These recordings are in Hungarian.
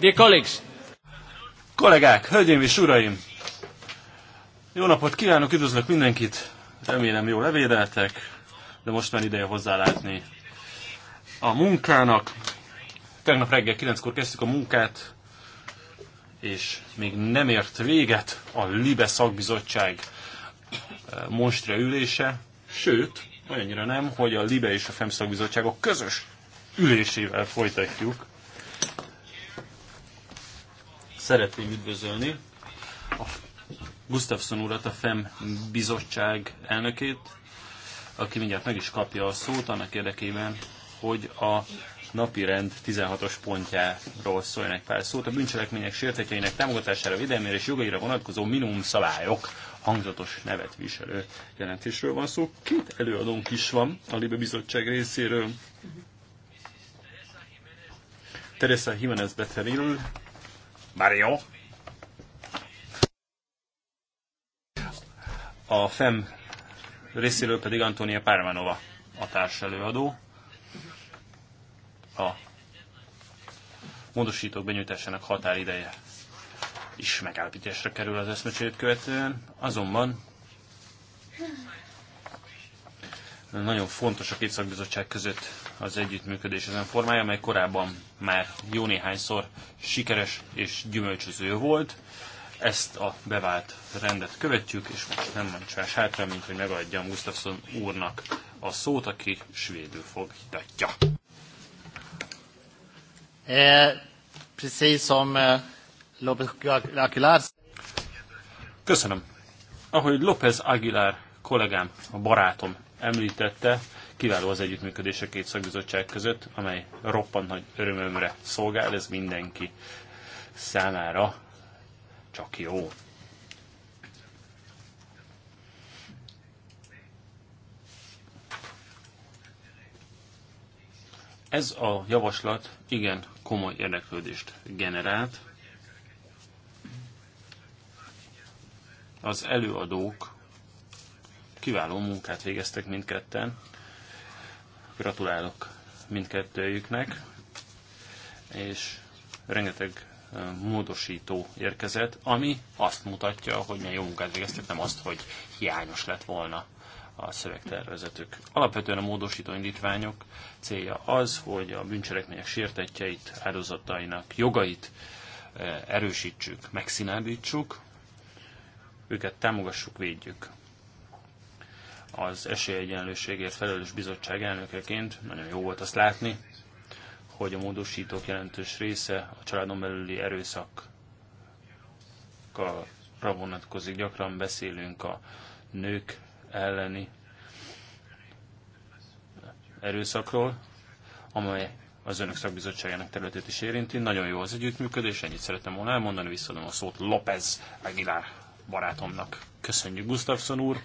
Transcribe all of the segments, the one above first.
Dear colleagues. Kollégák, hölgyeim és uraim! Jó napot kívánok, üdvözlök mindenkit! Remélem jól levédeltek, de most már ideje hozzálátni a munkának. Tegnap reggel 9-kor kezdtük a munkát, és még nem ért véget a LIBE szakbizottság eh, monstre ülése, sőt, olyannyira nem, hogy a LIBE és a FEM szakbizottságok közös ülésével folytatjuk Szeretném üdvözölni a Gustafsson urat, a FEM bizottság elnökét, aki mindjárt meg is kapja a szót annak érdekében, hogy a napirend 16-os pontjáról szóljon egy pár szót. A bűncselekmények sértetjeinek támogatására, védelmére és jogaira vonatkozó minimum szabályok hangzatos nevet viselő jelentésről van szó. Két előadónk is van a Libe Bizottság részéről. Teresa Jimenez Beteril Mario. A FEM részéről pedig Antonia Pármanova a társelőadó. A módosítók benyújtásának határideje is megállapításra kerül az eszmecsét követően, azonban nagyon fontos a két szakbizottság között az együttműködés ezen formája, amely korábban már jó néhányszor sikeres és gyümölcsöző volt. Ezt a bevált rendet követjük, és most nem mond más hátra, mint hogy megadjam Gustafsson úrnak a szót, aki svédül fog hitatja. Eh, eh, Lopez Aguilar. Köszönöm. Ahogy López Aguilar kollégám, a barátom említette, Kiváló az együttműködés a két szakbizottság között, amely roppant nagy örömömre szolgál, ez mindenki számára csak jó. Ez a javaslat igen komoly érdeklődést generált. Az előadók kiváló munkát végeztek mindketten, Gratulálok mindkettőjüknek, és rengeteg módosító érkezett, ami azt mutatja, hogy milyen jó munkát végeztek, nem azt, hogy hiányos lett volna a szövegtervezetük. Alapvetően a módosító indítványok célja az, hogy a bűncselekmények sértetjeit, áldozatainak jogait erősítsük, megszínálítsuk, őket támogassuk, védjük az esélyegyenlőségért felelős bizottság elnökeként nagyon jó volt azt látni, hogy a módosítók jelentős része a családon belüli erőszakra vonatkozik. Gyakran beszélünk a nők elleni erőszakról, amely az önök szakbizottságának területét is érinti. Nagyon jó az együttműködés, ennyit szeretem volna elmondani, visszadom a szót López Aguilar barátomnak. Köszönjük, Gustafsson úr!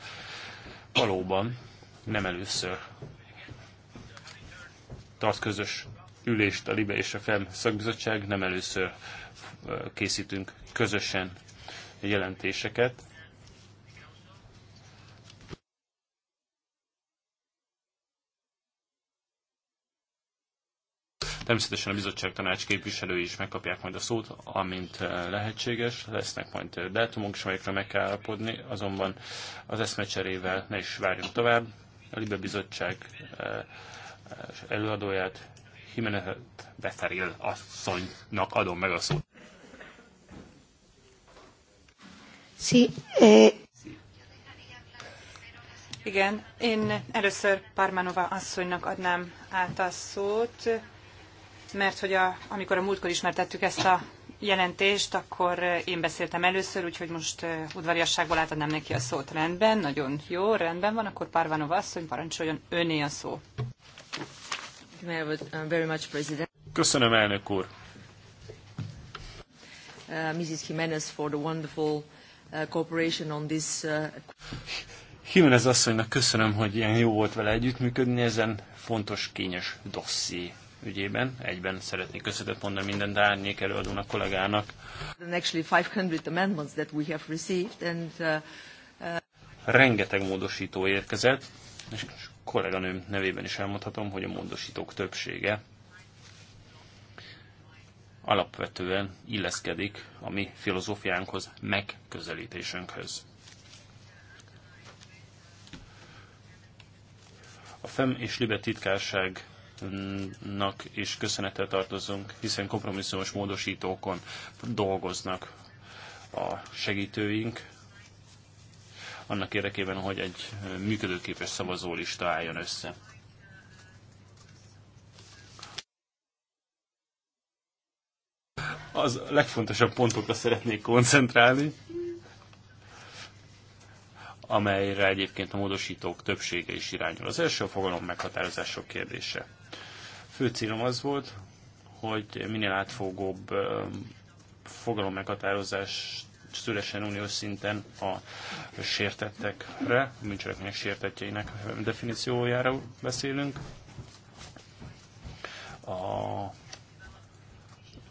valóban nem először tart közös ülést a LIBE és a FEM szakbizottság, nem először készítünk közösen jelentéseket. Természetesen a bizottság tanács képviselői is megkapják majd a szót, amint eh, lehetséges. Lesznek majd eh, dátumok is, amelyekre meg kell állapodni, azonban az eszmecserével ne is várjunk tovább. A Libe Bizottság eh, előadóját Jimenez Beferil asszonynak adom meg a szót. Sí, eh... Igen, én először Parmanova asszonynak adnám át a szót mert hogy a, amikor a múltkor ismertettük ezt a jelentést, akkor eh, én beszéltem először, úgyhogy most eh, udvariasságból átadnám neki a szót. Rendben, nagyon jó, rendben van, akkor Parvanov asszony parancsoljon öné a szó. Köszönöm, elnök úr. Uh, Mrs. Jimenez for the wonderful uh, cooperation on this uh, Jimenez asszonynak köszönöm, hogy ilyen jó volt vele együttműködni ezen fontos, kényes dosszié ügyében. Egyben szeretnék köszönetet mondani minden árnyék előadónak, kollégának. Uh, uh, Rengeteg módosító érkezett, és kolléganőm nevében is elmondhatom, hogy a módosítók többsége alapvetően illeszkedik a mi filozófiánkhoz, megközelítésünkhöz. A FEM és Libet titkárság nak is köszönettel tartozunk, hiszen kompromisszumos módosítókon dolgoznak a segítőink, annak érdekében, hogy egy működőképes szavazólista álljon össze. Az legfontosabb pontokra szeretnék koncentrálni amelyre egyébként a módosítók többsége is irányul. Az első a fogalom meghatározások kérdése. Fő célom az volt, hogy minél átfogóbb fogalom meghatározás szülesen uniós szinten a sértettekre, a bűncselekmények sértetjeinek definíciójára beszélünk. A,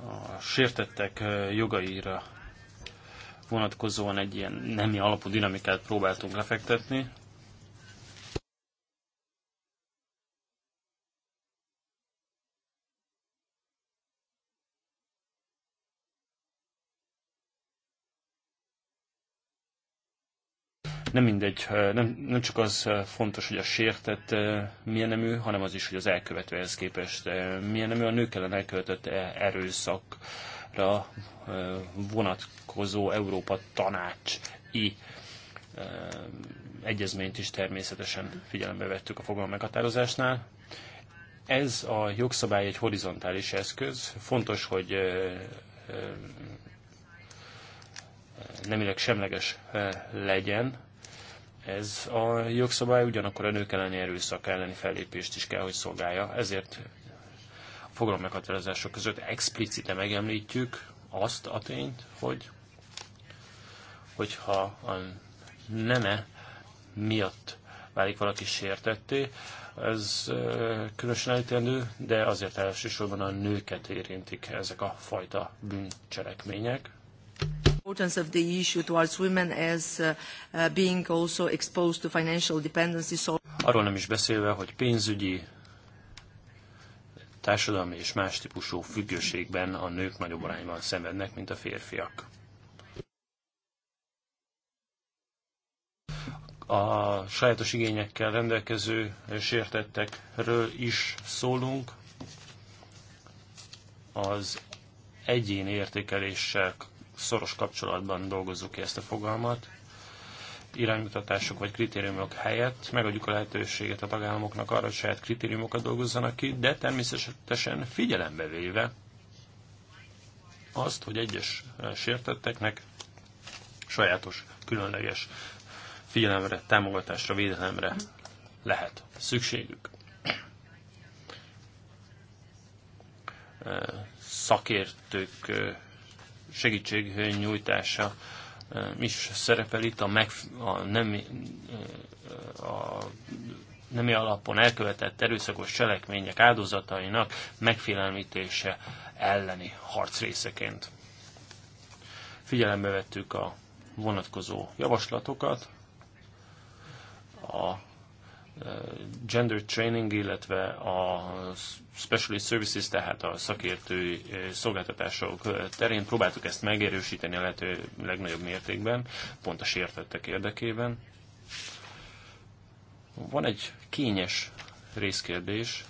a sértettek jogaira vonatkozóan egy ilyen nemi alapú dinamikát próbáltunk lefektetni, nem mindegy, nem, nem csak az fontos, hogy a sértett milyen nemű, hanem az is, hogy az elkövetőhez képest milyen nemű, a nők ellen elkövetett erőszak Európára vonatkozó Európa tanácsi egyezményt is természetesen figyelembe vettük a fogalom meghatározásnál. Ez a jogszabály egy horizontális eszköz. Fontos, hogy nemileg semleges legyen ez a jogszabály, ugyanakkor a nők elleni erőszak elleni fellépést is kell, hogy szolgálja. Ezért fogalommeghatározások között explicite megemlítjük azt a tényt, hogy hogyha a neme miatt válik valaki sértetté, ez különösen elítélendő, de azért elsősorban a nőket érintik ezek a fajta bűncselekmények. importance of the issue towards women as uh, being also exposed to financial dependency. Arról nem is beszélve, hogy pénzügyi társadalmi és más típusú függőségben a nők nagyobb arányban szenvednek, mint a férfiak. A sajátos igényekkel rendelkező sértettekről is szólunk. Az egyéni értékeléssel szoros kapcsolatban dolgozzuk ki ezt a fogalmat iránymutatások vagy kritériumok helyett megadjuk a lehetőséget a tagállamoknak arra, hogy saját kritériumokat dolgozzanak ki, de természetesen figyelembe véve azt, hogy egyes eh, sértetteknek sajátos, különleges figyelemre, támogatásra, védelemre lehet szükségük. Eh, szakértők eh, segítségnyújtása mi is szerepel itt a, meg, a, nem a nemi alapon elkövetett erőszakos cselekmények áldozatainak megfélemlítése elleni harc részeként. Figyelembe vettük a vonatkozó javaslatokat, a Uh, gender training, illetve a specialist services, tehát a szakértői uh, szolgáltatások uh, terén próbáltuk ezt megerősíteni a lehető legnagyobb mértékben, pont a sértettek érdekében. Van egy kényes részkérdés,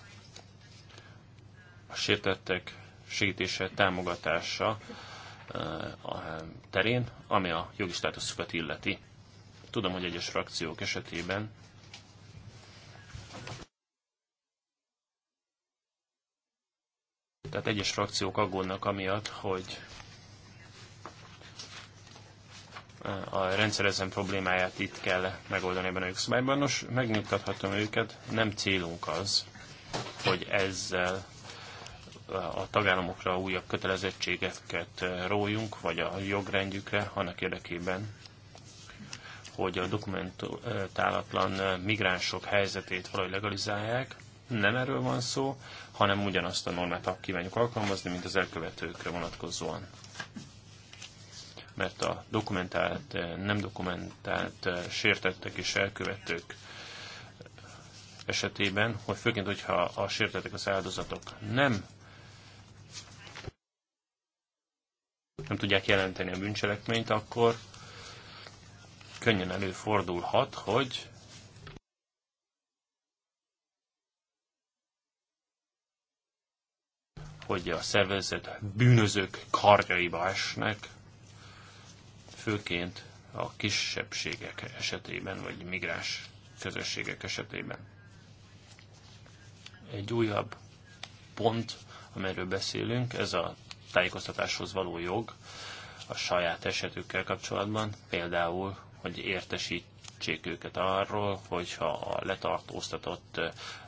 a sértettek segítése, támogatása terén, ami a jogi státuszukat illeti. Tudom, hogy egyes frakciók esetében Tehát egyes frakciók aggódnak amiatt, hogy eh, a rendszerezem problémáját itt kell megoldani ebben a jogszabályban. Nos, megnyugtathatom őket, nem célunk az, hogy ezzel eh, a tagállamokra újabb kötelezettségeket eh, rójunk, vagy a jogrendjükre annak érdekében, hogy a dokumentálatlan migránsok helyzetét valahogy legalizálják. Nem erről van szó, hanem ugyanazt a normát kívánjuk alkalmazni, mint az elkövetőkre vonatkozóan. Mert a dokumentált, eh, nem dokumentált eh, sértettek és elkövetők esetében, hogy főként, hogyha a sértettek az áldozatok nem nem tudják jelenteni a bűncselekményt, akkor könnyen előfordulhat, hogy hogy a szervezet bűnözők karjaiba esnek, főként a kisebbségek esetében, vagy migráns közösségek esetében. Egy újabb pont, amelyről beszélünk, ez a tájékoztatáshoz való jog a saját esetükkel kapcsolatban, például, hogy értesít mentesítsék őket arról, hogyha a letartóztatott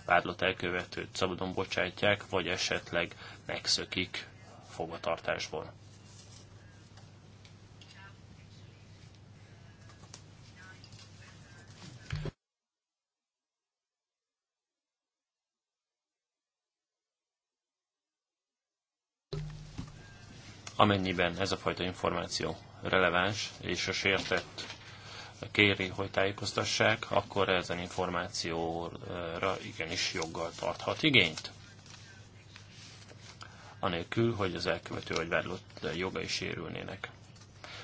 vádlott elkövetőt szabadon bocsátják, vagy esetleg megszökik fogvatartásból. amennyiben ez a fajta információ releváns, és a sértett kéri, hogy tájékoztassák, akkor ezen információra igenis joggal tarthat igényt. Anélkül, hogy az elkövető vagy vádlott jogai sérülnének.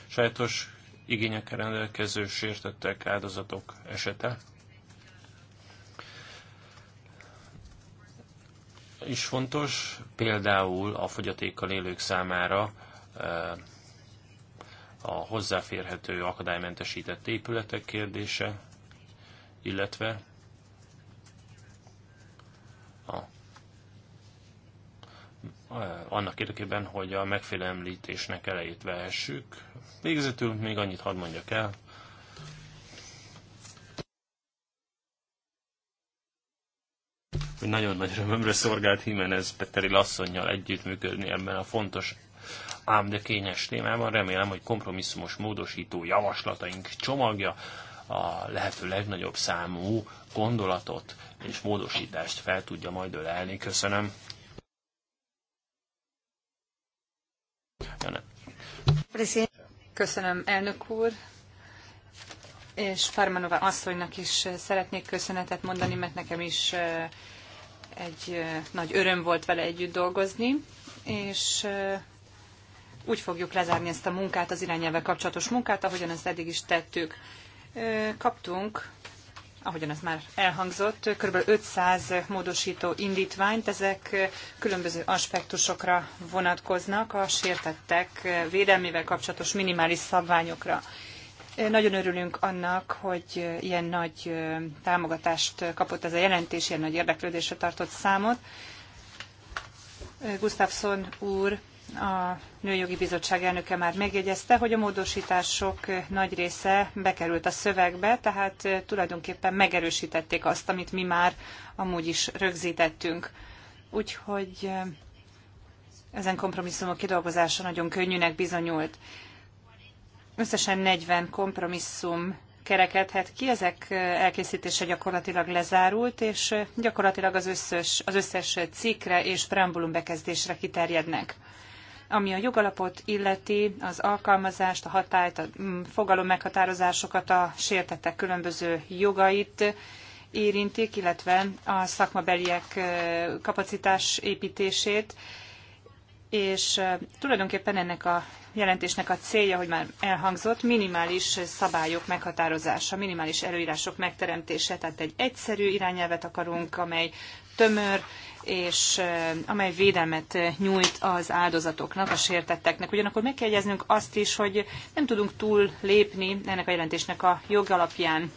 Sajtos igényekkel rendelkező sértettek áldozatok esete is fontos, például a fogyatékkal élők számára eh, a hozzáférhető akadálymentesített épületek kérdése, illetve a, eh, annak érdekében, hogy a megfélemlítésnek elejét vehessük. Végzetül még annyit hadd mondjak el, hogy nagyon nagy örömömre szorgált Jimenez Petteri Lasszonynal együttműködni ebben a fontos ám de kényes témában. Remélem, hogy kompromisszumos módosító javaslataink csomagja a lehető legnagyobb számú gondolatot és módosítást fel tudja majd ölelni. Köszönöm. Jönne. Köszönöm, elnök úr és Farmanova asszonynak is szeretnék köszönetet mondani, mert nekem is egy nagy öröm volt vele együtt dolgozni, és úgy fogjuk lezárni ezt a munkát, az irányelvvel kapcsolatos munkát, ahogyan ezt eddig is tettük. Kaptunk, ahogyan ez már elhangzott, kb. 500 módosító indítványt, ezek különböző aspektusokra vonatkoznak, a sértettek védelmével kapcsolatos minimális szabványokra. Nagyon örülünk annak, hogy ilyen nagy támogatást kapott ez a jelentés, ilyen nagy érdeklődésre tartott számot. Gustafsson úr a Nőjogi Bizottság elnöke már megjegyezte, hogy a módosítások nagy része bekerült a szövegbe, tehát tulajdonképpen megerősítették azt, amit mi már amúgy is rögzítettünk. Úgyhogy ezen kompromisszumok kidolgozása nagyon könnyűnek bizonyult. Összesen 40 kompromisszum kerekedhet ki, ezek elkészítése gyakorlatilag lezárult, és gyakorlatilag az összes, az összes cikkre és preambulum bekezdésre kiterjednek. Ami a jogalapot illeti, az alkalmazást, a hatályt, a mm, fogalom meghatározásokat, a sértettek különböző jogait érintik, illetve a szakmabeliek kapacitás építését, és tulajdonképpen ennek a jelentésnek a célja, hogy már elhangzott, minimális szabályok meghatározása, minimális előírások megteremtése, tehát egy egyszerű irányelvet akarunk, amely tömör és amely védelmet nyújt az áldozatoknak, a sértetteknek. Ugyanakkor meg kell jegyeznünk azt is, hogy nem tudunk túl lépni ennek a jelentésnek a jogalapján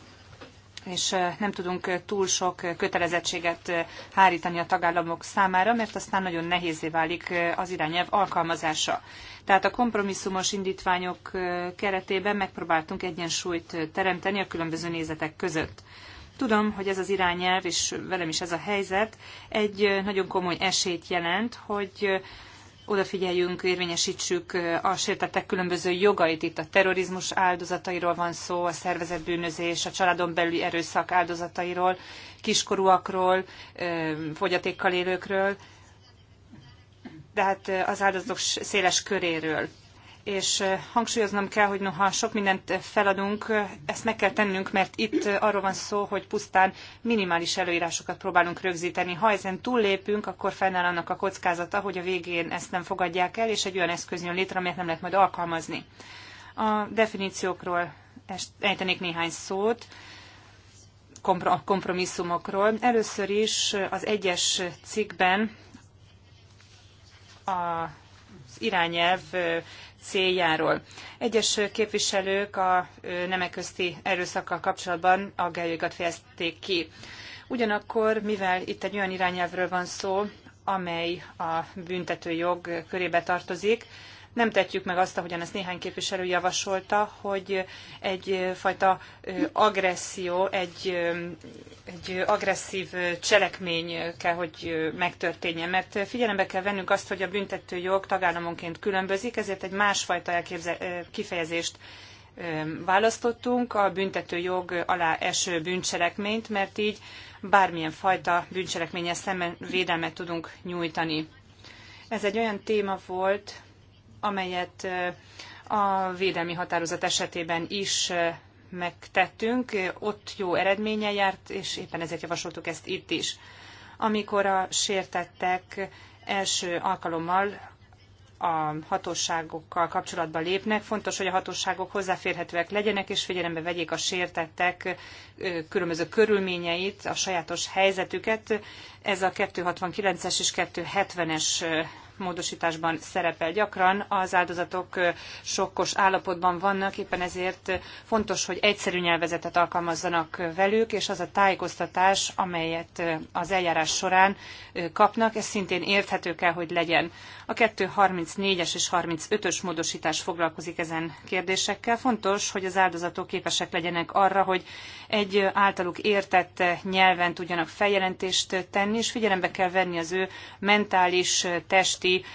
és nem tudunk túl sok kötelezettséget hárítani a tagállamok számára, mert aztán nagyon nehézé válik az irányelv alkalmazása. Tehát a kompromisszumos indítványok keretében megpróbáltunk egyensúlyt teremteni a különböző nézetek között. Tudom, hogy ez az irányelv, és velem is ez a helyzet, egy nagyon komoly esélyt jelent, hogy odafigyeljünk, érvényesítsük a sértettek különböző jogait. Itt a terrorizmus áldozatairól van szó, a szervezetbűnözés, a családon belüli erőszak áldozatairól, kiskorúakról, fogyatékkal élőkről, de hát az áldozatok széles köréről és hangsúlyoznom kell, hogy noha sok mindent feladunk, ezt meg kell tennünk, mert itt arról van szó, hogy pusztán minimális előírásokat próbálunk rögzíteni. Ha ezen túllépünk, akkor fennáll annak a kockázata, hogy a végén ezt nem fogadják el, és egy olyan eszköz jön létre, amelyet nem lehet majd alkalmazni. A definíciókról ejtenék néhány szót a kompromisszumokról. Először is az egyes cikkben az irányelv céljáról. Egyes képviselők a nemek közti erőszakkal kapcsolatban aggályaikat fejezték ki. Ugyanakkor, mivel itt egy olyan irányelvről van szó, amely a büntetőjog körébe tartozik, nem tetjük meg azt, ahogyan ezt néhány képviselő javasolta, hogy egyfajta agresszió, egy, egy agresszív cselekmény kell, hogy megtörténjen. Mert figyelembe kell vennünk azt, hogy a büntetőjog tagállamonként különbözik, ezért egy másfajta elképzel- kifejezést választottunk a büntetőjog alá eső bűncselekményt, mert így bármilyen fajta bűncselekménnyel szemben védelmet tudunk nyújtani. Ez egy olyan téma volt, amelyet a védelmi határozat esetében is megtettünk. Ott jó eredménye járt, és éppen ezért javasoltuk ezt itt is. Amikor a sértettek első alkalommal a hatóságokkal kapcsolatban lépnek. Fontos, hogy a hatóságok hozzáférhetőek legyenek, és figyelembe vegyék a sértettek különböző körülményeit, a sajátos helyzetüket. Ez a 269-es és 270-es módosításban szerepel gyakran. Az áldozatok sokkos állapotban vannak, éppen ezért fontos, hogy egyszerű nyelvezetet alkalmazzanak velük, és az a tájékoztatás, amelyet az eljárás során kapnak, ez szintén érthető kell, hogy legyen. A 234-es és 35-ös módosítás foglalkozik ezen kérdésekkel. Fontos, hogy az áldozatok képesek legyenek arra, hogy egy általuk értett nyelven tudjanak feljelentést tenni, és figyelembe kell venni az ő mentális, testi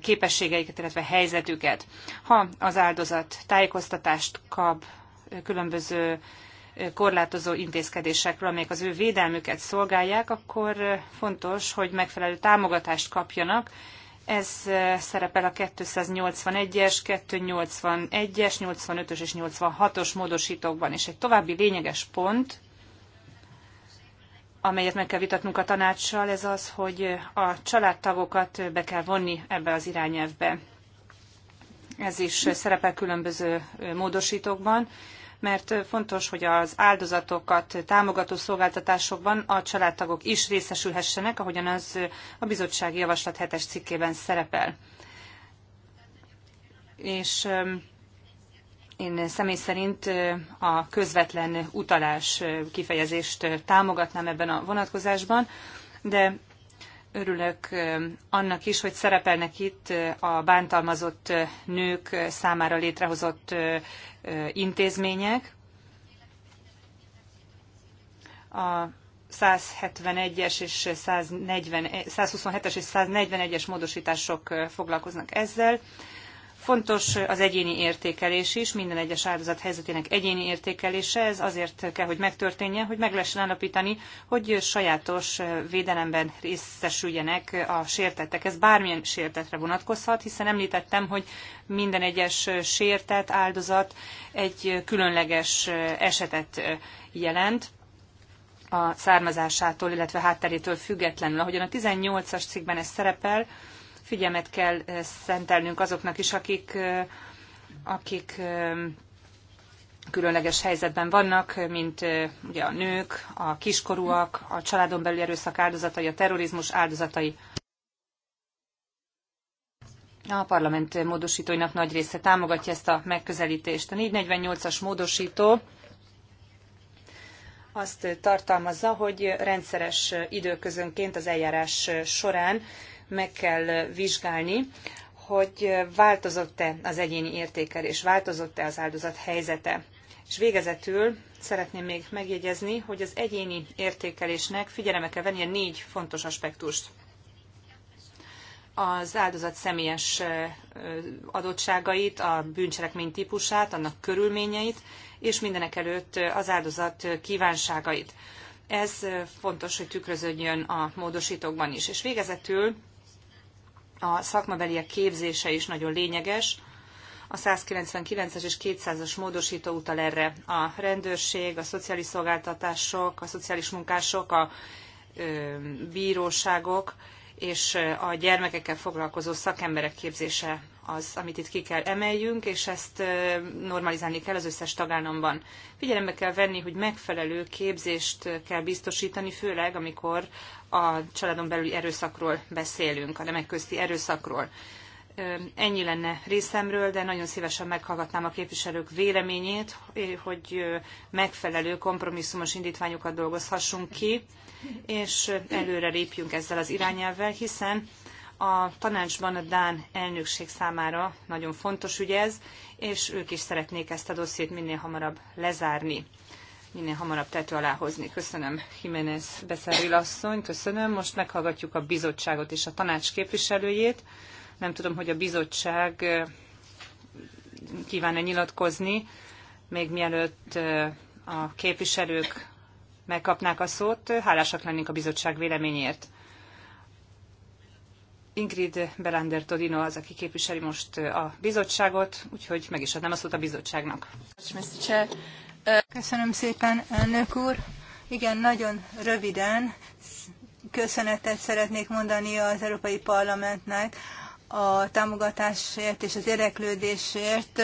képességeiket, illetve helyzetüket. Ha az áldozat tájékoztatást kap különböző korlátozó intézkedésekről, amelyek az ő védelmüket szolgálják, akkor fontos, hogy megfelelő támogatást kapjanak, ez szerepel a 281-es, 281-es, 85-ös és 86-os módosítókban. És egy további lényeges pont, amelyet meg kell vitatnunk a tanácssal, ez az, hogy a családtagokat be kell vonni ebbe az irányelvbe. Ez is szerepel különböző módosítókban, mert fontos, hogy az áldozatokat támogató szolgáltatásokban a családtagok is részesülhessenek, ahogyan az a bizottsági javaslat hetes cikkében szerepel. És én személy szerint a közvetlen utalás kifejezést támogatnám ebben a vonatkozásban, de örülök annak is, hogy szerepelnek itt a bántalmazott nők számára létrehozott intézmények. A 171-es és 140, 127-es és 141-es módosítások foglalkoznak ezzel. Fontos az egyéni értékelés is, minden egyes áldozat helyzetének egyéni értékelése. Ez azért kell, hogy megtörténjen, hogy meg lehessen állapítani, hogy sajátos védelemben részesüljenek a sértettek. Ez bármilyen sértetre vonatkozhat, hiszen említettem, hogy minden egyes sértett áldozat egy különleges esetet jelent a származásától, illetve hátterétől függetlenül. Ahogyan a 18-as cikkben ez szerepel, figyelmet kell szentelnünk azoknak is, akik, akik különleges helyzetben vannak, mint ugye a nők, a kiskorúak, a családon belüli erőszak áldozatai, a terrorizmus áldozatai. A parlament módosítóinak nagy része támogatja ezt a megközelítést. A 448-as módosító azt tartalmazza, hogy rendszeres időközönként az eljárás során meg kell vizsgálni, hogy változott-e az egyéni értékelés, változott-e az áldozat helyzete. És végezetül szeretném még megjegyezni, hogy az egyéni értékelésnek figyelembe kell vennie négy fontos aspektust. Az áldozat személyes adottságait, a bűncselekmény típusát, annak körülményeit, és mindenek előtt az áldozat kívánságait. Ez fontos, hogy tükröződjön a módosítókban is. És végezetül a szakmabeliek képzése is nagyon lényeges. A 199-es és 200-as módosító utal erre a rendőrség, a szociális szolgáltatások, a szociális munkások, a ö, bíróságok és a gyermekekkel foglalkozó szakemberek képzése az, amit itt ki kell emeljünk, és ezt normalizálni kell az összes tagállamban. Figyelembe kell venni, hogy megfelelő képzést kell biztosítani, főleg amikor a családon belüli erőszakról beszélünk, a nemek közti erőszakról. Ennyi lenne részemről, de nagyon szívesen meghallgatnám a képviselők véleményét, hogy megfelelő kompromisszumos indítványokat dolgozhassunk ki, és előre lépjünk ezzel az irányelvvel, hiszen a tanácsban a Dán elnökség számára nagyon fontos ügy ez, és ők is szeretnék ezt a dossziét minél hamarabb lezárni minél hamarabb tető alá hozni. Köszönöm Jiménez Beszeril asszony, köszönöm. Most meghallgatjuk a bizottságot és a tanács képviselőjét. Nem tudom, hogy a bizottság kíván-e nyilatkozni, még mielőtt a képviselők megkapnák a szót, hálásak lennénk a bizottság véleményért. Ingrid Belander Todino az, aki képviseli most a bizottságot, úgyhogy meg is adnám a szót a bizottságnak. Köszönöm szépen, elnök úr. Igen, nagyon röviden köszönetet szeretnék mondani az Európai Parlamentnek a támogatásért és az érdeklődésért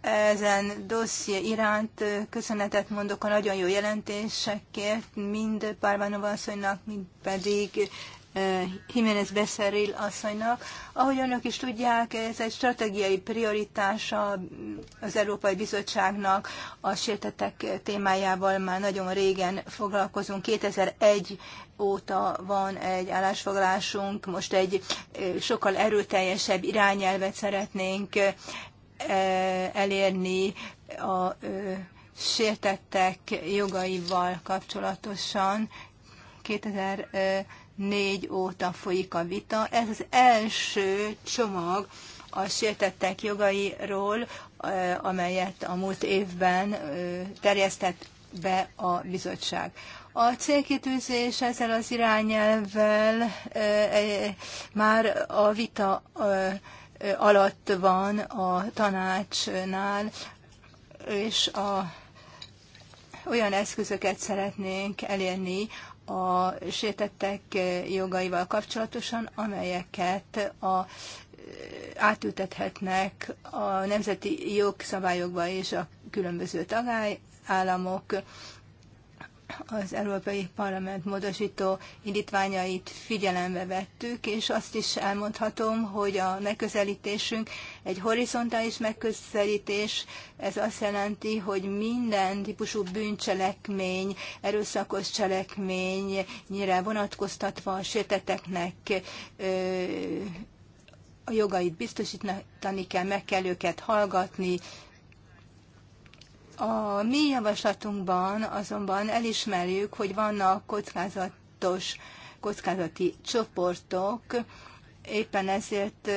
ezen dosszié iránt köszönetet mondok a nagyon jó jelentésekért, mind Párvánova asszonynak, mind pedig Eh, Jiménez Beszeril asszonynak. Ahogy önök is tudják, ez egy stratégiai prioritása az Európai Bizottságnak a sértetek témájával már nagyon régen foglalkozunk. 2001 óta van egy állásfoglalásunk, most egy eh, sokkal erőteljesebb irányelvet szeretnénk eh, elérni a sértettek jogaival kapcsolatosan. 2000 négy óta folyik a vita. Ez az első csomag a sértettek jogairól, amelyet a múlt évben terjesztett be a bizottság. A célkitűzés ezzel az irányelvvel már a vita alatt van a tanácsnál, és a, olyan eszközöket szeretnénk elérni, a sétettek jogaival kapcsolatosan, amelyeket a átültethetnek a nemzeti jogszabályokba és a különböző tagállamok az Európai Parlament módosító indítványait figyelembe vettük, és azt is elmondhatom, hogy a megközelítésünk egy horizontális megközelítés, ez azt jelenti, hogy minden típusú bűncselekmény, erőszakos cselekményre vonatkoztatva a sérteteknek a jogait biztosítani kell, meg kell őket hallgatni, a mi javaslatunkban azonban elismerjük, hogy vannak kockázatos, kockázati csoportok, éppen ezért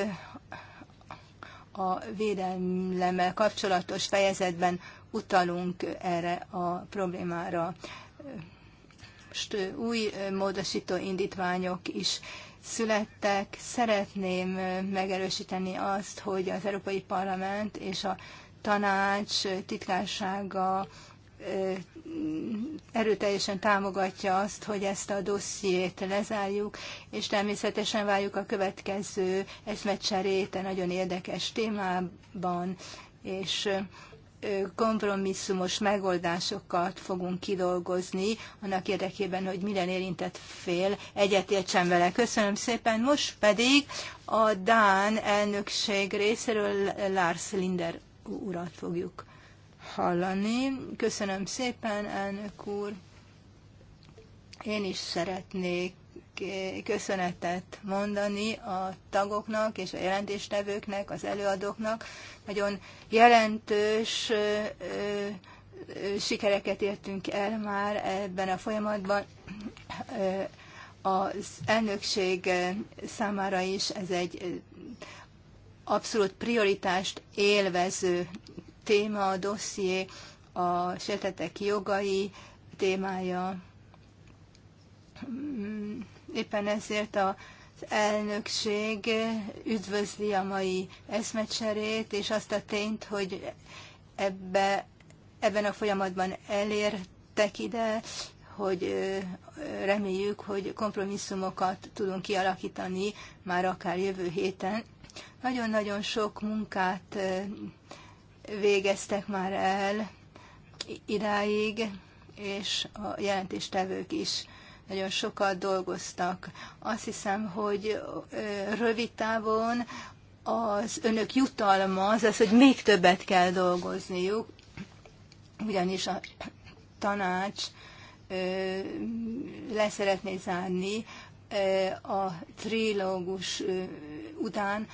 a védelemmel kapcsolatos fejezetben utalunk erre a problémára. Most új módosító indítványok is születtek. Szeretném megerősíteni azt, hogy az Európai Parlament és a tanács titkársága erőteljesen támogatja azt, hogy ezt a dossziét lezárjuk, és természetesen várjuk a következő eszmecserét a nagyon érdekes témában, és kompromisszumos megoldásokat fogunk kidolgozni, annak érdekében, hogy minden érintett fél egyetértsen vele. Köszönöm szépen. Most pedig a Dán elnökség részéről Lars Linder urat fogjuk hallani. Köszönöm szépen, elnök úr! Én is szeretnék köszönetet mondani a tagoknak és a jelentéstevőknek, az előadóknak. Nagyon jelentős sikereket értünk el már ebben a folyamatban. Az elnökség számára is ez egy abszolút prioritást élvező téma, a dosszié, a sértetek jogai témája. Mm, éppen ezért a az elnökség üdvözli a mai eszmecserét, és azt a tényt, hogy ebbe, ebben a folyamatban elértek ide, hogy reméljük, hogy kompromisszumokat tudunk kialakítani már akár jövő héten. Nagyon-nagyon sok munkát végeztek már el idáig, és a jelentéstevők is nagyon sokat dolgoztak. Azt hiszem, hogy rövid távon az önök jutalma az az, hogy még többet kell dolgozniuk, ugyanis a tanács ö, leszeretné zárni a trilógus után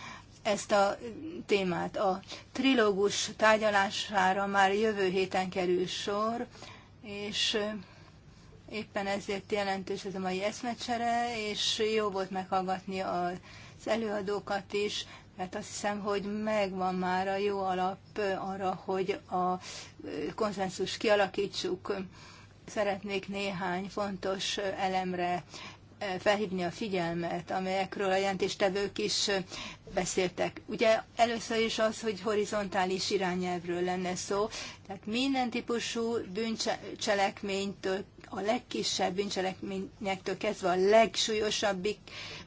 ezt a témát. A trilógus tárgyalására már jövő héten kerül sor, és éppen ezért jelentős ez a mai eszmecsere, és jó volt meghallgatni az előadókat is, mert azt hiszem, hogy megvan már a jó alap arra, hogy a konszenzus kialakítsuk. Szeretnék néhány fontos elemre felhívni a figyelmet, amelyekről a jelentéstevők is beszéltek. Ugye először is az, hogy horizontális irányelvről lenne szó, tehát minden típusú bűncselekménytől, a legkisebb bűncselekményektől kezdve a legsúlyosabbik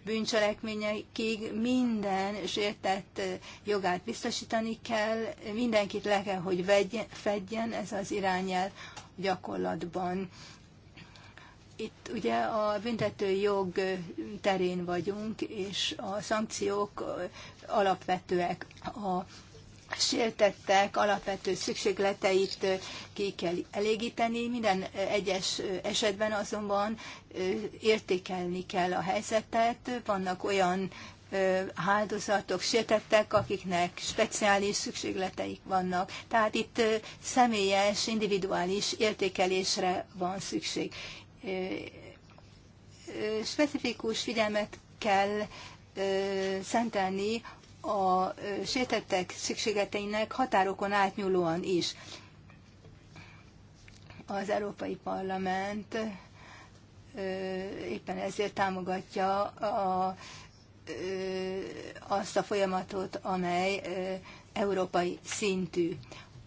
bűncselekményekig minden sértett jogát biztosítani kell, mindenkit le kell, hogy vegy, fedjen ez az irányelv gyakorlatban itt ugye a büntető jog terén vagyunk, és a szankciók alapvetőek. A sértettek alapvető szükségleteit ki kell elégíteni, minden egyes esetben azonban értékelni kell a helyzetet. Vannak olyan áldozatok, sértettek, akiknek speciális szükségleteik vannak. Tehát itt személyes, individuális értékelésre van szükség specifikus figyelmet kell szentelni a sétettek szükségeteinek határokon átnyúlóan is. Az Európai Parlament éppen ezért támogatja a, azt a folyamatot, amely európai szintű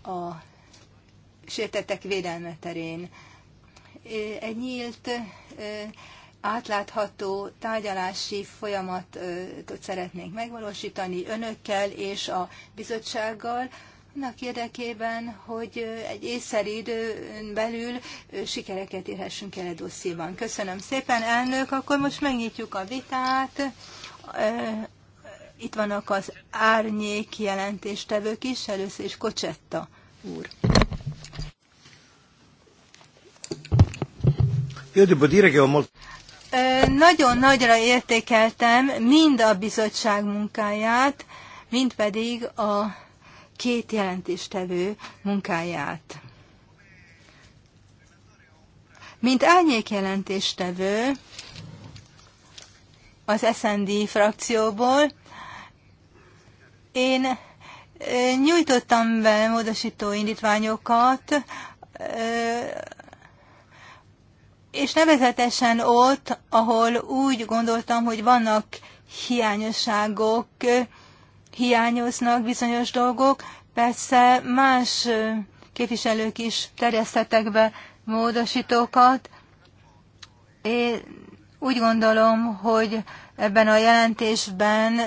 a sértettek védelme terén egy nyílt, átlátható tárgyalási folyamatot szeretnénk megvalósítani önökkel és a bizottsággal, annak érdekében, hogy egy észszerű időn belül sikereket érhessünk el a e dossziéban. Köszönöm szépen, elnök. Akkor most megnyitjuk a vitát. Itt vannak az árnyék jelentéstevők is, először is Kocsetta úr. Nagyon nagyra értékeltem mind a bizottság munkáját, mind pedig a két jelentéstevő munkáját. Mint árnyék jelentéstevő az SND frakcióból, én nyújtottam be módosító indítványokat és nevezetesen ott, ahol úgy gondoltam, hogy vannak hiányosságok, hiányoznak bizonyos dolgok, persze más képviselők is terjesztettek be módosítókat. Én úgy gondolom, hogy ebben a jelentésben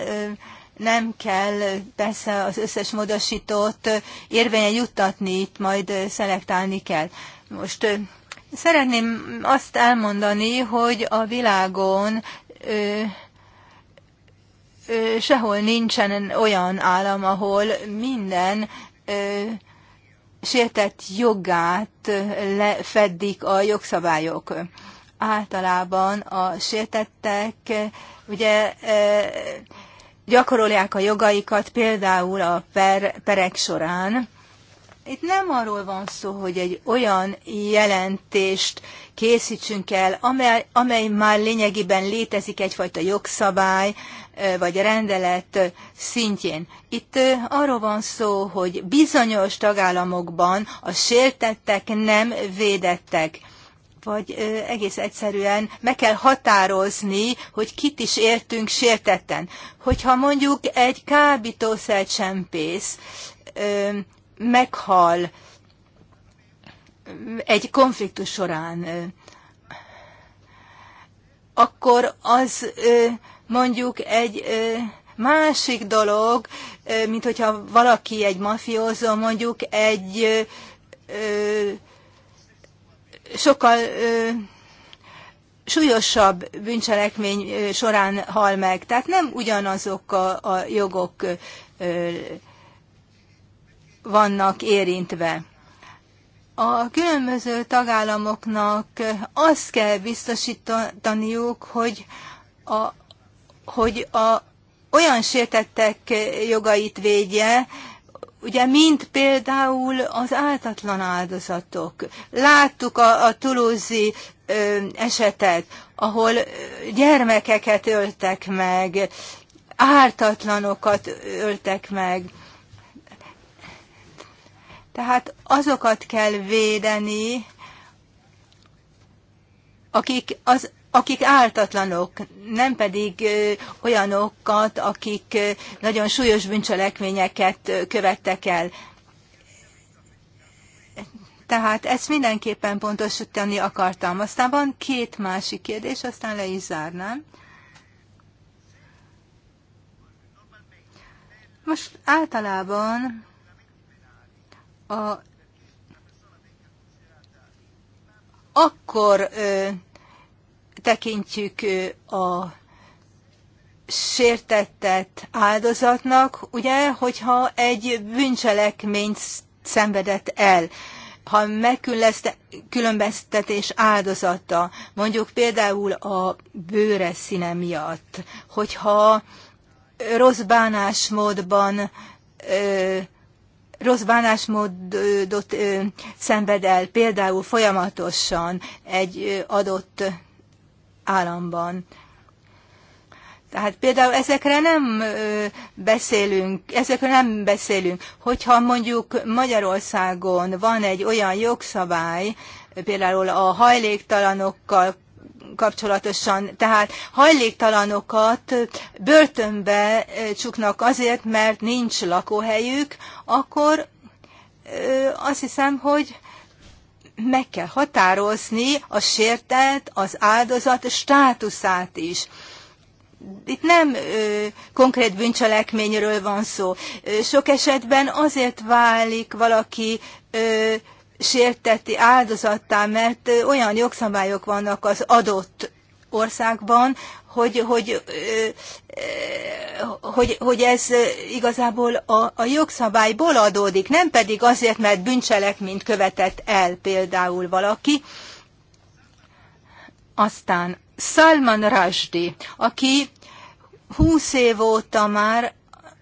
nem kell persze az összes módosítót érvényen juttatni, itt majd szelektálni kell. Most Szeretném azt elmondani, hogy a világon ö, ö, sehol nincsen olyan állam, ahol minden ö, sértett jogát lefedik a jogszabályok. Általában a sértettek ugye gyakorolják a jogaikat például a per, perek során, itt nem arról van szó, hogy egy olyan jelentést készítsünk el, amely, amely már lényegében létezik egyfajta jogszabály vagy rendelet szintjén. Itt arról van szó, hogy bizonyos tagállamokban a sértettek nem védettek vagy egész egyszerűen meg kell határozni, hogy kit is értünk sértetten. Hogyha mondjuk egy kábítószercsempész meghal egy konfliktus során, akkor az mondjuk egy másik dolog, mint hogyha valaki egy mafiózó, mondjuk egy sokkal súlyosabb bűncselekmény során hal meg. Tehát nem ugyanazok a, a jogok vannak érintve. A különböző tagállamoknak azt kell biztosítaniuk, hogy a, hogy a, olyan sértettek jogait védje, ugye mint például az áltatlan áldozatok. Láttuk a, a tulózi esetet, ahol gyermekeket öltek meg, ártatlanokat öltek meg. Tehát azokat kell védeni, akik, az, akik ártatlanok, nem pedig ö, olyanokat, akik ö, nagyon súlyos bűncselekményeket ö, követtek el. Tehát ezt mindenképpen pontosítani akartam. Aztán van két másik kérdés, aztán le is zárnám. Most általában a, akkor ö, tekintjük a sértettet áldozatnak, ugye, hogyha egy bűncselekményt szenvedett el, ha megkülönböztetés áldozata, mondjuk például a bőre színe miatt, hogyha rossz bánásmódban ö, rossz bánásmódot szenved el, például folyamatosan egy adott államban. Tehát például ezekre nem beszélünk, ezekre nem beszélünk. Hogyha mondjuk Magyarországon van egy olyan jogszabály, például a hajléktalanokkal kapcsolatosan. Tehát hajléktalanokat börtönbe csuknak azért, mert nincs lakóhelyük, akkor azt hiszem, hogy meg kell határozni a sértett, az áldozat státuszát is. Itt nem ö, konkrét bűncselekményről van szó. sok esetben azért válik valaki ö, sérteti áldozattá, mert olyan jogszabályok vannak az adott országban, hogy, hogy, hogy, hogy ez igazából a, a jogszabályból adódik, nem pedig azért, mert bűncselekményt követett el például valaki. Aztán Salman Rushdie, aki 20 év óta már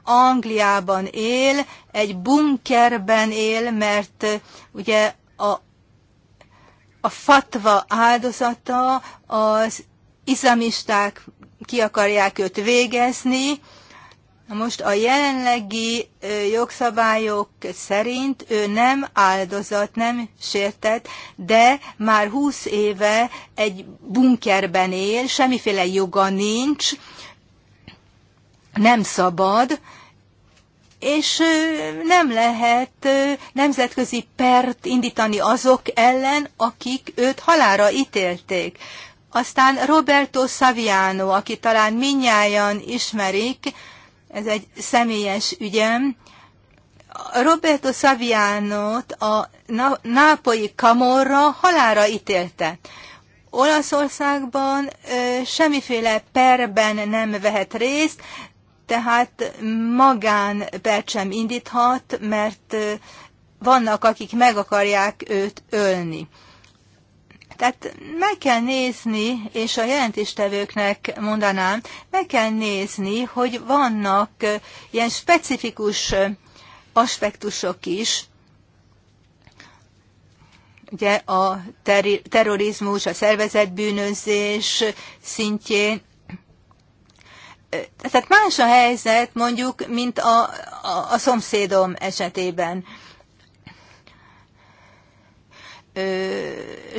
Angliában él, egy bunkerben él, mert ugye a, a fatva áldozata az izamisták ki akarják őt végezni. Most a jelenlegi jogszabályok szerint ő nem áldozat, nem sértett, de már 20 éve egy bunkerben él, semmiféle joga nincs, nem szabad, és nem lehet nemzetközi pert indítani azok ellen, akik őt halára ítélték. Aztán Roberto Saviano, aki talán minnyáján ismerik, ez egy személyes ügyem, Roberto Savianot a nápolyi kamorra halára ítélte. Olaszországban ö, semmiféle perben nem vehet részt, tehát magánpert sem indíthat, mert vannak, akik meg akarják őt ölni. Tehát meg kell nézni, és a jelentéstevőknek mondanám, meg kell nézni, hogy vannak ilyen specifikus aspektusok is, ugye a terrorizmus, a szervezetbűnözés szintjén, tehát más a helyzet mondjuk, mint a, a, a szomszédom esetében. Ö,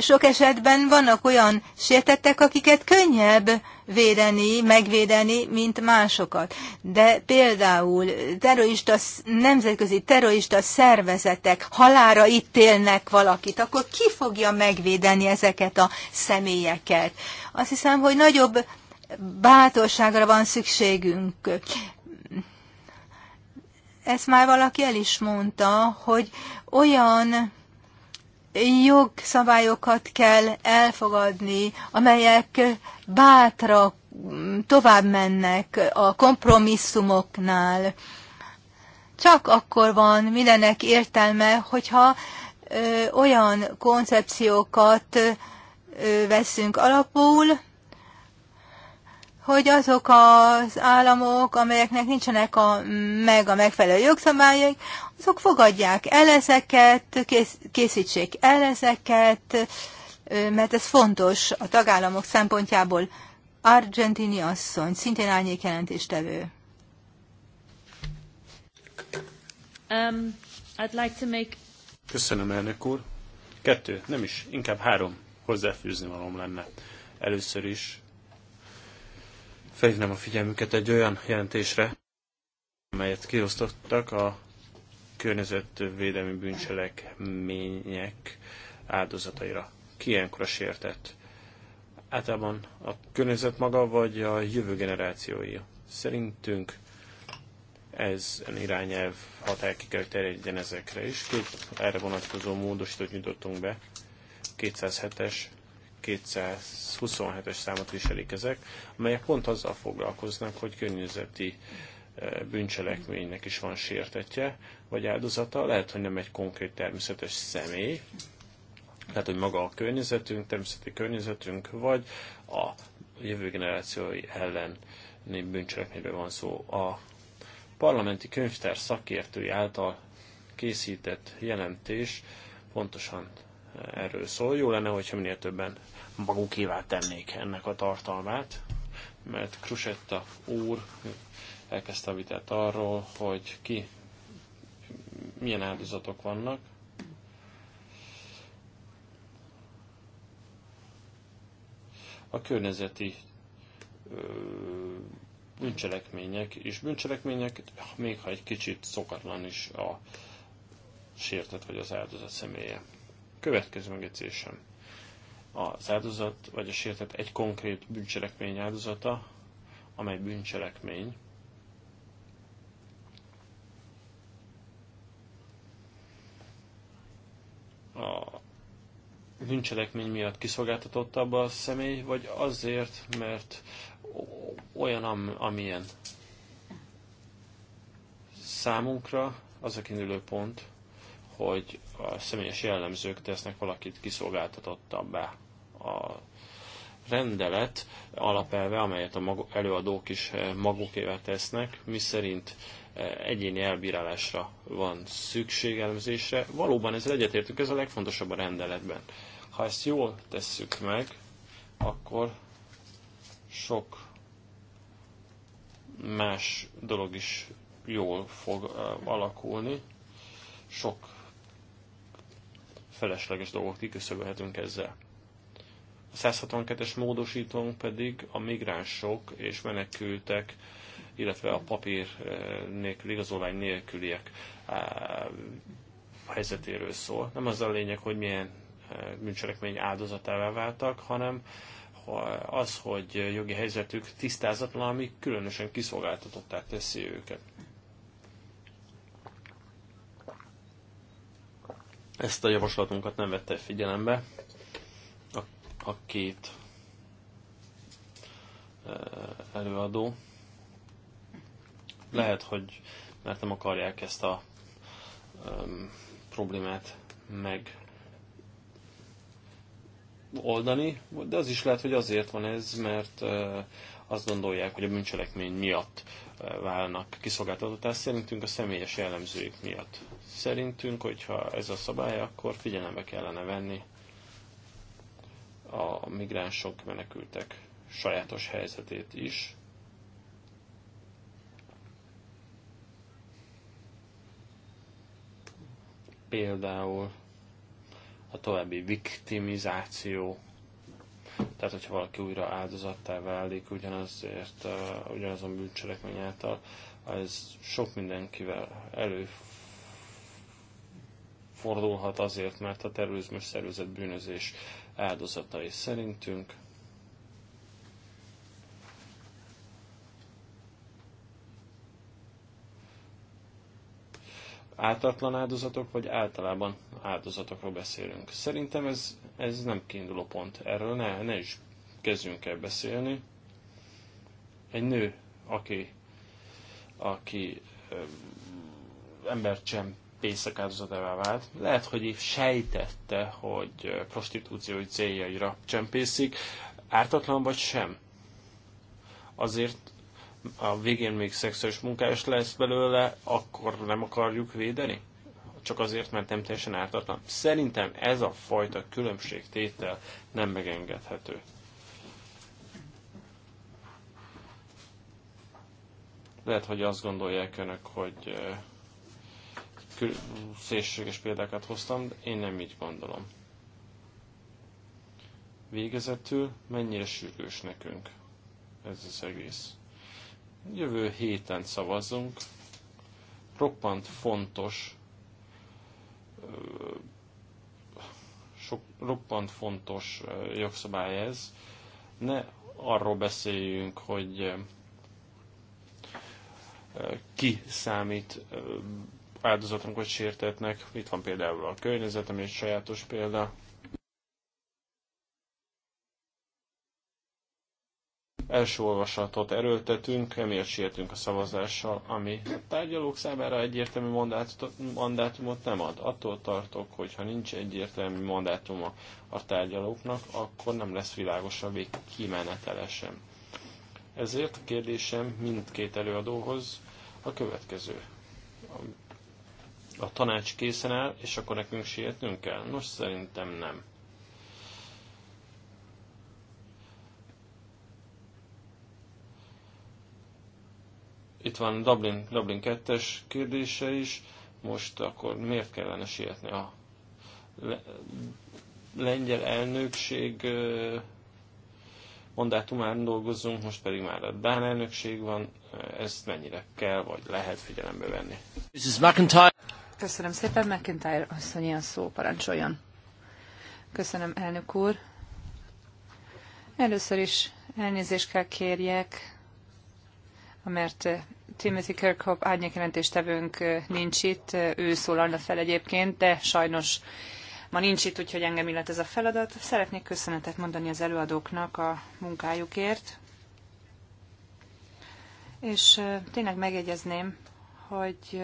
sok esetben vannak olyan sértettek, akiket könnyebb védeni, megvédeni, mint másokat. De például terrorista, nemzetközi terrorista szervezetek halára ítélnek valakit, akkor ki fogja megvédeni ezeket a személyeket? Azt hiszem, hogy nagyobb bátorságra van szükségünk. Ezt már valaki el is mondta, hogy olyan jogszabályokat kell elfogadni, amelyek bátra tovább mennek a kompromisszumoknál. Csak akkor van mindenek értelme, hogyha ö, olyan koncepciókat ö, veszünk alapul, hogy azok az államok, amelyeknek nincsenek a, meg a megfelelő jogszabályok, azok fogadják el ezeket, kész, készítsék el ezeket, mert ez fontos a tagállamok szempontjából. Argentini asszony, szintén árnyék jelentéstevő. Um, I'd like to make... Köszönöm, elnök úr. Kettő, nem is, inkább három hozzáfűzni valóm lenne. Először is felhívnám a figyelmüket egy olyan jelentésre, amelyet kiosztottak a környezetvédelmi bűncselekmények áldozataira. Ki ilyenkor a sértett? Általában a környezet maga, vagy a jövő generációi? Szerintünk ez an irányelv hatály ki kell terjedjen ezekre is. Két erre vonatkozó módosítót nyitottunk be. 207-es, 227-es számot viselik ezek, amelyek pont azzal foglalkoznak, hogy környezeti eh, bűncselekménynek is van sértetje, vagy áldozata, lehet, hogy nem egy konkrét természetes személy, tehát, hogy maga a környezetünk, természeti környezetünk, vagy a jövő generációi ellen bűncselekményben van szó. A parlamenti könyvtár szakértői által készített jelentés pontosan erről szól. Jó lenne, hogyha minél többen magukévá tennék ennek a tartalmát, mert Krusetta úr elkezdte a vitát arról, hogy ki, milyen áldozatok vannak, a környezeti ö, bűncselekmények, és bűncselekmények, még ha egy kicsit szokatlan is a sértett vagy az áldozat személye. Következő megjegyzésem. Az áldozat vagy a sértett egy konkrét bűncselekmény áldozata, amely bűncselekmény a bűncselekmény miatt kiszolgáltatottabb a személy, vagy azért, mert olyan, am, amilyen számunkra az a kiindulő pont, hogy a személyes jellemzők tesznek valakit kiszolgáltatottabbá. A rendelet alapelve, amelyet a magu, előadók is eh, magukével tesznek, miszerint eh, egyéni elbírálásra van szükség elemzésre. Valóban ezzel egyetértünk, ez a legfontosabb a rendeletben. Ha ezt jól tesszük meg, akkor sok más dolog is jól fog eh, alakulni, sok felesleges dolgot kiköszönhetünk ezzel. A 162-es módosítónk pedig a migránsok és menekültek, illetve a papír eh, nélkül, igazolvány nélküliek eh, helyzetéről szól. Nem az a lényeg, hogy milyen eh, bűncselekmény áldozatává váltak, hanem az, hogy jogi helyzetük tisztázatlan, ami különösen kiszolgáltatottá teszi őket. ezt a javaslatunkat nem vette figyelembe. A, a két előadó. Lehet, hogy mert nem akarják ezt a um, problémát meg oldani, de az is lehet, hogy azért van ez, mert uh, azt gondolják, hogy a bűncselekmény miatt uh, válnak kiszolgáltatottá szerintünk a személyes jellemzőik miatt. Szerintünk, hogyha ez a szabály, akkor figyelembe kellene venni a migránsok, menekültek sajátos helyzetét is. Például a további viktimizáció, tehát hogyha valaki újra áldozattá válik ugyanazért, uh, ugyanazon bűncselekmény által, ez sok mindenkivel előfordul fordulhat azért, mert a terrorizmus szervezet bűnözés áldozatai szerintünk. Ártatlan áldozatok, vagy általában áldozatokról beszélünk. Szerintem ez, ez nem kiinduló pont. Erről ne, ne is kezdjünk el beszélni. Egy nő, aki, aki embercsempész, pénzek vált. Lehet, hogy sejtette, hogy prostitúciói céljaira csempészik, ártatlan vagy sem. Azért a végén még szexuális munkás lesz belőle, akkor nem akarjuk védeni? Csak azért, mert nem teljesen ártatlan. Szerintem ez a fajta különbségtétel nem megengedhető. Lehet, hogy azt gondolják önök, hogy szélsőséges példákat hoztam, de én nem így gondolom. Végezetül mennyire sürgős nekünk ez az egész. Jövő héten szavazzunk. Roppant fontos sok roppant fontos jogszabály ez. Ne arról beszéljünk, hogy ki számít áldozatunkat sértetnek. Itt van például a környezetem egy sajátos példa. Első olvasatot erőltetünk, emiatt sietünk a szavazással, ami a tárgyalók számára egyértelmű mandátumot nem ad. Attól tartok, hogy ha nincs egyértelmű mandátuma a tárgyalóknak, akkor nem lesz világos a kimenetelesen. Ezért a kérdésem mindkét előadóhoz a következő a tanács készen áll, és akkor nekünk sietnünk kell? Nos, szerintem nem. Itt van Dublin, Dublin 2-es kérdése is. Most akkor miért kellene sietni a le, lengyel elnökség mandátumán dolgozzunk, most pedig már a Dán elnökség van, ezt mennyire kell vagy lehet figyelembe venni. McIntyre. Köszönöm szépen, McIntyre asszony ilyen szó, parancsoljon. Köszönöm, elnök úr. Először is elnézést kell kérjek, mert Timothy Kirkhope árnyékjelentéstevőnk eh, nincs itt, eh, ő szólalna fel egyébként, de sajnos ma nincs itt, úgyhogy engem illet ez a feladat. Szeretnék köszönetet mondani az előadóknak a munkájukért, és eh, tényleg megjegyezném, hogy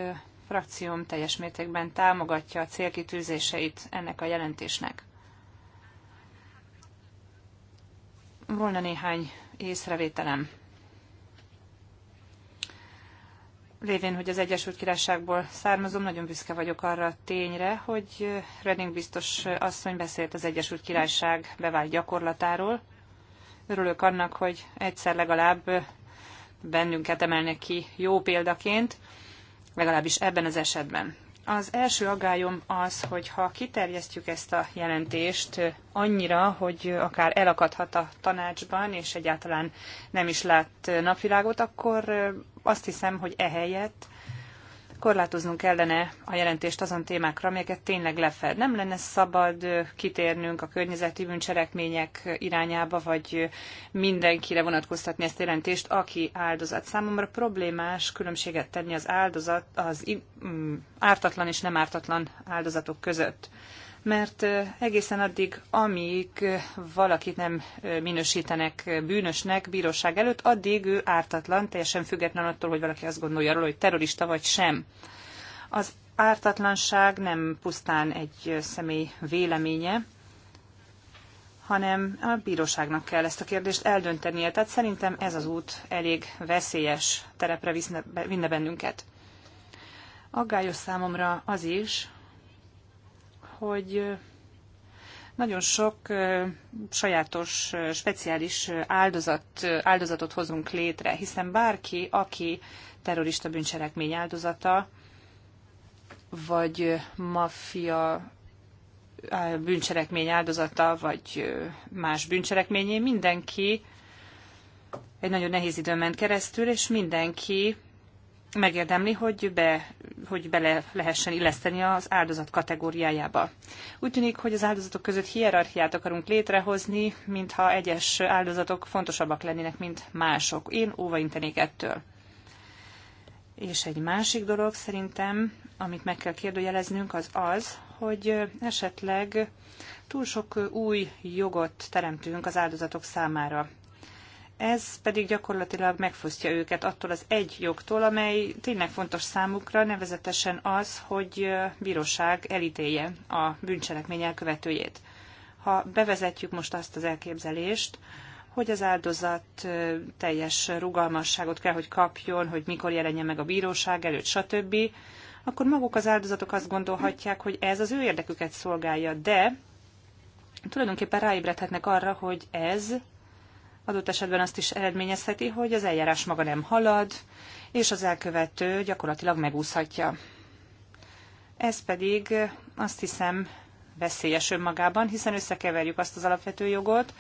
frakcióm teljes mértékben támogatja a célkitűzéseit ennek a jelentésnek. Volna néhány észrevételem. Lévén, hogy az Egyesült Királyságból származom, nagyon büszke vagyok arra a tényre, hogy Redding biztos asszony beszélt az Egyesült Királyság bevált gyakorlatáról. Örülök annak, hogy egyszer legalább bennünket emelnek ki jó példaként legalábbis ebben az esetben. Az első aggályom az, hogy ha kiterjesztjük ezt a jelentést annyira, hogy akár elakadhat a tanácsban, és egyáltalán nem is lát napvilágot, akkor azt hiszem, hogy ehelyett korlátoznunk kellene a jelentést azon témákra, amelyeket tényleg lefed. Nem lenne szabad kitérnünk a környezeti bűncselekmények irányába, vagy mindenkire vonatkoztatni ezt a jelentést, aki áldozat. Számomra problémás különbséget tenni az áldozat, az ártatlan és nem ártatlan áldozatok között mert egészen addig, amíg valakit nem minősítenek bűnösnek bíróság előtt, addig ő ártatlan, teljesen független attól, hogy valaki azt gondolja róla, hogy terrorista vagy sem. Az ártatlanság nem pusztán egy személy véleménye, hanem a bíróságnak kell ezt a kérdést eldöntenie. Tehát szerintem ez az út elég veszélyes terepre vinne bennünket. Aggályos számomra az is, hogy nagyon sok sajátos, speciális áldozat, áldozatot hozunk létre, hiszen bárki, aki terrorista bűncselekmény áldozata, vagy maffia bűncselekmény áldozata, vagy más bűncselekményé, mindenki egy nagyon nehéz időn ment keresztül, és mindenki megérdemli, hogy, be, hogy bele lehessen illeszteni az áldozat kategóriájába. Úgy tűnik, hogy az áldozatok között hierarchiát akarunk létrehozni, mintha egyes áldozatok fontosabbak lennének, mint mások. Én óvaintenék ettől. És egy másik dolog szerintem, amit meg kell kérdőjeleznünk, az az, hogy esetleg túl sok új jogot teremtünk az áldozatok számára. Ez pedig gyakorlatilag megfosztja őket attól az egy jogtól, amely tényleg fontos számukra, nevezetesen az, hogy bíróság elítélje a bűncselekmény elkövetőjét. Ha bevezetjük most azt az elképzelést, hogy az áldozat teljes rugalmasságot kell, hogy kapjon, hogy mikor jelenjen meg a bíróság előtt, stb., akkor maguk az áldozatok azt gondolhatják, hogy ez az ő érdeküket szolgálja, de tulajdonképpen ráébredhetnek arra, hogy ez adott esetben azt is eredményezheti, hogy az eljárás maga nem halad, és az elkövető gyakorlatilag megúszhatja. Ez pedig azt hiszem veszélyes önmagában, hiszen összekeverjük azt az alapvető jogot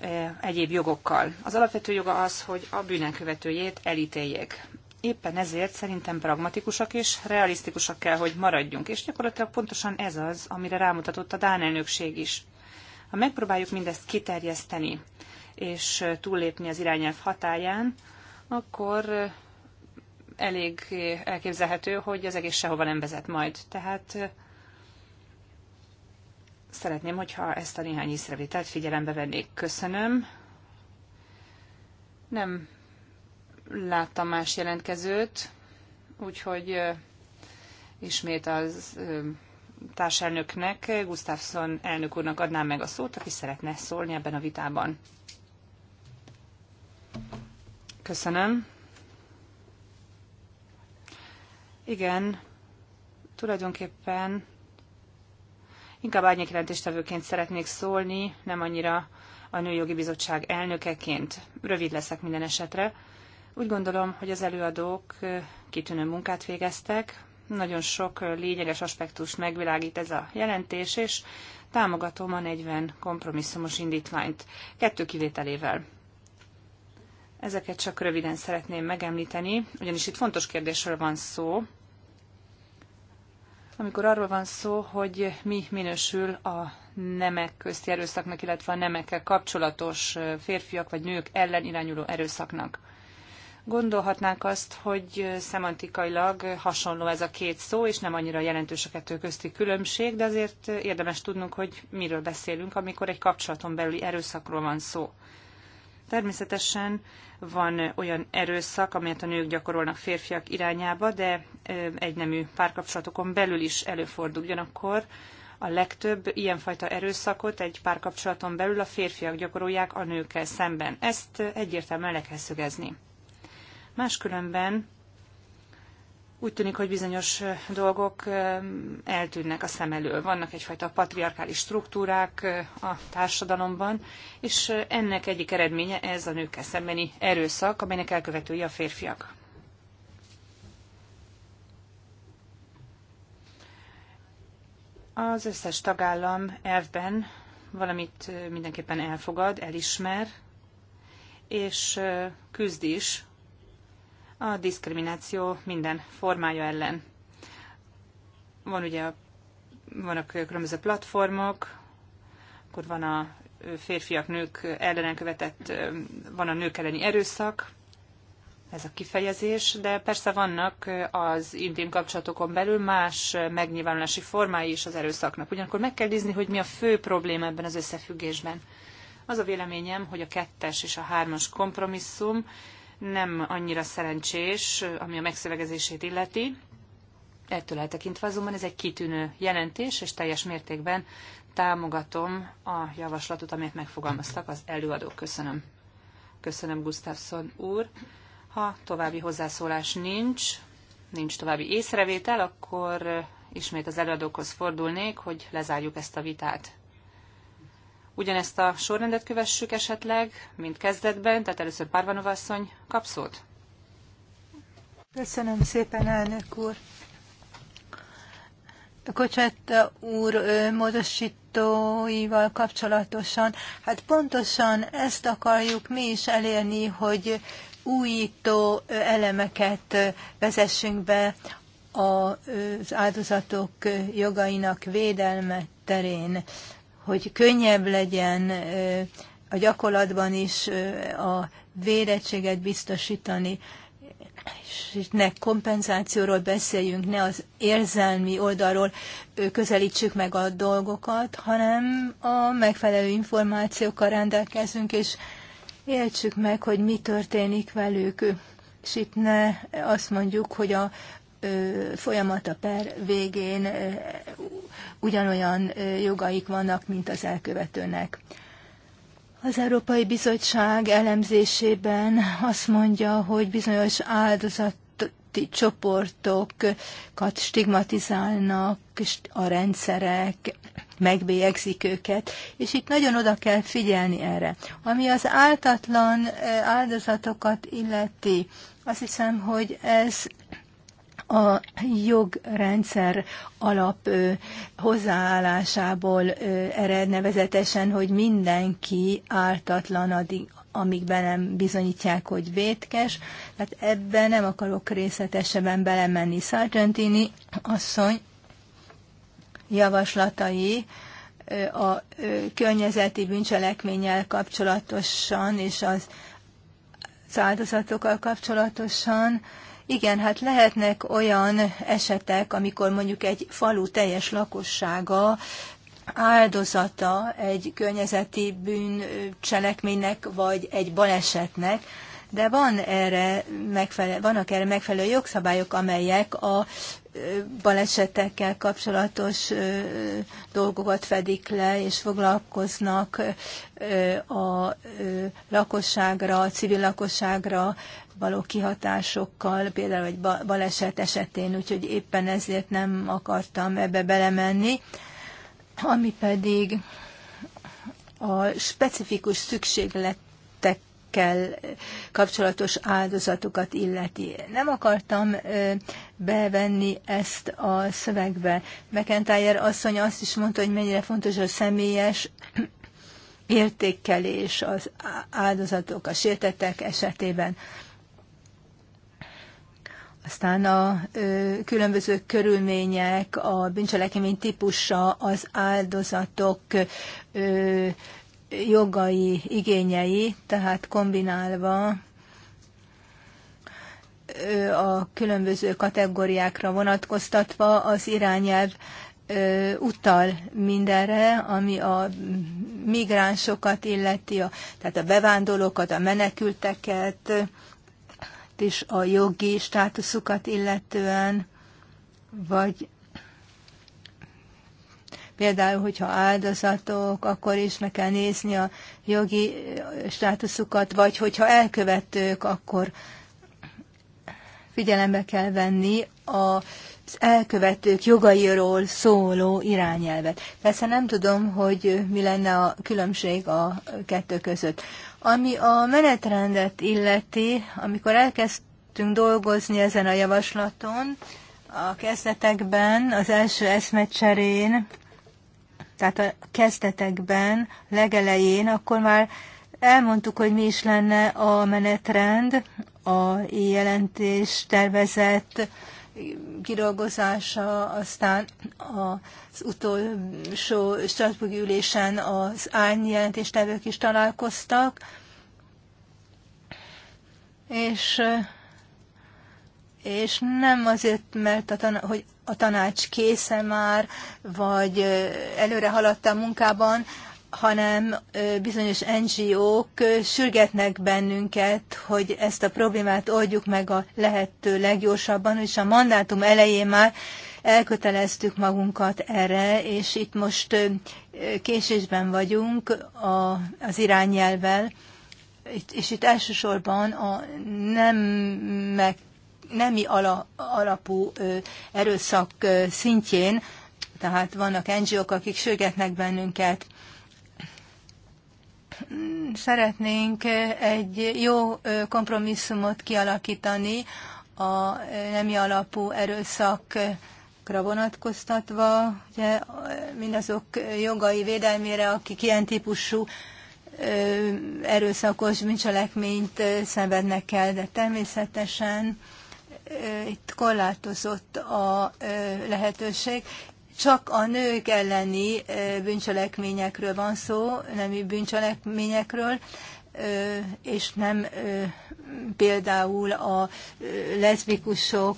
eh, egyéb jogokkal. Az alapvető joga az, hogy a bűnelkövetőjét elítéljék. Éppen ezért szerintem pragmatikusak és realisztikusak kell, hogy maradjunk, és gyakorlatilag pontosan ez az, amire rámutatott a Dán elnökség is. Ha megpróbáljuk mindezt kiterjeszteni és túllépni az irányelv hatáján, akkor elég elképzelhető, hogy az egész sehova nem vezet majd. Tehát eh, szeretném, hogyha ezt a néhány észrevételt figyelembe vennék. Köszönöm. Nem láttam más jelentkezőt, úgyhogy eh, ismét az eh, társelnöknek, Gustafsson elnök úrnak adnám meg a szót, aki szeretne szólni ebben a vitában. Köszönöm. Igen, tulajdonképpen inkább árnyékjelentéstevőként szeretnék szólni, nem annyira a Nőjogi Bizottság elnökeként. Rövid leszek minden esetre. Úgy gondolom, hogy az előadók kitűnő munkát végeztek, nagyon sok lényeges aspektust megvilágít ez a jelentés, és támogatom a 40 kompromisszumos indítványt, kettő kivételével. Ezeket csak röviden szeretném megemlíteni, ugyanis itt fontos kérdésről van szó, amikor arról van szó, hogy mi minősül a nemek közti erőszaknak, illetve a nemekkel kapcsolatos férfiak vagy nők ellen irányuló erőszaknak. Gondolhatnánk azt, hogy szemantikailag hasonló ez a két szó, és nem annyira jelentős a kettő közti különbség, de azért érdemes tudnunk, hogy miről beszélünk, amikor egy kapcsolaton belüli erőszakról van szó. Természetesen van olyan erőszak, amelyet a nők gyakorolnak férfiak irányába, de egynemű párkapcsolatokon belül is előfordul. Ugyanakkor a legtöbb ilyenfajta erőszakot egy párkapcsolaton belül a férfiak gyakorolják a nőkkel szemben. Ezt egyértelműen le kell szögezni. Máskülönben úgy tűnik, hogy bizonyos dolgok eltűnnek a szem elől. Vannak egyfajta patriarkális struktúrák a társadalomban, és ennek egyik eredménye ez a nőkkel szembeni erőszak, amelynek elkövetői a férfiak. Az összes tagállam elvben valamit mindenképpen elfogad, elismer, és küzd is a diszkrimináció minden formája ellen. Van ugye a, vannak különböző platformok, akkor van a férfiak, nők ellen követett, van a nők elleni erőszak, ez a kifejezés, de persze vannak az intim kapcsolatokon belül más megnyilvánulási formái is az erőszaknak. Ugyanakkor meg kell nézni, hogy mi a fő probléma ebben az összefüggésben. Az a véleményem, hogy a kettes és a hármas kompromisszum nem annyira szerencsés, ami a megszövegezését illeti. Ettől eltekintve azonban ez egy kitűnő jelentés, és teljes mértékben támogatom a javaslatot, amit megfogalmaztak az előadók. Köszönöm. Köszönöm, Gustafsson úr. Ha további hozzászólás nincs, nincs további észrevétel, akkor ismét az előadókhoz fordulnék, hogy lezárjuk ezt a vitát ugyanezt a sorrendet kövessük esetleg, mint kezdetben, tehát először Párvanov asszony kap szót. Köszönöm szépen, elnök úr. Kocsetta úr módosítóival kapcsolatosan, hát pontosan ezt akarjuk mi is elérni, hogy újító elemeket vezessünk be az áldozatok jogainak védelme terén hogy könnyebb legyen a gyakorlatban is a vérettséget biztosítani, és ne kompenzációról beszéljünk, ne az érzelmi oldalról közelítsük meg a dolgokat, hanem a megfelelő információkkal rendelkezünk, és értsük meg, hogy mi történik velük. És itt ne azt mondjuk, hogy a folyamata per végén ugyanolyan jogaik vannak, mint az elkövetőnek. Az Európai Bizottság elemzésében azt mondja, hogy bizonyos áldozat csoportokat stigmatizálnak a rendszerek, megbélyegzik őket, és itt nagyon oda kell figyelni erre. Ami az áltatlan áldozatokat illeti, azt hiszem, hogy ez a jogrendszer alap hozzáállásából ered nevezetesen, hogy mindenki ártatlan addig, amíg be nem bizonyítják, hogy vétkes. Tehát ebben nem akarok részletesebben belemenni. Sargentini asszony javaslatai a környezeti bűncselekménnyel kapcsolatosan és az, az áldozatokkal kapcsolatosan igen, hát lehetnek olyan esetek, amikor mondjuk egy falu teljes lakossága áldozata egy környezeti bűncselekménynek vagy egy balesetnek, de van erre megfelelő, vannak erre megfelelő jogszabályok, amelyek a balesetekkel kapcsolatos dolgokat fedik le, és foglalkoznak a lakosságra, a civil lakosságra való kihatásokkal, például egy baleset esetén, úgyhogy éppen ezért nem akartam ebbe belemenni. Ami pedig a specifikus szükségletekkel kapcsolatos áldozatokat illeti. Nem akartam bevenni ezt a szövegbe. McIntyre asszony azt is mondta, hogy mennyire fontos a személyes értékelés az áldozatok, a sértettek esetében. Aztán a ö, különböző körülmények, a bűncselekmény típusa, az áldozatok ö, jogai, igényei, tehát kombinálva ö, a különböző kategóriákra vonatkoztatva az irányelv ö, utal mindenre, ami a migránsokat illeti, a, tehát a bevándorlókat, a menekülteket, is a jogi státuszukat illetően, vagy például, hogyha áldozatok, akkor is meg kell nézni a jogi státuszukat, vagy hogyha elkövetők, akkor figyelembe kell venni a az elkövetők jogairól szóló irányelvet. Persze nem tudom, hogy mi lenne a különbség a kettő között. Ami a menetrendet illeti, amikor elkezdtünk dolgozni ezen a javaslaton, a kezdetekben, az első eszmecserén, tehát a kezdetekben, legelején, akkor már elmondtuk, hogy mi is lenne a menetrend, a jelentés tervezett kidolgozása, aztán az utolsó Strasbourg ülésen az árnyjelentéstevők is találkoztak, és, és nem azért, mert a, taná- hogy a tanács késze már, vagy előre haladt a munkában, hanem bizonyos NGO-k sürgetnek bennünket, hogy ezt a problémát oldjuk meg a lehető leggyorsabban, és a mandátum elején már elköteleztük magunkat erre, és itt most késésben vagyunk a, az irányelvel, és itt elsősorban a nem meg, nemi alapú erőszak szintjén, tehát vannak NGO-k, akik sürgetnek bennünket, Hmm, szeretnénk egy jó kompromisszumot kialakítani a nemi alapú erőszakra vonatkoztatva, ugye mindazok jogai védelmére, akik ilyen típusú erőszakos bűncselekményt szenvednek el, de természetesen itt korlátozott a lehetőség csak a nők elleni bűncselekményekről van szó, nemi bűncselekményekről, és nem például a leszbikusok,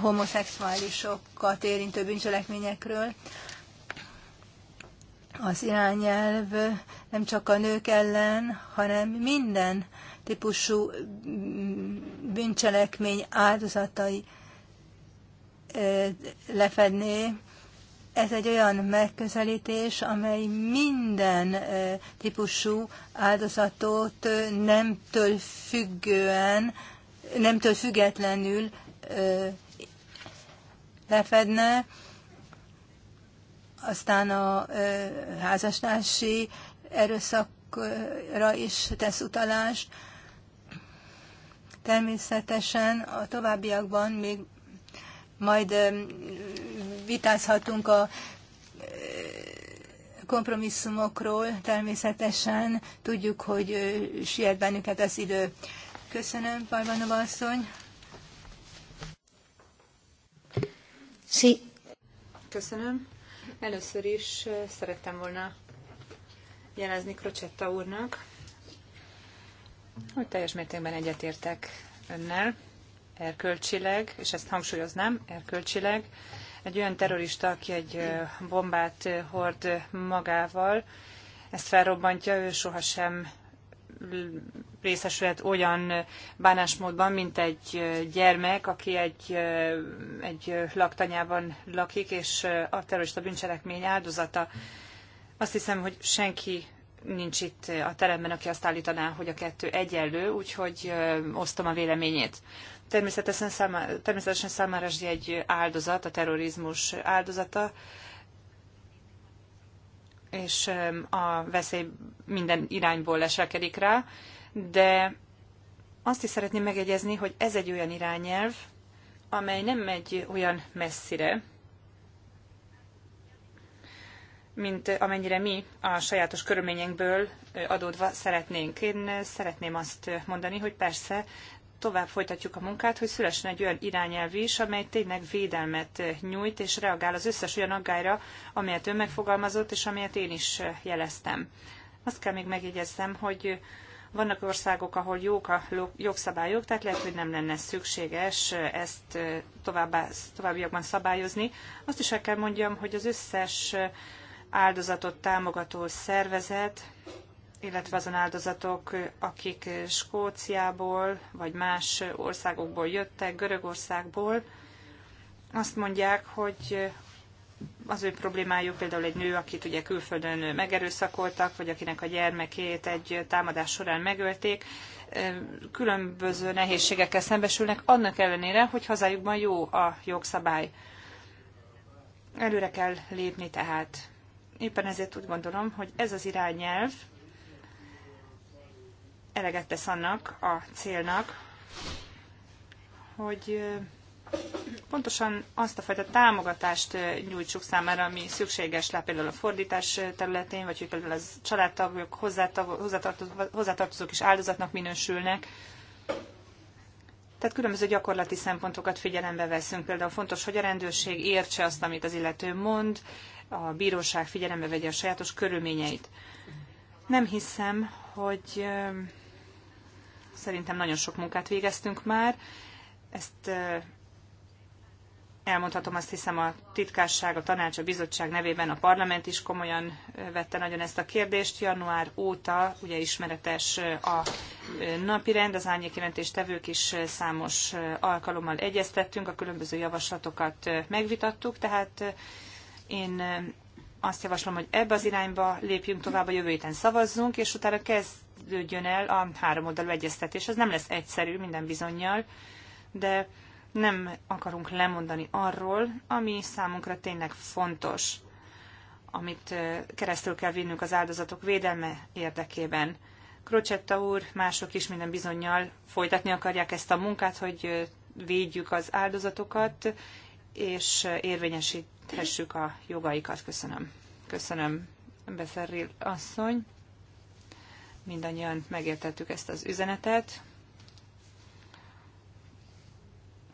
homoszexuálisokat érintő bűncselekményekről. Az irányelv nem csak a nők ellen, hanem minden típusú bűncselekmény áldozatai lefedné, ez egy olyan megközelítés, amely minden típusú áldozatot nemtől függően, nemtől függetlenül lefedne, aztán a házastársi erőszakra is tesz utalást. Természetesen a továbbiakban még majd vitázhatunk a eh, kompromisszumokról, természetesen tudjuk, hogy eh, siet bennünket az idő. Köszönöm, Parvanova asszony. Sí. Köszönöm. Először is eh, szerettem volna jelezni Krocsetta úrnak, hogy teljes mértékben egyetértek önnel, erkölcsileg, és ezt hangsúlyoznám, erkölcsileg, egy olyan terrorista, aki egy bombát hord magával, ezt felrobbantja, ő sohasem részesülhet olyan bánásmódban, mint egy gyermek, aki egy, egy laktanyában lakik, és a terrorista bűncselekmény áldozata. Azt hiszem, hogy senki nincs itt a teremben, aki azt állítaná, hogy a kettő egyenlő, úgyhogy osztom a véleményét. Természetesen, számá, természetesen számára egy áldozat, a terrorizmus áldozata, és a veszély minden irányból leselkedik rá, de azt is szeretném megegyezni, hogy ez egy olyan irányelv, amely nem megy olyan messzire, mint amennyire mi a sajátos körülményekből adódva szeretnénk. Én szeretném azt mondani, hogy persze tovább folytatjuk a munkát, hogy szülessen egy olyan irányelv is, amely tényleg védelmet nyújt, és reagál az összes olyan aggályra, amelyet ön megfogalmazott, és amelyet én is jeleztem. Azt kell még megjegyezzem, hogy vannak országok, ahol jók a jogszabályok, tehát lehet, hogy nem lenne szükséges ezt továbbá, továbbiakban szabályozni. Azt is el kell mondjam, hogy az összes áldozatot támogató szervezet, illetve azon áldozatok, akik Skóciából vagy más országokból jöttek, Görögországból, azt mondják, hogy az ő problémájuk például egy nő, akit ugye külföldön megerőszakoltak, vagy akinek a gyermekét egy támadás során megölték, különböző nehézségekkel szembesülnek, annak ellenére, hogy hazájukban jó a jogszabály. Előre kell lépni tehát. Éppen ezért úgy gondolom, hogy ez az irányelv eleget tesz annak a célnak, hogy pontosan azt a fajta támogatást nyújtsuk számára, ami szükséges le például a fordítás területén, vagy hogy például az családtagok, hozzátartozók is áldozatnak minősülnek. Tehát különböző gyakorlati szempontokat figyelembe veszünk. Például fontos, hogy a rendőrség értse azt, amit az illető mond, a bíróság figyelembe vegye a sajátos körülményeit. Nem hiszem, hogy szerintem nagyon sok munkát végeztünk már. Ezt elmondhatom, azt hiszem a titkásság, a tanács, a bizottság nevében a parlament is komolyan vette nagyon ezt a kérdést. Január óta ugye ismeretes a napirend, az tevők is számos alkalommal egyeztettünk, a különböző javaslatokat megvitattuk, tehát én azt javaslom, hogy ebbe az irányba lépjünk tovább, a jövő héten szavazzunk, és utána kezdődjön el a háromoldalú egyeztetés. Ez nem lesz egyszerű minden bizonyal, de nem akarunk lemondani arról, ami számunkra tényleg fontos, amit keresztül kell vinnünk az áldozatok védelme érdekében. Krocsetta úr, mások is minden bizonyal folytatni akarják ezt a munkát, hogy védjük az áldozatokat, és érvényesít védhessük a jogaikat. Köszönöm. Köszönöm, Beszerril asszony. Mindannyian megértettük ezt az üzenetet.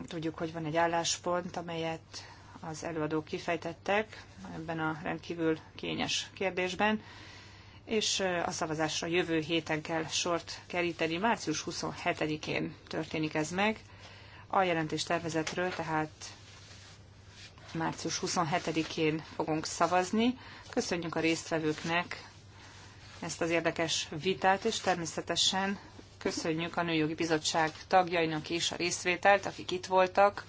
Tudjuk, hogy van egy álláspont, amelyet az előadók kifejtettek ebben a rendkívül kényes kérdésben, és a szavazásra jövő héten kell sort keríteni. Március 27-én történik ez meg. A jelentés tervezetről tehát március 27-én fogunk szavazni. Köszönjük a résztvevőknek ezt az érdekes vitát, és természetesen köszönjük a Nőjogi Bizottság tagjainak is a részvételt, akik itt voltak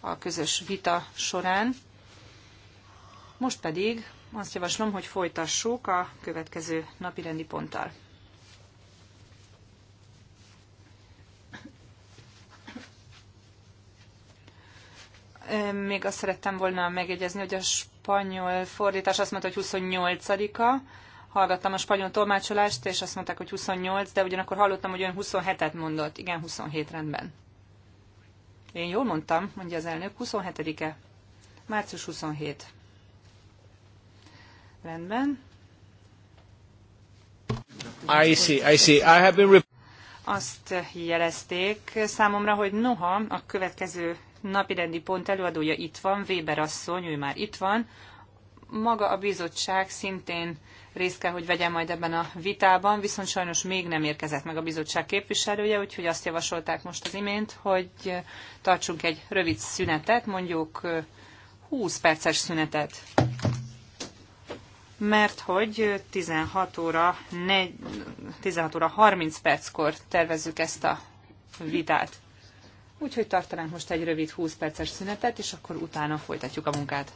a közös vita során. Most pedig azt javaslom, hogy folytassuk a következő napirendi ponttal. Még azt szerettem volna megjegyezni, hogy a spanyol fordítás azt mondta, hogy 28-a. Hallgattam a spanyol tolmácsolást, és azt mondták, hogy 28, de ugyanakkor hallottam, hogy ön 27-et mondott. Igen, 27 rendben. Én jól mondtam, mondja az elnök, 27-e. Március 27. Rendben. I see, I see. I have been... Azt jelezték számomra, hogy noha a következő napirendi pont előadója itt van, Weber asszony, ő már itt van. Maga a bizottság szintén részt kell, hogy vegyen majd ebben a vitában, viszont sajnos még nem érkezett meg a bizottság képviselője, úgyhogy azt javasolták most az imént, hogy tartsunk egy rövid szünetet, mondjuk 20 perces szünetet. Mert hogy 16 óra, 4, 16 óra 30 perckor tervezzük ezt a vitát. Úgyhogy tartanánk most egy rövid 20 perces szünetet, és akkor utána folytatjuk a munkát.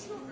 Jézus.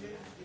change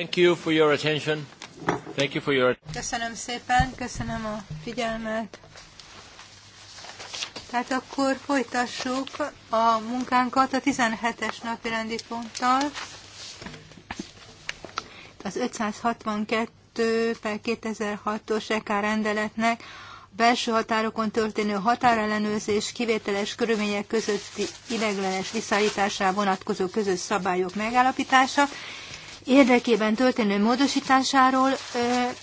Thank you for your attention. Thank you for your... Köszönöm szépen, köszönöm a figyelmet. Tehát akkor folytassuk a munkánkat a 17-es napi rendi ponttal. Az 562 per 2006-os EK rendeletnek a belső határokon történő határellenőrzés kivételes körülmények közötti ideglenes visszaállításá vonatkozó közös szabályok megállapítása érdekében történő módosításáról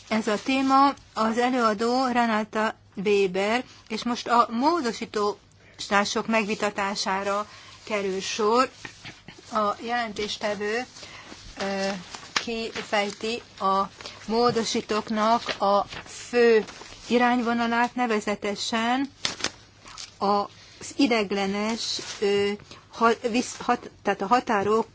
ez a téma az előadó Renata Weber, és most a módosítóstások megvitatására kerül sor. A jelentéstevő kifejti a módosítóknak a fő irányvonalát, nevezetesen az ideglenes, tehát a határok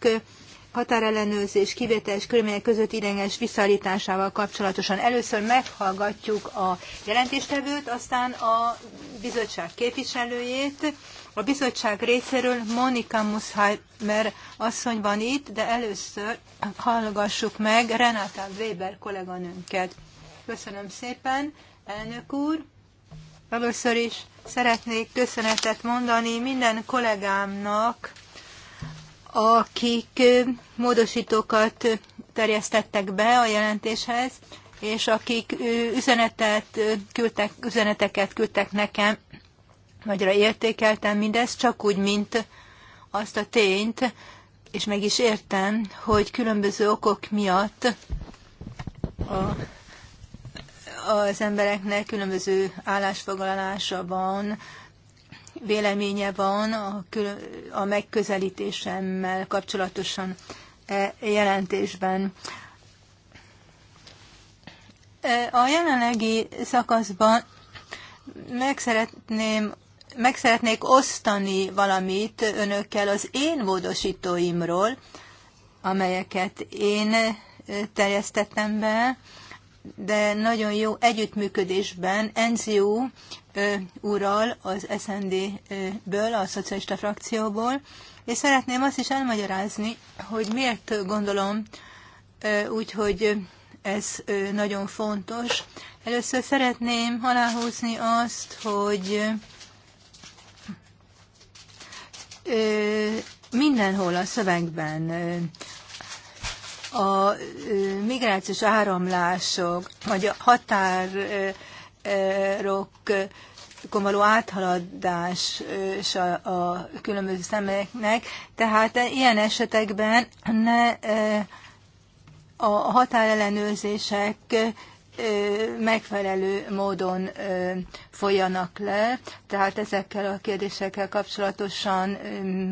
határellenőrzés kivételes körülmények között ideiglenes visszaállításával kapcsolatosan. Először meghallgatjuk a jelentéstevőt, aztán a bizottság képviselőjét. A bizottság részéről Monika Muszheimer asszony van itt, de először hallgassuk meg Renata Weber kolléganőnket. Köszönöm szépen, elnök úr! Először is szeretnék köszönetet mondani minden kollégámnak, akik módosítókat terjesztettek be a jelentéshez, és akik üzenetet küldtek, üzeneteket küldtek nekem, nagyra értékeltem mindezt, csak úgy, mint azt a tényt, és meg is értem, hogy különböző okok miatt a, az embereknek különböző állásfoglalása van véleménye van a, a megközelítésemmel kapcsolatosan e jelentésben. E, a jelenlegi szakaszban meg, szeretném, meg szeretnék osztani valamit önökkel az én módosítóimról, amelyeket én terjesztettem be de nagyon jó együttműködésben NCU úrral az SND-ből, a szocialista frakcióból, és szeretném azt is elmagyarázni, hogy miért gondolom úgy, hogy ez nagyon fontos. Először szeretném aláhúzni azt, hogy mindenhol a szövegben a migrációs áramlások, vagy a határok való áthaladás a különböző személyeknek. Tehát ilyen esetekben ne a határellenőrzések megfelelő módon folyanak le, tehát ezekkel a kérdésekkel kapcsolatosan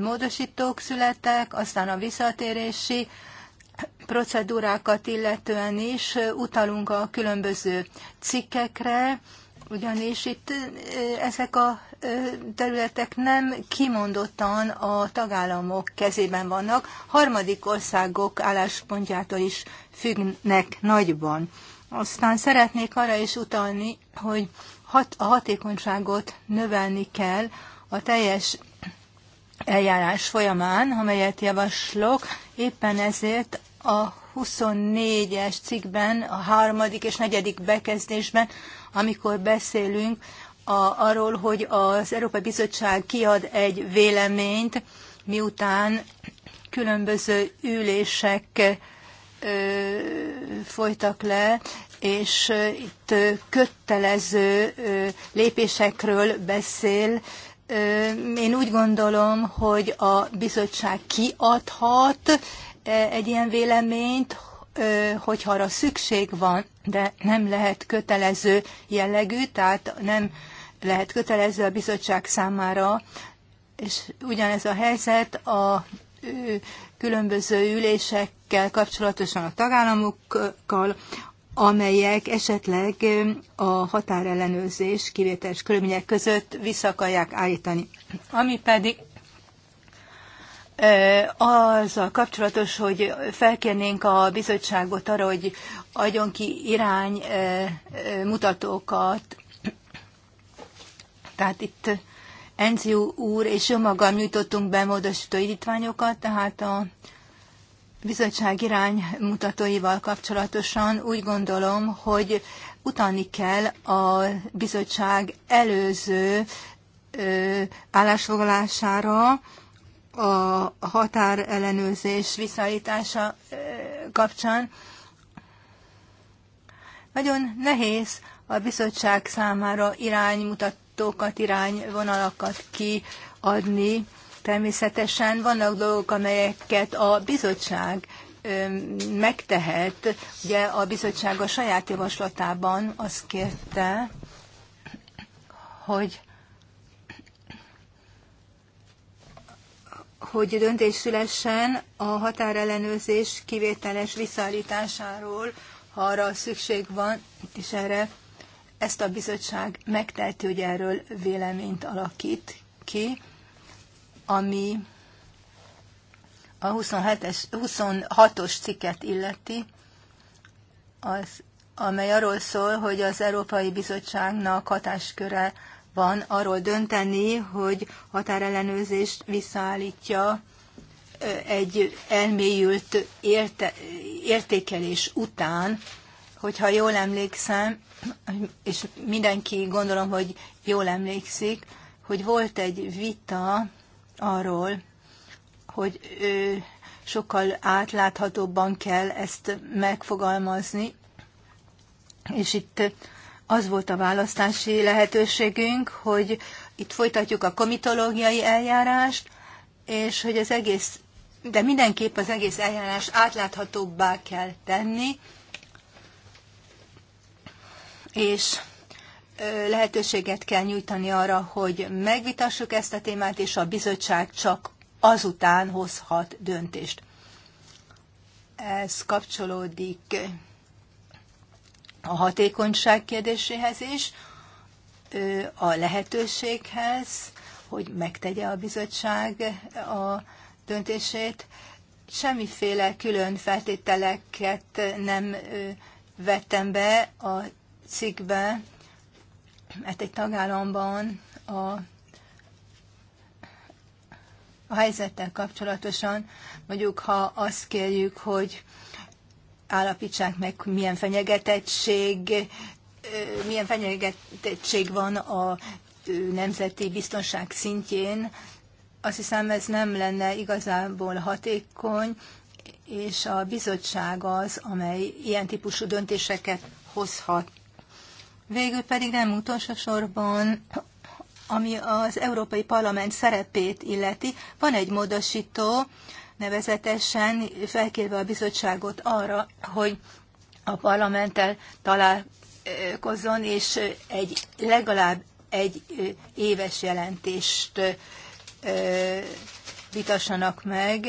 módosítók születtek, aztán a visszatérési procedúrákat illetően is utalunk a különböző cikkekre, ugyanis itt ezek a területek nem kimondottan a tagállamok kezében vannak, harmadik országok álláspontjától is függnek nagyban. Aztán szeretnék arra is utalni, hogy hat, a hatékonyságot növelni kell a teljes eljárás folyamán, amelyet javaslok, éppen ezért a 24-es cikkben, a harmadik és negyedik bekezdésben, amikor beszélünk a, arról, hogy az Európai Bizottság kiad egy véleményt, miután különböző ülések ö, folytak le, és itt kötelező ö, lépésekről beszél. Ö, én úgy gondolom, hogy a bizottság kiadhat, egy ilyen véleményt, hogyha arra szükség van, de nem lehet kötelező jellegű, tehát nem lehet kötelező a bizottság számára, és ugyanez a helyzet a különböző ülésekkel kapcsolatosan a tagállamokkal, amelyek esetleg a határellenőrzés kivételes körülmények között vissza akarják állítani. Ami pedig azzal kapcsolatos, hogy felkérnénk a bizottságot arra, hogy adjon ki iránymutatókat. Tehát itt Enziu úr és jó magam nyújtottunk be módosító indítványokat, tehát a bizottság iránymutatóival kapcsolatosan úgy gondolom, hogy utalni kell a bizottság előző állásfoglalására, a határellenőrzés visszaállítása kapcsán. Nagyon nehéz a bizottság számára iránymutatókat, irányvonalakat kiadni. Természetesen vannak dolgok, amelyeket a bizottság megtehet. Ugye a bizottság a saját javaslatában azt kérte, hogy hogy döntés szülessen a határellenőrzés kivételes visszaállításáról, ha arra szükség van, és is erre ezt a bizottság megteheti, hogy erről véleményt alakít ki, ami a 27-es, 26-os cikket illeti, az, amely arról szól, hogy az Európai Bizottságnak hatásköre van arról dönteni, hogy határellenőrzést visszaállítja egy elmélyült érte, értékelés után, hogyha jól emlékszem, és mindenki gondolom, hogy jól emlékszik, hogy volt egy vita arról, hogy ő sokkal átláthatóbban kell ezt megfogalmazni, és itt az volt a választási lehetőségünk, hogy itt folytatjuk a komitológiai eljárást, és hogy az egész, de mindenképp az egész eljárás átláthatóbbá kell tenni, és lehetőséget kell nyújtani arra, hogy megvitassuk ezt a témát, és a bizottság csak azután hozhat döntést. Ez kapcsolódik a hatékonyság kérdéséhez is, a lehetőséghez, hogy megtegye a bizottság a döntését. Semmiféle külön feltételeket nem vettem be a cikkbe, mert egy tagállamban a, a helyzettel kapcsolatosan, mondjuk ha azt kérjük, hogy állapítsák meg, milyen fenyegetettség, milyen fenyegetettség van a nemzeti biztonság szintjén. Azt hiszem, ez nem lenne igazából hatékony, és a bizottság az, amely ilyen típusú döntéseket hozhat. Végül pedig nem utolsó sorban, ami az Európai Parlament szerepét illeti, van egy módosító, nevezetesen felkérve a bizottságot arra, hogy a parlamenttel találkozzon, és egy legalább egy éves jelentést vitassanak meg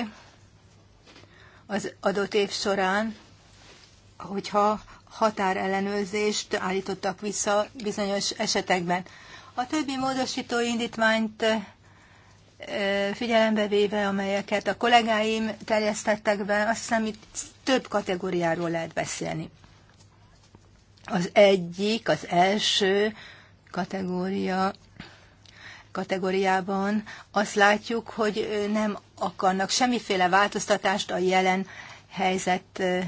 az adott év során, hogyha határellenőrzést állítottak vissza bizonyos esetekben. A többi módosító indítványt figyelembe véve, amelyeket a kollégáim terjesztettek be, azt hiszem itt több kategóriáról lehet beszélni. Az egyik, az első kategória, kategóriában azt látjuk, hogy nem akarnak semmiféle változtatást a jelen helyzethez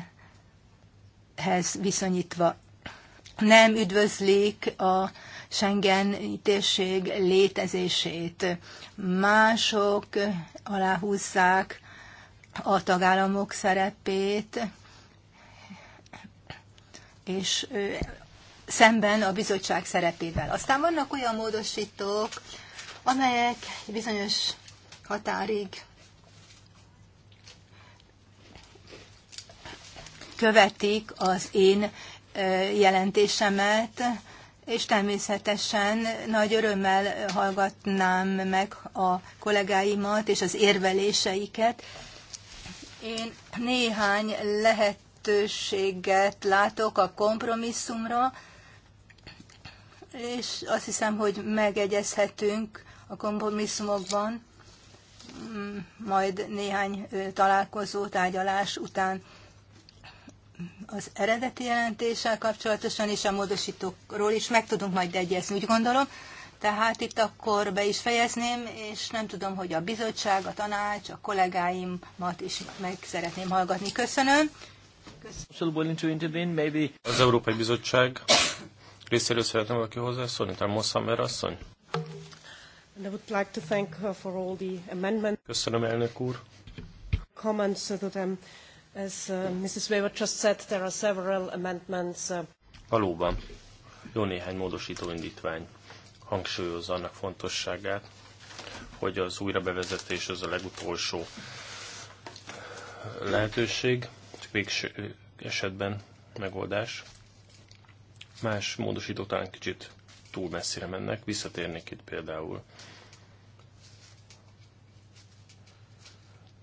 viszonyítva. Nem üdvözlik a Schengen térség létezését. Mások aláhúzzák a tagállamok szerepét, és szemben a bizottság szerepével. Aztán vannak olyan módosítók, amelyek bizonyos határig követik az én jelentésemet, és természetesen nagy örömmel hallgatnám meg a kollégáimat és az érveléseiket. Én néhány lehetőséget látok a kompromisszumra, és azt hiszem, hogy megegyezhetünk a kompromisszumokban, mm, majd néhány találkozó, tárgyalás után az eredeti jelentéssel kapcsolatosan és a módosítókról is meg tudunk majd egyezni, úgy gondolom. Tehát itt akkor be is fejezném, és nem tudom, hogy a bizottság, a tanács, a kollégáimat is meg szeretném hallgatni. Köszönöm. Köszönöm. Az Európai Bizottság részéről szeretném valaki hozzászólni, talán Mossamer asszony. Köszönöm, elnök úr. Comments um, As uh, Mrs. Weber just said, there are several amendments. Uh... Valóban, jó néhány módosító indítvány hangsúlyozza annak fontosságát, hogy az újrabevezetés az a legutolsó lehetőség, végső esetben megoldás. Más módosítók talán kicsit túl messzire mennek, visszatérnék itt például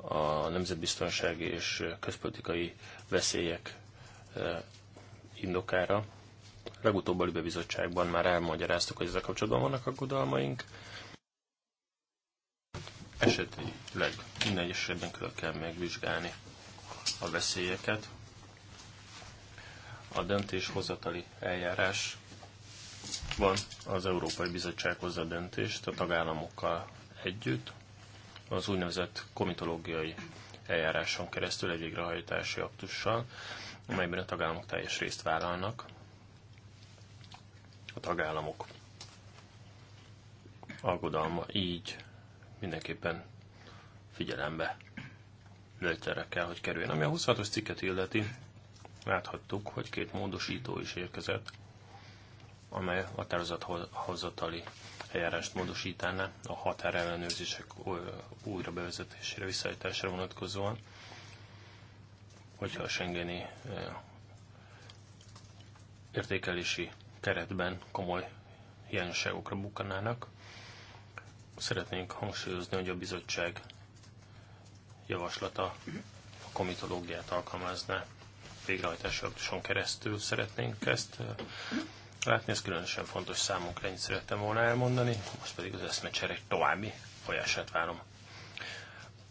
a nemzetbiztonsági és közpolitikai veszélyek e, indokára. Legutóbb a Libe Bizottságban már elmagyaráztuk, hogy ezzel kapcsolatban vannak aggodalmaink. Esetleg minden egyes esetben külön kell megvizsgálni a veszélyeket. A döntéshozatali eljárás van az Európai Bizottság hozza döntést a tagállamokkal együtt, az úgynevezett komitológiai eljáráson keresztül egy végrehajtási aktussal, amelyben a tagállamok teljes részt vállalnak. A tagállamok aggodalma így mindenképpen figyelembe lőtterre kell, hogy kerüljön. Ami a 26-os cikket illeti, láthattuk, hogy két módosító is érkezett amely határozathozatali eljárást módosítaná a határellenőrzések újra bevezetésére, visszaállításra vonatkozóan, hogyha a Schengeni értékelési keretben komoly hiányosságokra bukanának. Szeretnénk hangsúlyozni, hogy a bizottság javaslata a komitológiát alkalmazná végrehajtási keresztül szeretnénk ezt látni, ez különösen fontos számunkra, ennyit szerettem volna elmondani, most pedig az eszmecsere egy további folyását várom.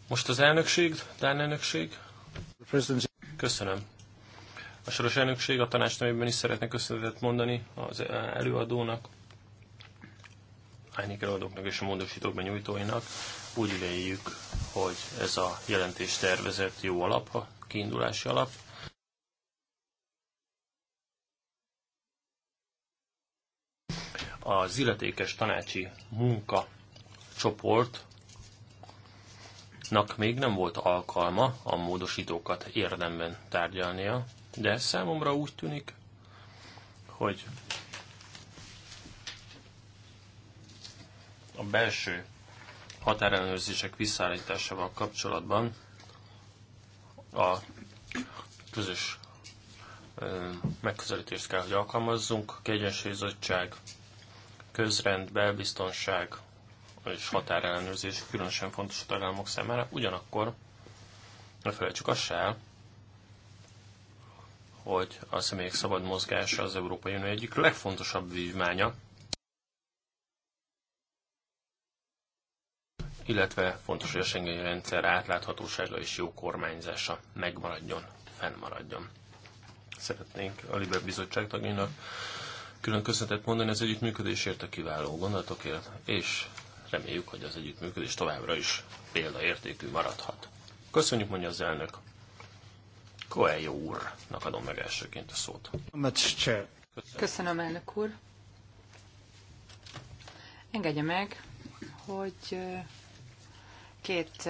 Most az elnökség, Dán elnökség. Köszönöm. A soros elnökség a tanács is szeretne köszönetet mondani az előadónak, Ányik előadóknak és a módosítók benyújtóinak. Úgy véljük, hogy ez a jelentés tervezett jó alap, a kiindulási alap, az illetékes tanácsi munka csoportnak még nem volt alkalma a módosítókat érdemben tárgyalnia, de számomra úgy tűnik, hogy a belső határellenőrzések visszaállításával kapcsolatban a közös megközelítést kell, hogy alkalmazzunk, kiegyensúlyozottság, közrend, belbiztonság és határellenőrzés különösen fontos a tagállamok számára. Ugyanakkor ne felejtsük azt se el, hogy a személyek szabad mozgása az Európai Unió egyik legfontosabb vívmánya, illetve fontos, hogy a Schengeni rendszer átláthatósága és jó kormányzása megmaradjon, fennmaradjon. Szeretnénk a Liber Bizottság tagjának külön köszönetet mondani az együttműködésért, a kiváló gondolatokért, és reméljük, hogy az együttműködés továbbra is példaértékű maradhat. Köszönjük, mondja az elnök. Koeljó úrnak adom meg elsőként a szót. Köszönöm, Köszönöm elnök úr. Engedje meg, hogy két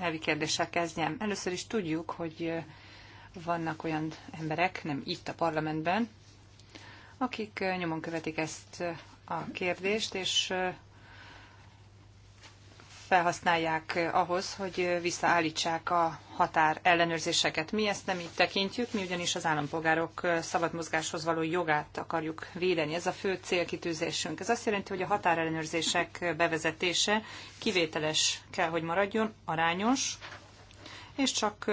elvi kérdéssel kezdjem. Először is tudjuk, hogy vannak olyan emberek, nem itt a parlamentben, akik nyomon követik ezt a kérdést, és felhasználják ahhoz, hogy visszaállítsák a határ ellenőrzéseket. Mi ezt nem így tekintjük, mi ugyanis az állampolgárok szabad mozgáshoz való jogát akarjuk védeni. Ez a fő célkitűzésünk. Ez azt jelenti, hogy a határellenőrzések bevezetése kivételes kell, hogy maradjon, arányos, és csak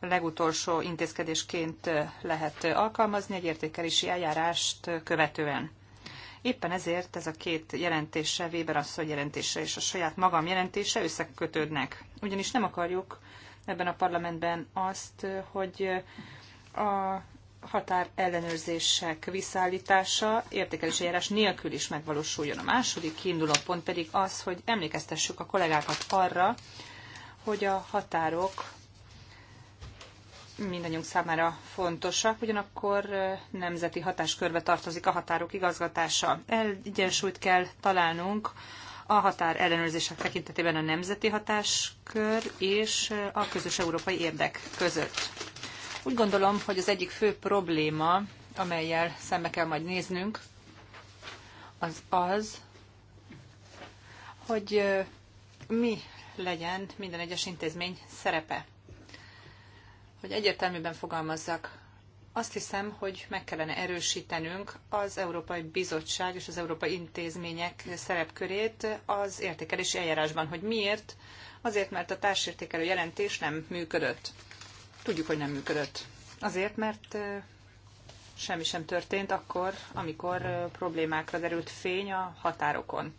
legutolsó intézkedésként lehet alkalmazni egy értékelési eljárást követően. Éppen ezért ez a két jelentése, Weber asszony jelentése és a saját magam jelentése összekötődnek. Ugyanis nem akarjuk ebben a parlamentben azt, hogy a határ ellenőrzések visszaállítása értékelési eljárás nélkül is megvalósuljon. A második kiinduló pont pedig az, hogy emlékeztessük a kollégákat arra, hogy a határok mindannyiunk számára fontosak, ugyanakkor nemzeti hatáskörbe tartozik a határok igazgatása. Egyensúlyt kell találnunk a határ ellenőrzések tekintetében a nemzeti hatáskör és a közös európai érdek között. Úgy gondolom, hogy az egyik fő probléma, amelyel szembe kell majd néznünk, az az, hogy mi legyen minden egyes intézmény szerepe hogy egyértelműben fogalmazzak, azt hiszem, hogy meg kellene erősítenünk az Európai Bizottság és az Európai Intézmények szerepkörét az értékelési eljárásban. Hogy miért? Azért, mert a társértékelő jelentés nem működött. Tudjuk, hogy nem működött. Azért, mert semmi sem történt akkor, amikor problémákra derült fény a határokon.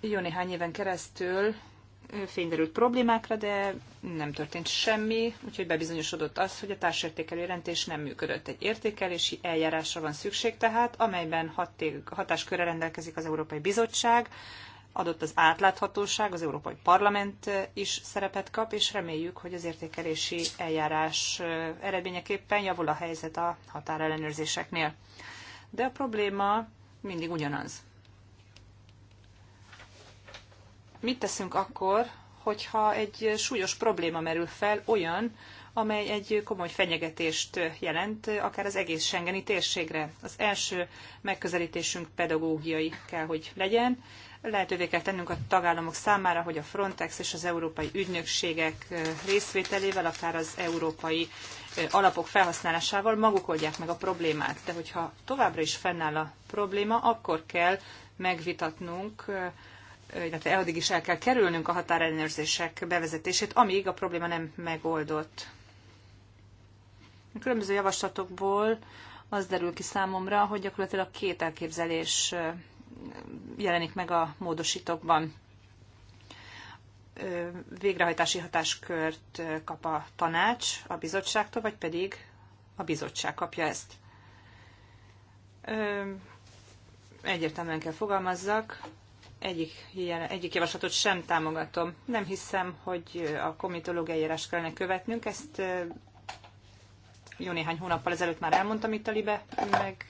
Jó néhány éven keresztül fényderült problémákra, de nem történt semmi, úgyhogy bebizonyosodott az, hogy a társértékelő jelentés nem működött. Egy értékelési eljárásra van szükség tehát, amelyben hatáskörre rendelkezik az Európai Bizottság, adott az átláthatóság, az Európai Parlament is szerepet kap, és reméljük, hogy az értékelési eljárás eredményeképpen javul a helyzet a határellenőrzéseknél. De a probléma mindig ugyanaz. mit teszünk akkor, hogyha egy súlyos probléma merül fel, olyan, amely egy komoly fenyegetést jelent, akár az egész Schengeni térségre. Az első megközelítésünk pedagógiai kell, hogy legyen. Lehetővé kell tennünk a tagállamok számára, hogy a Frontex és az európai ügynökségek részvételével, akár az európai alapok felhasználásával maguk oldják meg a problémát. De hogyha továbbra is fennáll a probléma, akkor kell megvitatnunk illetve addig is el kell kerülnünk a határellenőrzések bevezetését, amíg a probléma nem megoldott. A különböző javaslatokból az derül ki számomra, hogy gyakorlatilag két elképzelés jelenik meg a módosítókban. Végrehajtási hatáskört kap a tanács a bizottságtól, vagy pedig a bizottság kapja ezt. Egyértelműen kell fogalmazzak, egyik, ilyen, egyik javaslatot sem támogatom. Nem hiszem, hogy a komitológiai eljárás kellene követnünk. Ezt jó néhány hónappal ezelőtt már elmondtam itt a Libe, meg,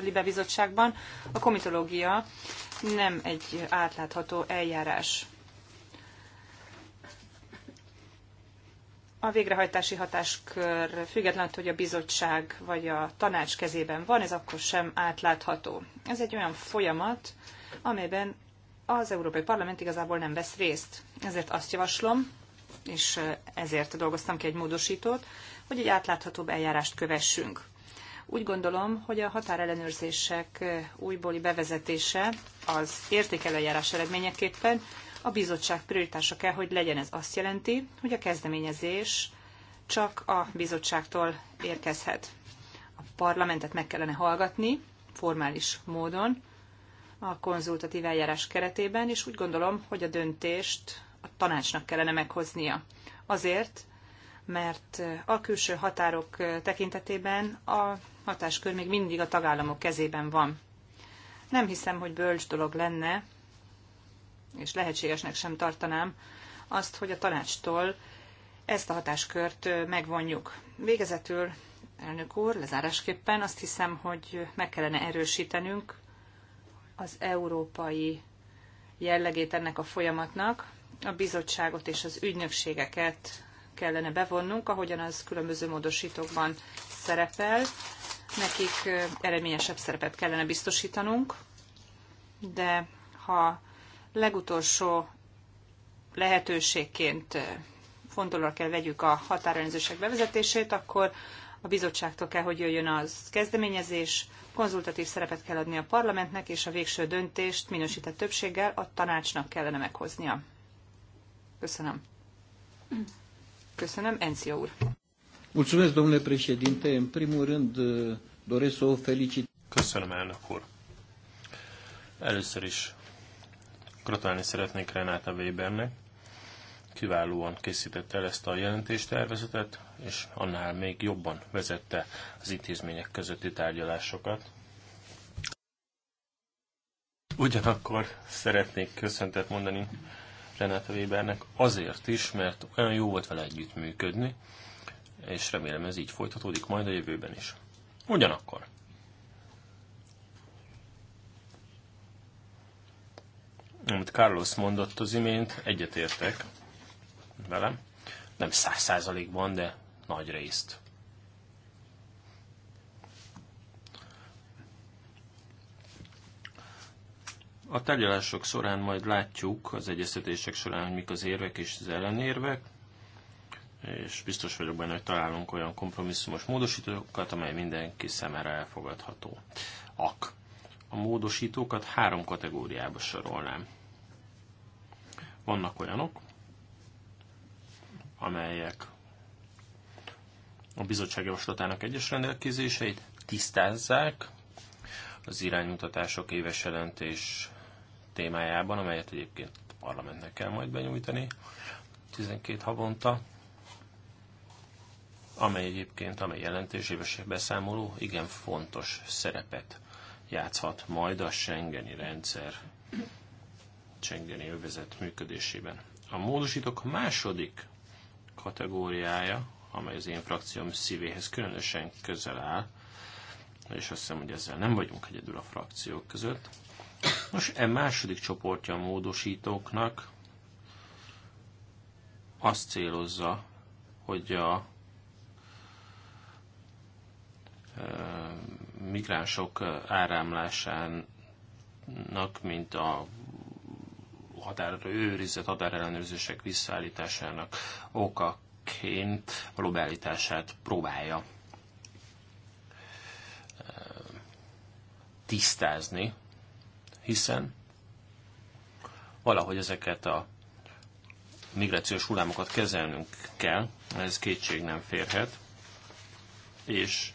Libe bizottságban. A komitológia nem egy átlátható eljárás. a végrehajtási hatáskör függetlenül, hogy a bizottság vagy a tanács kezében van, ez akkor sem átlátható. Ez egy olyan folyamat, amelyben az Európai Parlament igazából nem vesz részt. Ezért azt javaslom, és ezért dolgoztam ki egy módosítót, hogy egy átláthatóbb eljárást kövessünk. Úgy gondolom, hogy a határellenőrzések újbóli bevezetése az értékelőjárás eredményeképpen a bizottság prioritása kell, hogy legyen ez azt jelenti, hogy a kezdeményezés csak a bizottságtól érkezhet. A parlamentet meg kellene hallgatni formális módon, a konzultatív eljárás keretében, és úgy gondolom, hogy a döntést a tanácsnak kellene meghoznia. Azért, mert a külső határok tekintetében a hatáskör még mindig a tagállamok kezében van. Nem hiszem, hogy bölcs dolog lenne, és lehetségesnek sem tartanám azt, hogy a tanácstól ezt a hatáskört megvonjuk. Végezetül, elnök úr, lezárásképpen azt hiszem, hogy meg kellene erősítenünk az európai jellegét ennek a folyamatnak, a bizottságot és az ügynökségeket kellene bevonnunk, ahogyan az különböző módosítókban szerepel. Nekik eredményesebb szerepet kellene biztosítanunk, de ha legutolsó lehetőségként fontolra kell vegyük a határőrzések bevezetését, akkor a bizottságtól kell, hogy jöjjön az kezdeményezés, konzultatív szerepet kell adni a parlamentnek, és a végső döntést minősített többséggel a tanácsnak kellene meghoznia. Köszönöm. Köszönöm, Encio úr. Mulțumesc, domnule președinte. În primul rând, uh, doresc să o felicit. Köszönöm, elnök úr. Először is gratulálni szeretnék Renáta Webernek, kiválóan készítette el ezt a jelentéstervezetet, és annál még jobban vezette az intézmények közötti tárgyalásokat. Ugyanakkor szeretnék köszöntet mondani Renáta Webernek azért is, mert olyan jó volt vele együttműködni, és remélem ez így folytatódik majd a jövőben is. Ugyanakkor. Amit Carlos mondott az imént, egyetértek velem. Nem száz százalékban, de nagy részt. A tárgyalások során majd látjuk az egyeztetések során, hogy mik az érvek és az ellenérvek, és biztos vagyok benne, hogy találunk olyan kompromisszumos módosítókat, amely mindenki szemére elfogadható. Ak. A módosítókat három kategóriába sorolnám. Vannak olyanok, amelyek a bizottság javaslatának egyes rendelkezéseit tisztázzák az iránymutatások éves jelentés témájában, amelyet egyébként a parlamentnek kell majd benyújtani 12 havonta, amely egyébként, amely jelentés éves beszámoló igen fontos szerepet játszhat majd a Schengeni rendszer Schengeni övezet működésében. A módosítók második kategóriája, amely az én frakcióm szívéhez különösen közel áll, és azt hiszem, hogy ezzel nem vagyunk egyedül a frakciók között. Most e második csoportja a módosítóknak azt célozza, hogy a migránsok áramlásának, mint a határőrizet, határellenőrzések visszaállításának okaként való beállítását próbálja eh, tisztázni, hiszen valahogy ezeket a migrációs hullámokat kezelnünk kell, ez kétség nem férhet, és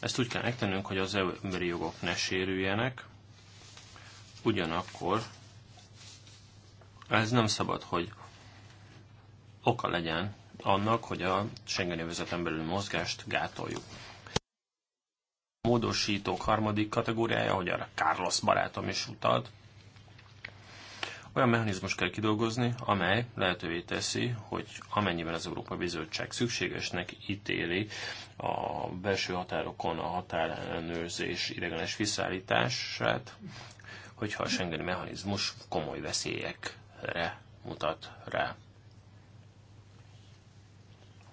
ezt úgy kell megtennünk, hogy az emberi jogok ne sérüljenek, ugyanakkor ez nem szabad, hogy oka legyen annak, hogy a Schengen övezeten belül mozgást gátoljuk. A módosítók harmadik kategóriája, hogy arra Carlos barátom is utalt, olyan mechanizmus kell kidolgozni, amely lehetővé teszi, hogy amennyiben az Európa Bizottság szükségesnek ítéli a belső határokon a határellenőrzés idegenes visszaállítását, hogyha a Schengen mechanizmus komoly veszélyek re mutat rá.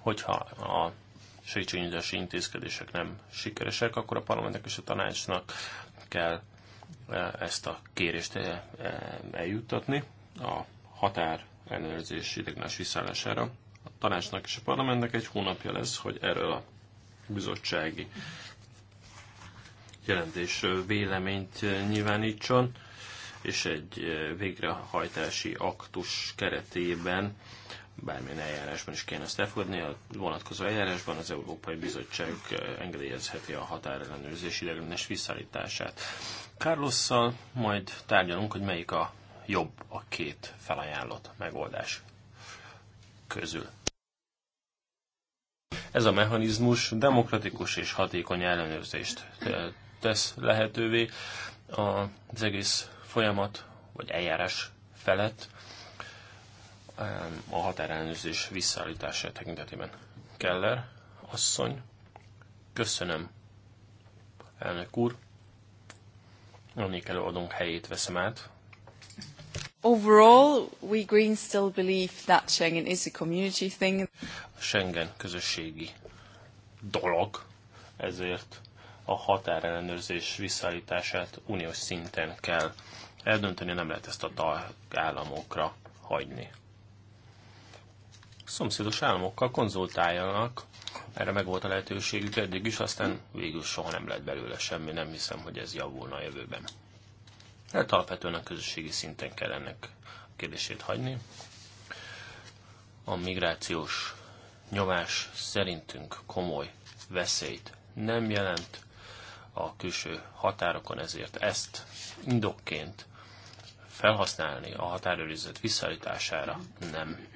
Hogyha a segítségnyújtási intézkedések nem sikeresek, akkor a parlamentnek és a tanácsnak kell e, ezt a kérést e, e, eljuttatni a határ ellenőrzés idegnás visszállására. A tanácsnak és a parlamentnek egy hónapja lesz, hogy erről a bizottsági jelentés véleményt nyilvánítson és egy végrehajtási aktus keretében bármilyen eljárásban is kéne ezt elfogadni, a vonatkozó eljárásban az Európai Bizottság engedélyezheti a határellenőrzés ideiglenes visszaállítását. Carlosszal majd tárgyalunk, hogy melyik a jobb a két felajánlott megoldás közül. Ez a mechanizmus demokratikus és hatékony ellenőrzést tesz lehetővé az egész folyamat vagy eljárás felett a határellenőrzés visszaállítása tekintetében. Keller, asszony, köszönöm, elnök úr, emlékelő adunk helyét veszem át. Overall, we Greens still believe that Schengen is a community thing. Schengen közösségi dolog, ezért a határellenőrzés visszaállítását uniós szinten kell eldönteni, nem lehet ezt a tagállamokra hagyni. szomszédos államokkal konzultáljanak, erre meg volt a lehetőségük eddig is, aztán végül soha nem lett belőle semmi, nem hiszem, hogy ez javulna a jövőben. Tehát alapvetően a közösségi szinten kell ennek a kérdését hagyni. A migrációs nyomás szerintünk komoly veszélyt nem jelent a külső határokon, ezért ezt indokként felhasználni a határőrizet visszaállítására nem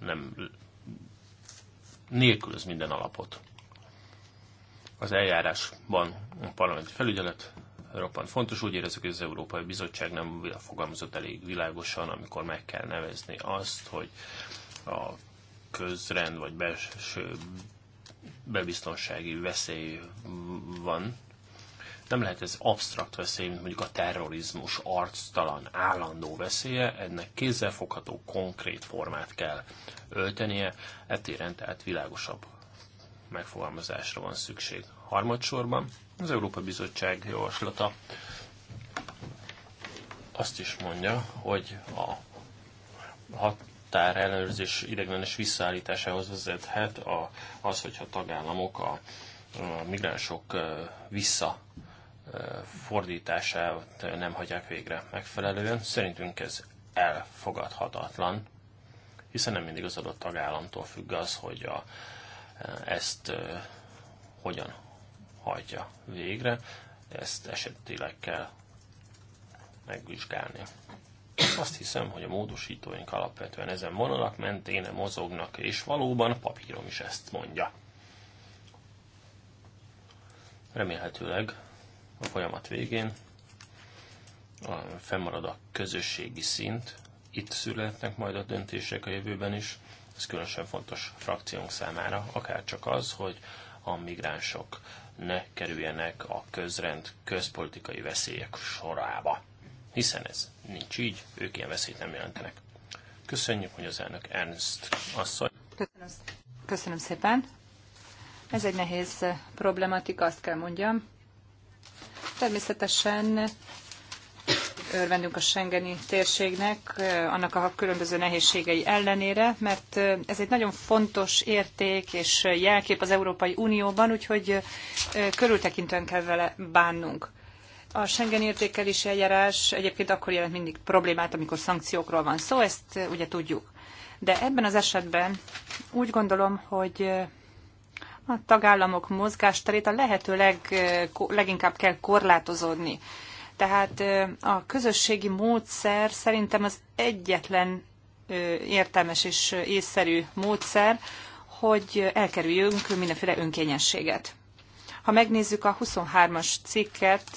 nem nélkülöz minden alapot. Az eljárásban a parlamenti felügyelet roppant fontos. Úgy érezzük, hogy az Európai Bizottság nem fogalmazott elég világosan, amikor meg kell nevezni azt, hogy a közrend vagy belső bebiztonsági veszély van nem lehet ez absztrakt veszély, mint mondjuk a terrorizmus arctalan, állandó veszélye, ennek kézzelfogható, konkrét formát kell öltenie, etéren tehát világosabb megfogalmazásra van szükség. Harmadsorban az Európa Bizottság javaslata azt is mondja, hogy a ellenőrzés ideglenes visszaállításához vezethet a, az, hogyha tagállamok a, a migránsok vissza fordítását nem hagyják végre megfelelően. Szerintünk ez elfogadhatatlan, hiszen nem mindig az adott tagállamtól függ az, hogy a, ezt hogyan hagyja végre, ezt esetileg kell megvizsgálni. Azt hiszem, hogy a módosítóink alapvetően ezen vonalak mentén mozognak, és valóban a papírom is ezt mondja. Remélhetőleg a folyamat végén. A fennmarad a közösségi szint, itt születnek majd a döntések a jövőben is. Ez különösen fontos frakciónk számára, akár csak az, hogy a migránsok ne kerüljenek a közrend közpolitikai veszélyek sorába. Hiszen ez nincs így, ők ilyen veszélyt nem jelentenek. Köszönjük, hogy az elnök Ernst asszony. Köszönöm, köszönöm szépen. Ez egy nehéz problematika, azt kell mondjam. Természetesen örvendünk a Schengeni térségnek, eh, annak a különböző nehézségei ellenére, mert eh, ez egy nagyon fontos érték és jelkép az Európai Unióban, úgyhogy eh, körültekintően kell vele bánnunk. A Schengen értékelési eljárás egyébként akkor jelent mindig problémát, amikor szankciókról van szó, ezt ugye tudjuk. De ebben az esetben úgy gondolom, hogy a tagállamok mozgásterét a lehető leg, leginkább kell korlátozódni. Tehát a közösségi módszer szerintem az egyetlen értelmes és észszerű módszer, hogy elkerüljünk mindenféle önkényességet. Ha megnézzük a 23-as cikket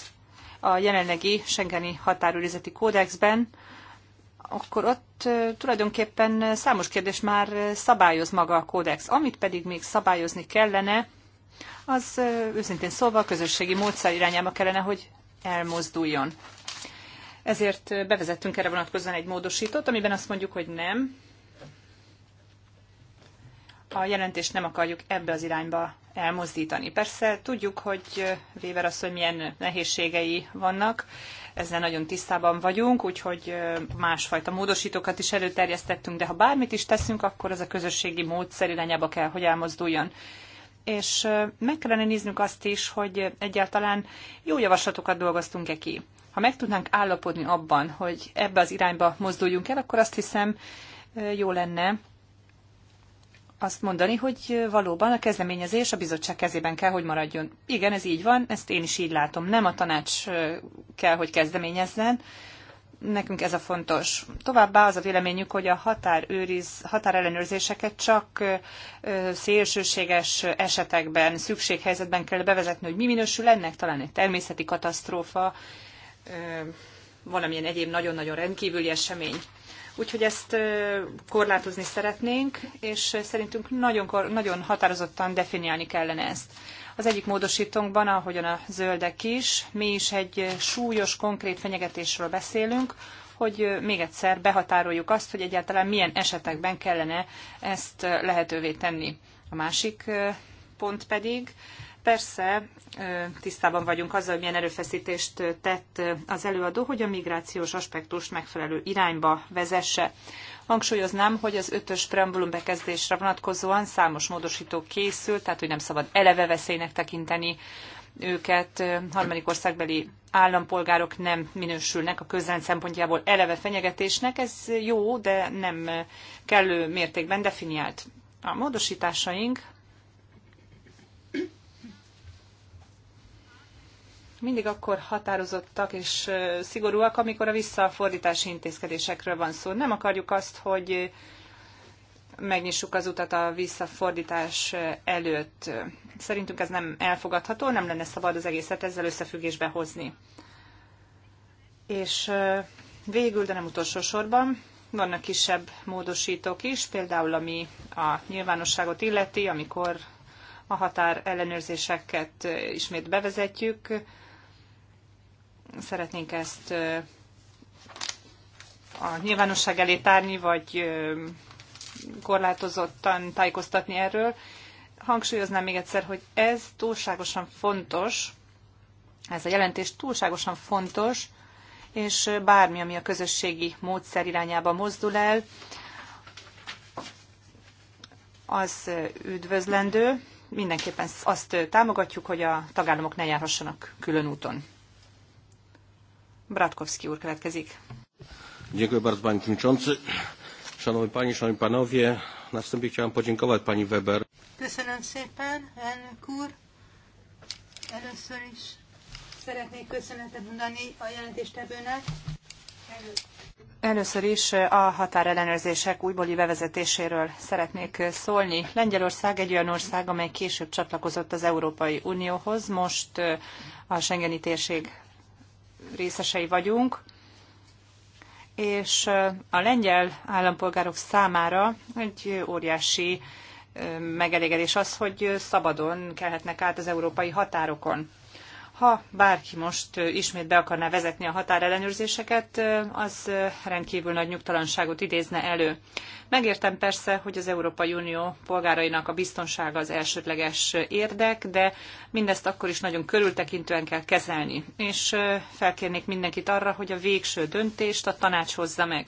a jelenlegi Schengeni határőrizeti kódexben, akkor ott tulajdonképpen számos kérdés már szabályoz maga a kódex. Amit pedig még szabályozni kellene, az őszintén szólva a közösségi módszer irányába kellene, hogy elmozduljon. Ezért bevezettünk erre vonatkozóan egy módosítót, amiben azt mondjuk, hogy nem, a jelentést nem akarjuk ebbe az irányba elmozdítani. Persze tudjuk, hogy Weber asszony milyen nehézségei vannak, ezzel nagyon tisztában vagyunk, úgyhogy másfajta módosítókat is előterjesztettünk, de ha bármit is teszünk, akkor az a közösségi módszer irányába kell, hogy elmozduljon. És meg kellene néznünk azt is, hogy egyáltalán jó javaslatokat dolgoztunk-e ki. Ha meg tudnánk állapodni abban, hogy ebbe az irányba mozduljunk el, akkor azt hiszem jó lenne, azt mondani, hogy valóban a kezdeményezés a bizottság kezében kell, hogy maradjon. Igen, ez így van, ezt én is így látom. Nem a tanács kell, hogy kezdeményezzen, nekünk ez a fontos. Továbbá az a véleményük, hogy a határőriz, határellenőrzéseket csak szélsőséges esetekben, szükséghelyzetben kell bevezetni, hogy mi minősül ennek, talán egy természeti katasztrófa, valamilyen egyéb nagyon-nagyon rendkívüli esemény. Úgyhogy ezt korlátozni szeretnénk, és szerintünk nagyon, nagyon határozottan definiálni kellene ezt. Az egyik módosítónkban, ahogyan a zöldek is, mi is egy súlyos, konkrét fenyegetésről beszélünk, hogy még egyszer behatároljuk azt, hogy egyáltalán milyen esetekben kellene ezt lehetővé tenni. A másik pont pedig Persze tisztában vagyunk azzal, hogy milyen erőfeszítést tett az előadó, hogy a migrációs aspektust megfelelő irányba vezesse. Hangsúlyoznám, hogy az ötös preambulum bekezdésre vonatkozóan számos módosító készült, tehát hogy nem szabad eleve veszélynek tekinteni őket harmadik országbeli állampolgárok nem minősülnek a közrend szempontjából eleve fenyegetésnek. Ez jó, de nem kellő mértékben definiált. A módosításaink mindig akkor határozottak és szigorúak, amikor a visszafordítási intézkedésekről van szó. Nem akarjuk azt, hogy megnyissuk az utat a visszafordítás előtt. Szerintünk ez nem elfogadható, nem lenne szabad az egészet ezzel összefüggésbe hozni. És végül, de nem utolsó sorban, vannak kisebb módosítók is, például ami a nyilvánosságot illeti, amikor a határ ellenőrzéseket ismét bevezetjük, szeretnénk ezt a nyilvánosság elé tárni, vagy korlátozottan tájékoztatni erről. Hangsúlyoznám még egyszer, hogy ez túlságosan fontos, ez a jelentés túlságosan fontos, és bármi, ami a közösségi módszer irányába mozdul el, az üdvözlendő. Mindenképpen azt támogatjuk, hogy a tagállamok ne járhassanak külön úton. Bratkowski úr következik. Dziękuję bardzo, przewodniczący. szanowni panowie, na wstępie chciałem podziękować pani Weber. Köszönöm szépen, elnök úr. Először is szeretnék köszönetet mondani a jelentéstevőnek. Először is a határellenőrzések újbóli bevezetéséről szeretnék szólni. Lengyelország egy olyan ország, amely később csatlakozott az Európai Unióhoz, most a Schengeni térség részesei vagyunk, és a lengyel állampolgárok számára egy óriási megelégedés az, hogy szabadon kelhetnek át az európai határokon. Ha bárki most ismét be akarná vezetni a határellenőrzéseket, az rendkívül nagy nyugtalanságot idézne elő. Megértem persze, hogy az Európai Unió polgárainak a biztonsága az elsődleges érdek, de mindezt akkor is nagyon körültekintően kell kezelni. És felkérnék mindenkit arra, hogy a végső döntést a tanács hozza meg.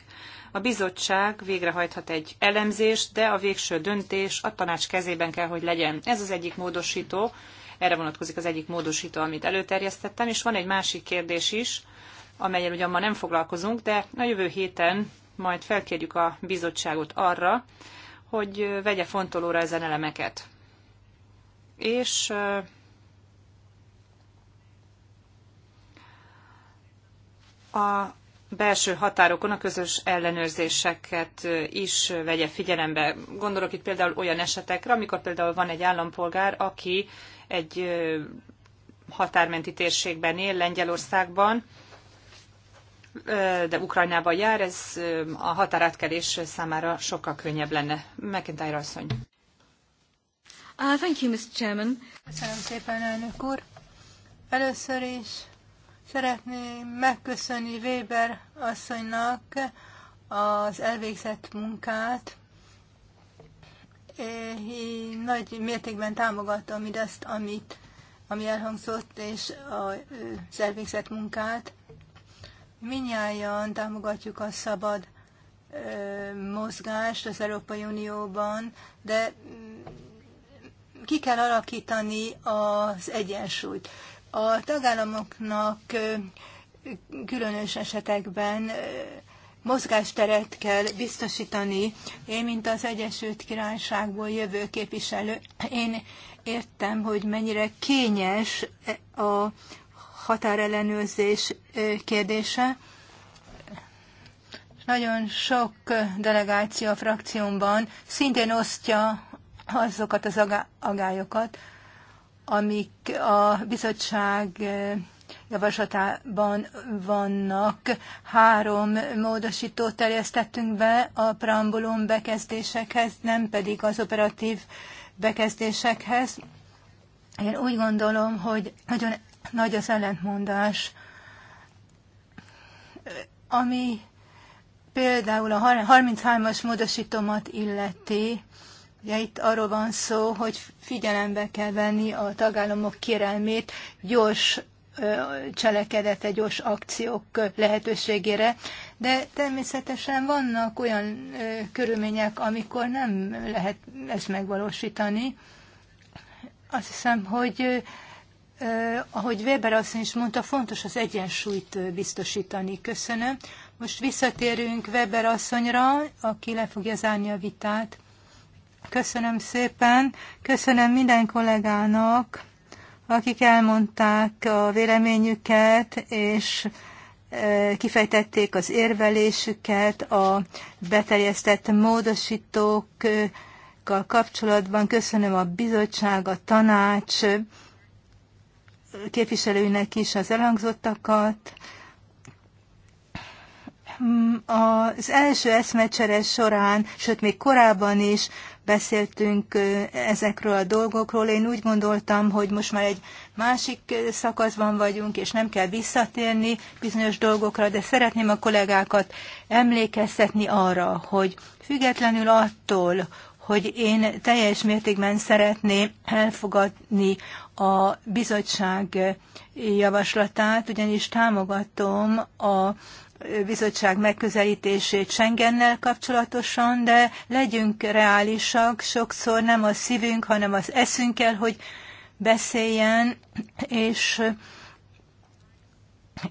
A bizottság végrehajthat egy elemzést, de a végső döntés a tanács kezében kell, hogy legyen. Ez az egyik módosító, erre vonatkozik az egyik módosító, amit előterjesztettem, és van egy másik kérdés is, amelyen ugyan ma nem foglalkozunk, de a jövő héten majd felkérjük a bizottságot arra, hogy vegye fontolóra ezen elemeket. És a belső határokon a közös ellenőrzéseket is vegye figyelembe. Gondolok itt például olyan esetekre, amikor például van egy állampolgár, aki egy határmenti térségben él, Lengyelországban, de Ukrajnába jár, ez a határátkelés számára sokkal könnyebb lenne. McIntyre asszony. Uh, thank you, Mr. Chairman. Köszönöm szépen, elnök úr. Először is szeretném megköszönni Weber asszonynak az elvégzett munkát, nagy mértékben támogatta mindazt, amit, ami elhangzott, és a elvégzett munkát. Minnyáján támogatjuk a szabad mozgást az Európai Unióban, de mm, ki kell alakítani az egyensúlyt. A tagállamoknak különös esetekben mozgásteret kell biztosítani. Én, mint az Egyesült Királyságból jövő képviselő, én értem, hogy mennyire kényes a határellenőrzés kérdése. Nagyon sok delegáció a frakciómban szintén osztja azokat az agályokat, amik a bizottság javaslatában vannak. Három módosítót terjesztettünk be a preambulum bekezdésekhez, nem pedig az operatív bekezdésekhez. Én úgy gondolom, hogy nagyon nagy az ellentmondás, ami például a 33-as módosítomat illeti, Ugye itt arról van szó, hogy figyelembe kell venni a tagállamok kérelmét, gyors cselekedete, gyors akciók lehetőségére, de természetesen vannak olyan körülmények, amikor nem lehet ezt megvalósítani. Azt hiszem, hogy ahogy Weber asszony is mondta, fontos az egyensúlyt biztosítani. Köszönöm. Most visszatérünk Weber asszonyra, aki le fogja zárni a vitát. Köszönöm szépen, köszönöm minden kollégának akik elmondták a véleményüket, és e, kifejtették az érvelésüket a beterjesztett módosítókkal kapcsolatban. Köszönöm a bizottság, a tanács képviselőinek is az elhangzottakat, az első eszmecsere során, sőt még korábban is beszéltünk ezekről a dolgokról. Én úgy gondoltam, hogy most már egy másik szakaszban vagyunk, és nem kell visszatérni bizonyos dolgokra, de szeretném a kollégákat emlékeztetni arra, hogy függetlenül attól, hogy én teljes mértékben szeretném elfogadni a bizottság javaslatát, ugyanis támogatom a bizottság megközelítését Schengennel kapcsolatosan, de legyünk reálisak, sokszor nem a szívünk, hanem az eszünk kell, hogy beszéljen, és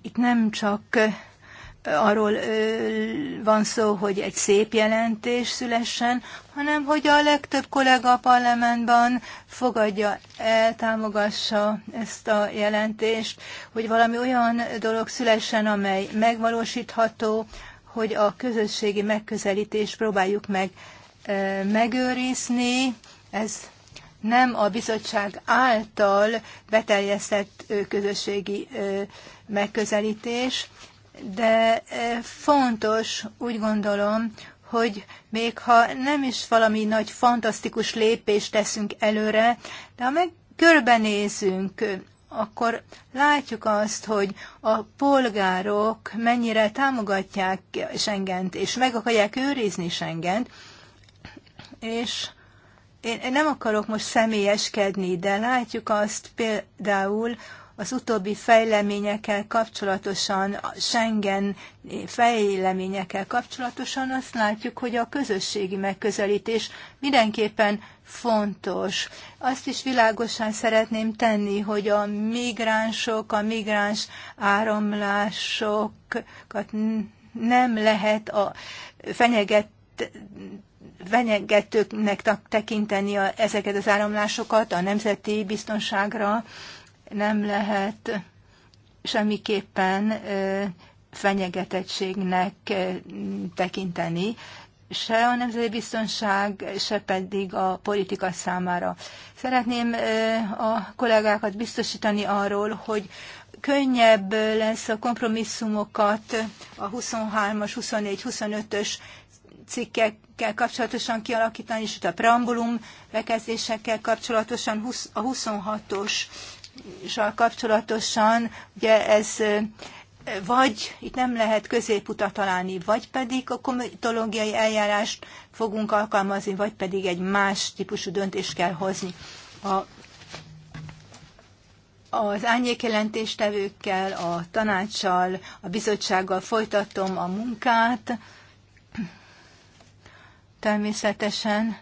itt nem csak arról van szó, hogy egy szép jelentés szülessen, hanem hogy a legtöbb kollega a parlamentben fogadja el, ezt a jelentést, hogy valami olyan dolog szülessen, amely megvalósítható, hogy a közösségi megközelítést próbáljuk meg megőrizni. Ez nem a bizottság által beteljesztett közösségi megközelítés, de e, fontos, úgy gondolom, hogy még ha nem is valami nagy fantasztikus lépést teszünk előre, de ha meg körbenézünk, akkor látjuk azt, hogy a polgárok mennyire támogatják Schengent, és meg akarják őrizni Schengent, és én nem akarok most személyeskedni, de látjuk azt például, az utóbbi fejleményekkel kapcsolatosan, Schengen fejleményekkel kapcsolatosan azt látjuk, hogy a közösségi megközelítés mindenképpen fontos. Azt is világosan szeretném tenni, hogy a migránsok, a migráns áramlásokat nem lehet a fenyeget fenyegetőknek tekinteni a, ezeket az áramlásokat a nemzeti biztonságra nem lehet semmiképpen fenyegetettségnek tekinteni, se a nemzeti biztonság, se pedig a politika számára. Szeretném a kollégákat biztosítani arról, hogy könnyebb lesz a kompromisszumokat a 23-as, 24-25-ös cikkekkel kapcsolatosan kialakítani, és a preambulum bekezdésekkel kapcsolatosan a 26-os kapcsolatosan, ugye ez vagy itt nem lehet középutat találni, vagy pedig a komitológiai eljárást fogunk alkalmazni, vagy pedig egy más típusú döntést kell hozni. A, az árnyékjelentéstevőkkel, a tanácssal, a bizottsággal folytatom a munkát. Természetesen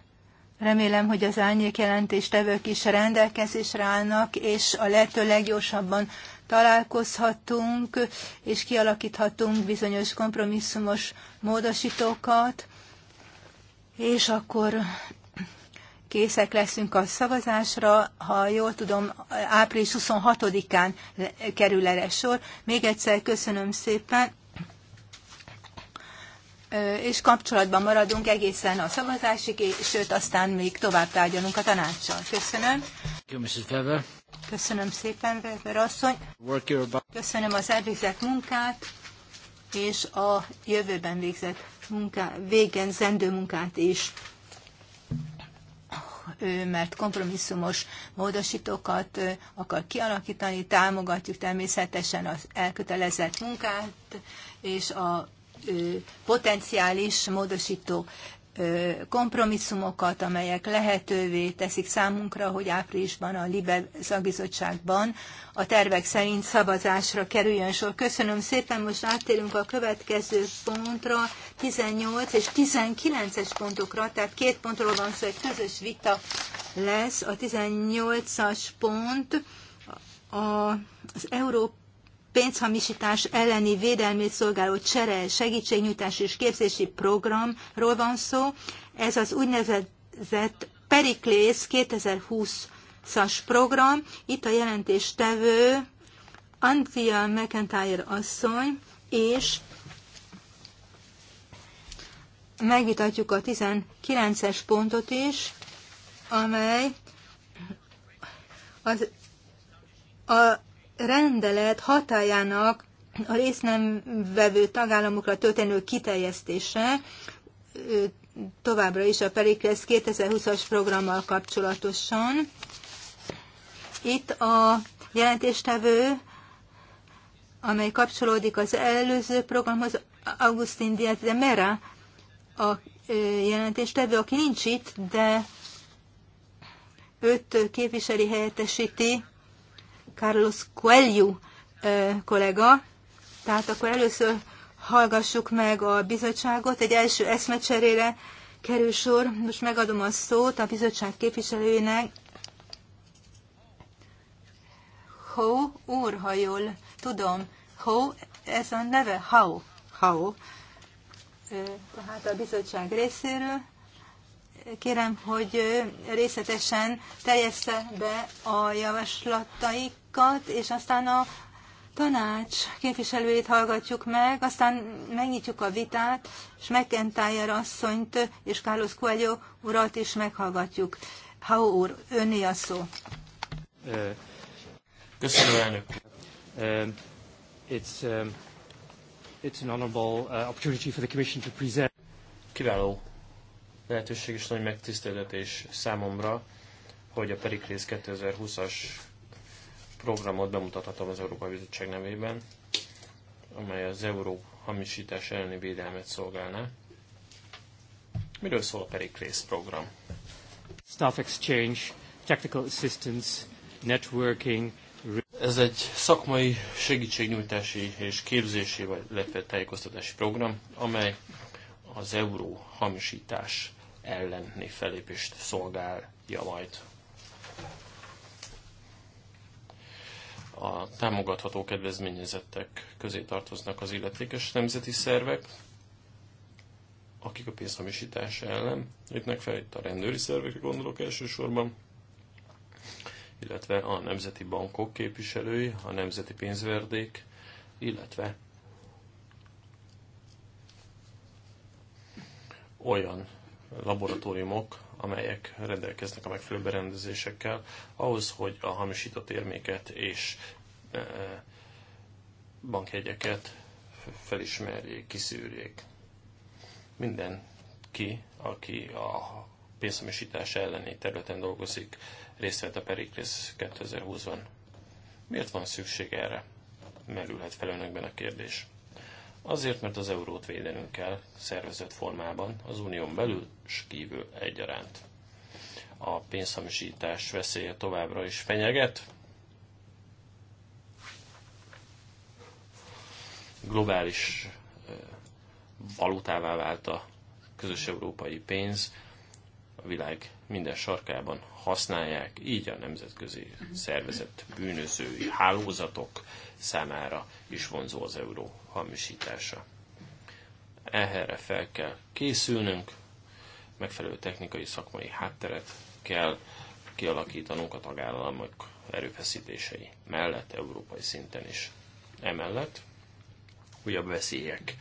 Remélem, hogy az árnyék jelentéstevők is rendelkezésre állnak, és a lehető leggyorsabban találkozhatunk, és kialakíthatunk bizonyos kompromisszumos módosítókat, és akkor készek leszünk a szavazásra, ha jól tudom, április 26-án kerül erre sor. Még egyszer köszönöm szépen és kapcsolatban maradunk egészen a szavazásig, és sőt, aztán még tovább tárgyalunk a tanácssal. Köszönöm. Köszönöm szépen, Weber asszony. Köszönöm az elvégzett munkát, és a jövőben végzett munká, végen zendő munkát is mert kompromisszumos módosítókat akar kialakítani, támogatjuk természetesen az elkötelezett munkát, és a potenciális módosító kompromisszumokat, amelyek lehetővé teszik számunkra, hogy áprilisban a LIBE szakbizottságban a tervek szerint szavazásra kerüljön sor. Köszönöm szépen, most áttérünk a következő pontra, 18 és 19-es pontokra, tehát két pontról van szó, egy közös vita lesz. A 18-as pont az Európa pénzhamisítás elleni védelmét szolgáló csere segítségnyújtás és képzési programról van szó. Ez az úgynevezett Periklész 2020-as program. Itt a jelentéstevő Antia McIntyre asszony, és megvitatjuk a 19-es pontot is, amely az, a rendelet hatájának a rész nem vevő tagállamokra történő kiterjesztése továbbra is a Perikles 2020-as programmal kapcsolatosan. Itt a jelentéstevő, amely kapcsolódik az előző programhoz, Augustin Diaz de Mera, a jelentéstevő, aki nincs itt, de őt képviseli, helyettesíti Carlos Coelho kollega. Tehát akkor először hallgassuk meg a bizottságot, egy első eszmecserére kerül sor. Most megadom a szót a bizottság képviselőjének. Ho úr, ha jól tudom. Ho, ez a neve? How. How. Tehát a bizottság részéről kérem, hogy részletesen terjessze be a javaslatait kollégákat, és aztán a tanács képviselőjét hallgatjuk meg, aztán megnyitjuk a vitát, és McIntyre asszonyt és Carlos Coelho urat is meghallgatjuk. Hau úr, öné a szó. Eh, köszönöm, elnök. Eh, it's, um, it's an honorable uh, opportunity for the Commission to present. Kiváló lehetőség és nagy megtiszteltetés számomra, hogy a Periklész 2020-as programot bemutathatom az Európai Bizottság nevében, amely az euró hamisítás elleni védelmet szolgálná. Miről szól a Perikrész program? Staff exchange, technical assistance, networking, ez egy szakmai segítségnyújtási és képzési, vagy illetve tájékoztatási program, amely az euró hamisítás elleni felépést szolgálja majd a támogatható kedvezményezettek közé tartoznak az illetékes nemzeti szervek, akik a pénzhamisítás ellen lépnek fel, itt a rendőri szervekre gondolok elsősorban, illetve a nemzeti bankok képviselői, a nemzeti pénzverdék, illetve olyan laboratóriumok, amelyek rendelkeznek a megfelelő berendezésekkel, ahhoz, hogy a hamisított érméket és e, bankjegyeket felismerjék, kiszűrjék. Mindenki, aki a pénzhamisítás elleni területen dolgozik, részt vett a Periklész 2020-ban. Miért van szükség erre? Merülhet fel önökben a kérdés. Azért, mert az eurót védenünk kell szervezett formában, az unión belül és kívül egyaránt. A pénzhamisítás veszélye továbbra is fenyeget. Globális valutává vált a közös európai pénz a világ minden sarkában használják, így a nemzetközi szervezett bűnözői hálózatok számára is vonzó az euró hamisítása. Erre fel kell készülnünk, megfelelő technikai szakmai hátteret kell kialakítanunk a tagállamok erőfeszítései mellett, európai szinten is. Emellett újabb veszélyek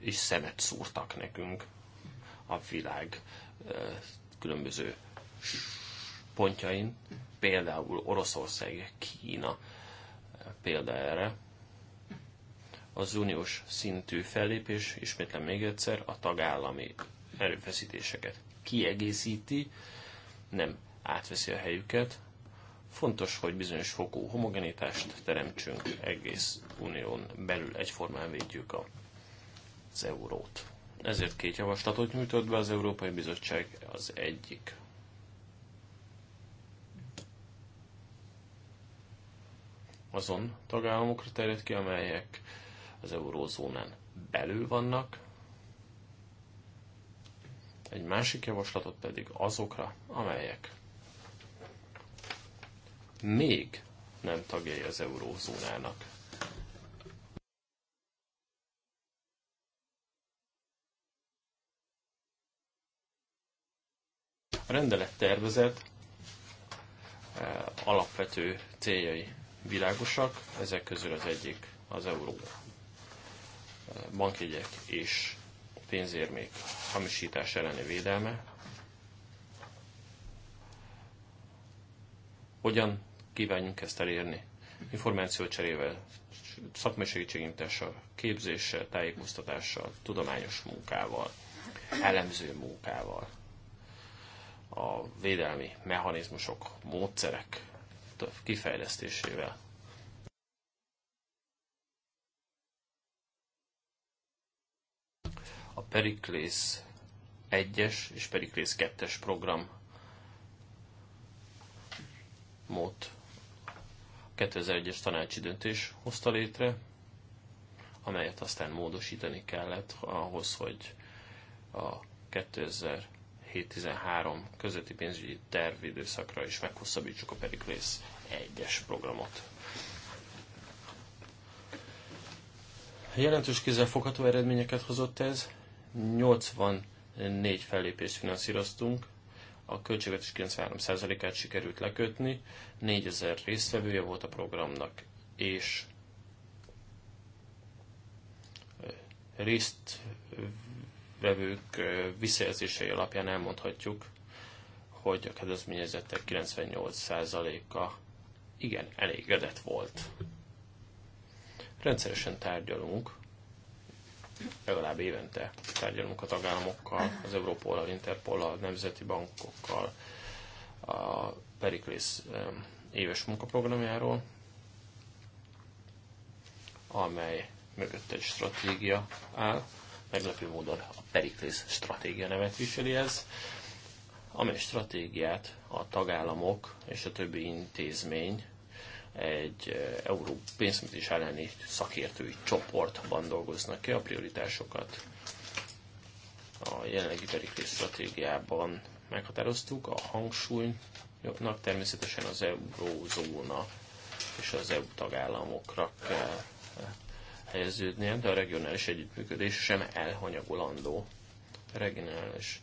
is szemet szúrtak nekünk a világ eh, különböző pontjain, például Oroszország, Kína példa erre. Az uniós szintű fellépés, ismétlem még egyszer, a tagállami erőfeszítéseket kiegészíti, nem átveszi a helyüket. Fontos, hogy bizonyos fokú homogenitást teremtsünk egész unión belül, egyformán védjük a, az eurót. Ezért két javaslatot nyújtott be az Európai Bizottság, az egyik azon tagállamokra terjed ki, amelyek az eurózónán belül vannak, egy másik javaslatot pedig azokra, amelyek még nem tagjai az eurózónának. A rendelet tervezet eh, alapvető céljai világosak, ezek közül az egyik az euró bankjegyek és pénzérmék hamisítás elleni védelme. Hogyan kívánjunk ezt elérni? Információcserével, szakmai segítségintéssel, képzéssel, tájékoztatással, tudományos munkával, elemző munkával, a védelmi mechanizmusok, módszerek kifejlesztésével. A Periklész 1-es és Periklész 2-es program mód 2001-es tanácsi döntés hozta létre, amelyet aztán módosítani kellett ahhoz, hogy a 2007-13 közötti pénzügyi tervidőszakra is meghosszabbítsuk a Periklész egyes programot. Jelentős fogható eredményeket hozott ez. 84 fellépést finanszíroztunk, a költségvetés 93%-át sikerült lekötni, 4000 résztvevője volt a programnak, és résztvevők visszajelzései alapján elmondhatjuk, hogy a kedvezményezettek 98%-a igen elégedett volt. Rendszeresen tárgyalunk, legalább évente tárgyalunk a tagállamokkal, az Európollal, Interpollal, nemzeti bankokkal, a Periklis éves munkaprogramjáról, amely mögött egy stratégia áll. Meglepő módon a Periklis stratégia nevet viseli ez, amely stratégiát a tagállamok és a többi intézmény egy euró pénzműtés elleni szakértői csoportban dolgoznak ki a prioritásokat. A jelenlegi periklés stratégiában meghatároztuk a hangsúlynak természetesen az eurózóna és az EU tagállamokra kell helyeződnie, de a regionális együttműködés sem elhanyagolandó. A regionális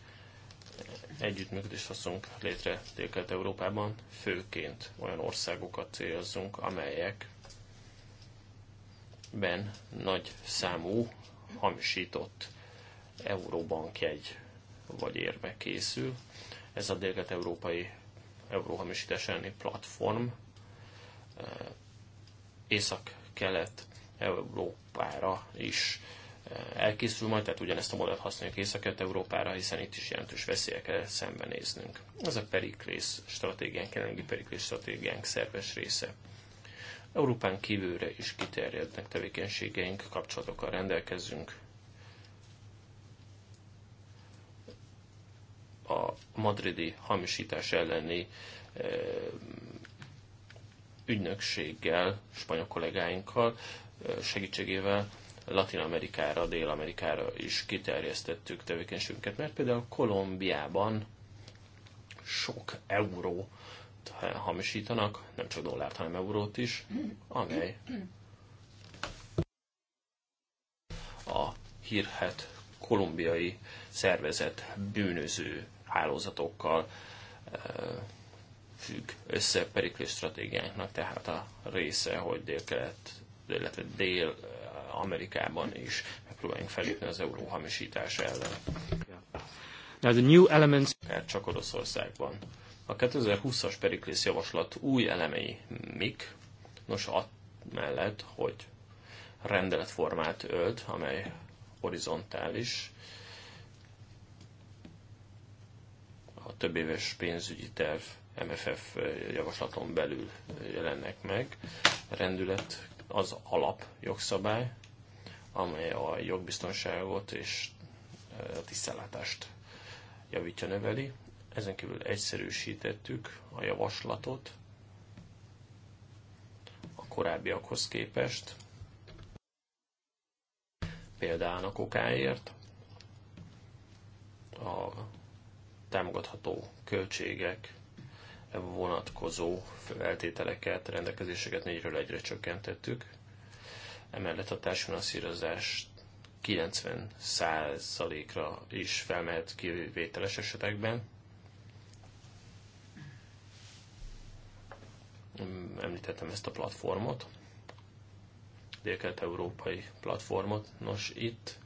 együttműködést hozzunk létre délkelet Európában, főként olyan országokat célozzunk, amelyek ben nagy számú hamisított egy vagy érme készül. Ez a délkelet európai euróhamisítás elleni platform eh, észak-kelet Európára is elkészül majd, tehát ugyanezt a modellt használjuk Észak-Európára, hiszen itt is jelentős veszélyekkel szembenéznünk. Ez a periklész stratégiánk, jelenlegi periklész stratégiánk szerves része. Európán kívülre is kiterjednek tevékenységeink, kapcsolatokkal rendelkezünk. A madridi hamisítás elleni e, ügynökséggel, spanyol kollégáinkkal e, segítségével Latin Amerikára, Dél Amerikára is kiterjesztettük tevékenységünket, mert például Kolumbiában sok euró hamisítanak, nem csak dollárt, hanem eurót is, amely a hírhet kolumbiai szervezet bűnöző hálózatokkal eh, függ össze Periklés stratégiánknak, tehát a része, hogy dél-kelet, illetve dél Amerikában is megpróbáljunk felépni az euró hamisítás ellen. Now the new elements... Akár csak Oroszországban. A 2020-as Periklész javaslat új elemei mik? Nos, att mellett, hogy rendeletformát ölt, amely horizontális, a több éves pénzügyi terv MFF javaslaton belül jelennek meg. A rendület az alap jogszabály, amely a jogbiztonságot és e, a tisztellátást javítja, növeli. Ezen kívül egyszerűsítettük a javaslatot a korábbiakhoz képest, például a kokáért, a támogatható költségek vonatkozó feltételeket, rendelkezéseket négyről egyre csökkentettük, emellett a társfinanszírozás 90%-ra is felmehet kivételes esetekben. Említettem ezt a platformot, dél-kelet-európai platformot. Nos, itt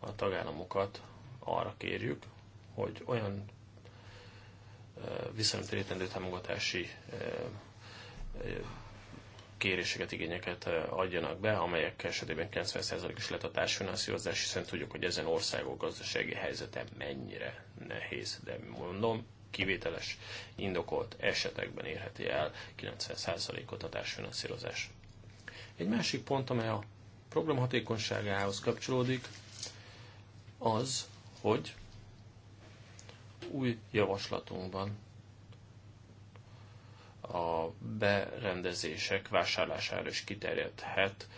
a tagállamokat arra kérjük, hogy olyan viszonytérítendő támogatási kéréseket, igényeket adjanak be, amelyek esetében 90%-os lett a társfinanszírozás, hiszen tudjuk, hogy ezen országok gazdasági helyzete mennyire nehéz, de mondom, kivételes, indokolt esetekben érheti el 90%-ot a társfinanszírozás. Egy másik pont, amely a program hatékonyságához kapcsolódik, az, hogy új javaslatunkban a berendezések vásárlására is kiterjedhet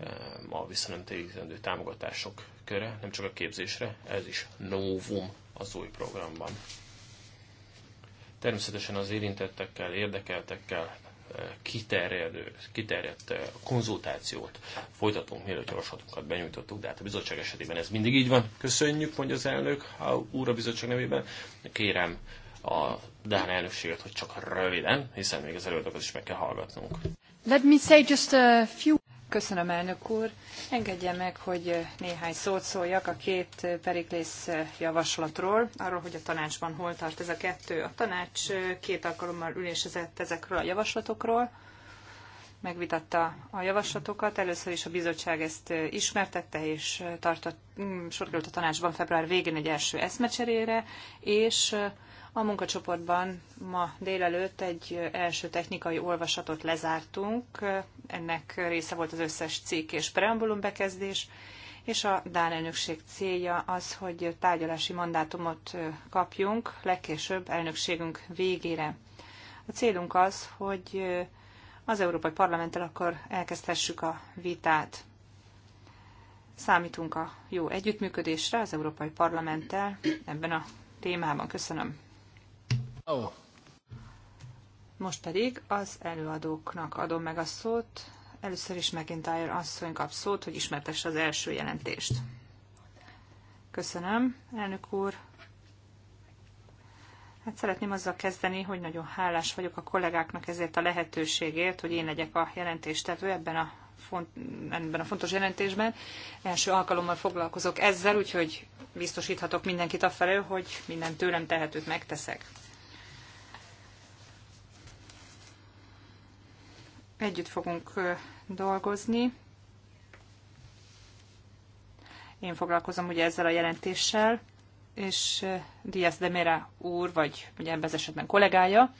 eh, a visszanemtérítendő támogatások köre, nem csak a képzésre, ez is novum az új programban. Természetesen az érintettekkel, érdekeltekkel eh, kiterjedő, kiterjedt eh, konzultációt folytatunk, mielőtt javaslatunkat benyújtottuk, de hát a bizottság esetében ez mindig így van. Köszönjük, mondja az elnök, a úr a bizottság nevében. Kérem a Dán hát elnökséget, hogy csak röviden, hiszen még az előadókat is meg kell hallgatnunk. Let me say just a few... Köszönöm, elnök úr. Engedje meg, hogy néhány szót szóljak a két periklész javaslatról, arról, hogy a tanácsban hol tart ez a kettő. A tanács két alkalommal ülésezett ezekről a javaslatokról, megvitatta a javaslatokat. Először is a bizottság ezt ismertette, és tartott, sor került a tanácsban február végén egy első eszmecserére, és a munkacsoportban ma délelőtt egy első technikai olvasatot lezártunk, ennek része volt az összes cikk és preambulum bekezdés, és a Dán elnökség célja az, hogy tárgyalási mandátumot kapjunk legkésőbb elnökségünk végére. A célunk az, hogy az Európai Parlamenttel akkor elkezdhessük a vitát. Számítunk a jó együttműködésre az Európai Parlamenttel ebben a témában. Köszönöm. Oh. Most pedig az előadóknak adom meg a szót. Először is McIntyre asszony kap szót, hogy ismertesse az első jelentést. Köszönöm, elnök úr. Hát szeretném azzal kezdeni, hogy nagyon hálás vagyok a kollégáknak ezért a lehetőségért, hogy én legyek a jelentéstevő ebben a, font, ebben a fontos jelentésben. Első alkalommal foglalkozok ezzel, úgyhogy biztosíthatok mindenkit felől, hogy minden tőlem tehetőt megteszek. Együtt fogunk dolgozni. Én foglalkozom ugye ezzel a jelentéssel, és Diaz Mera úr, vagy ugye ebben az esetben kollégája,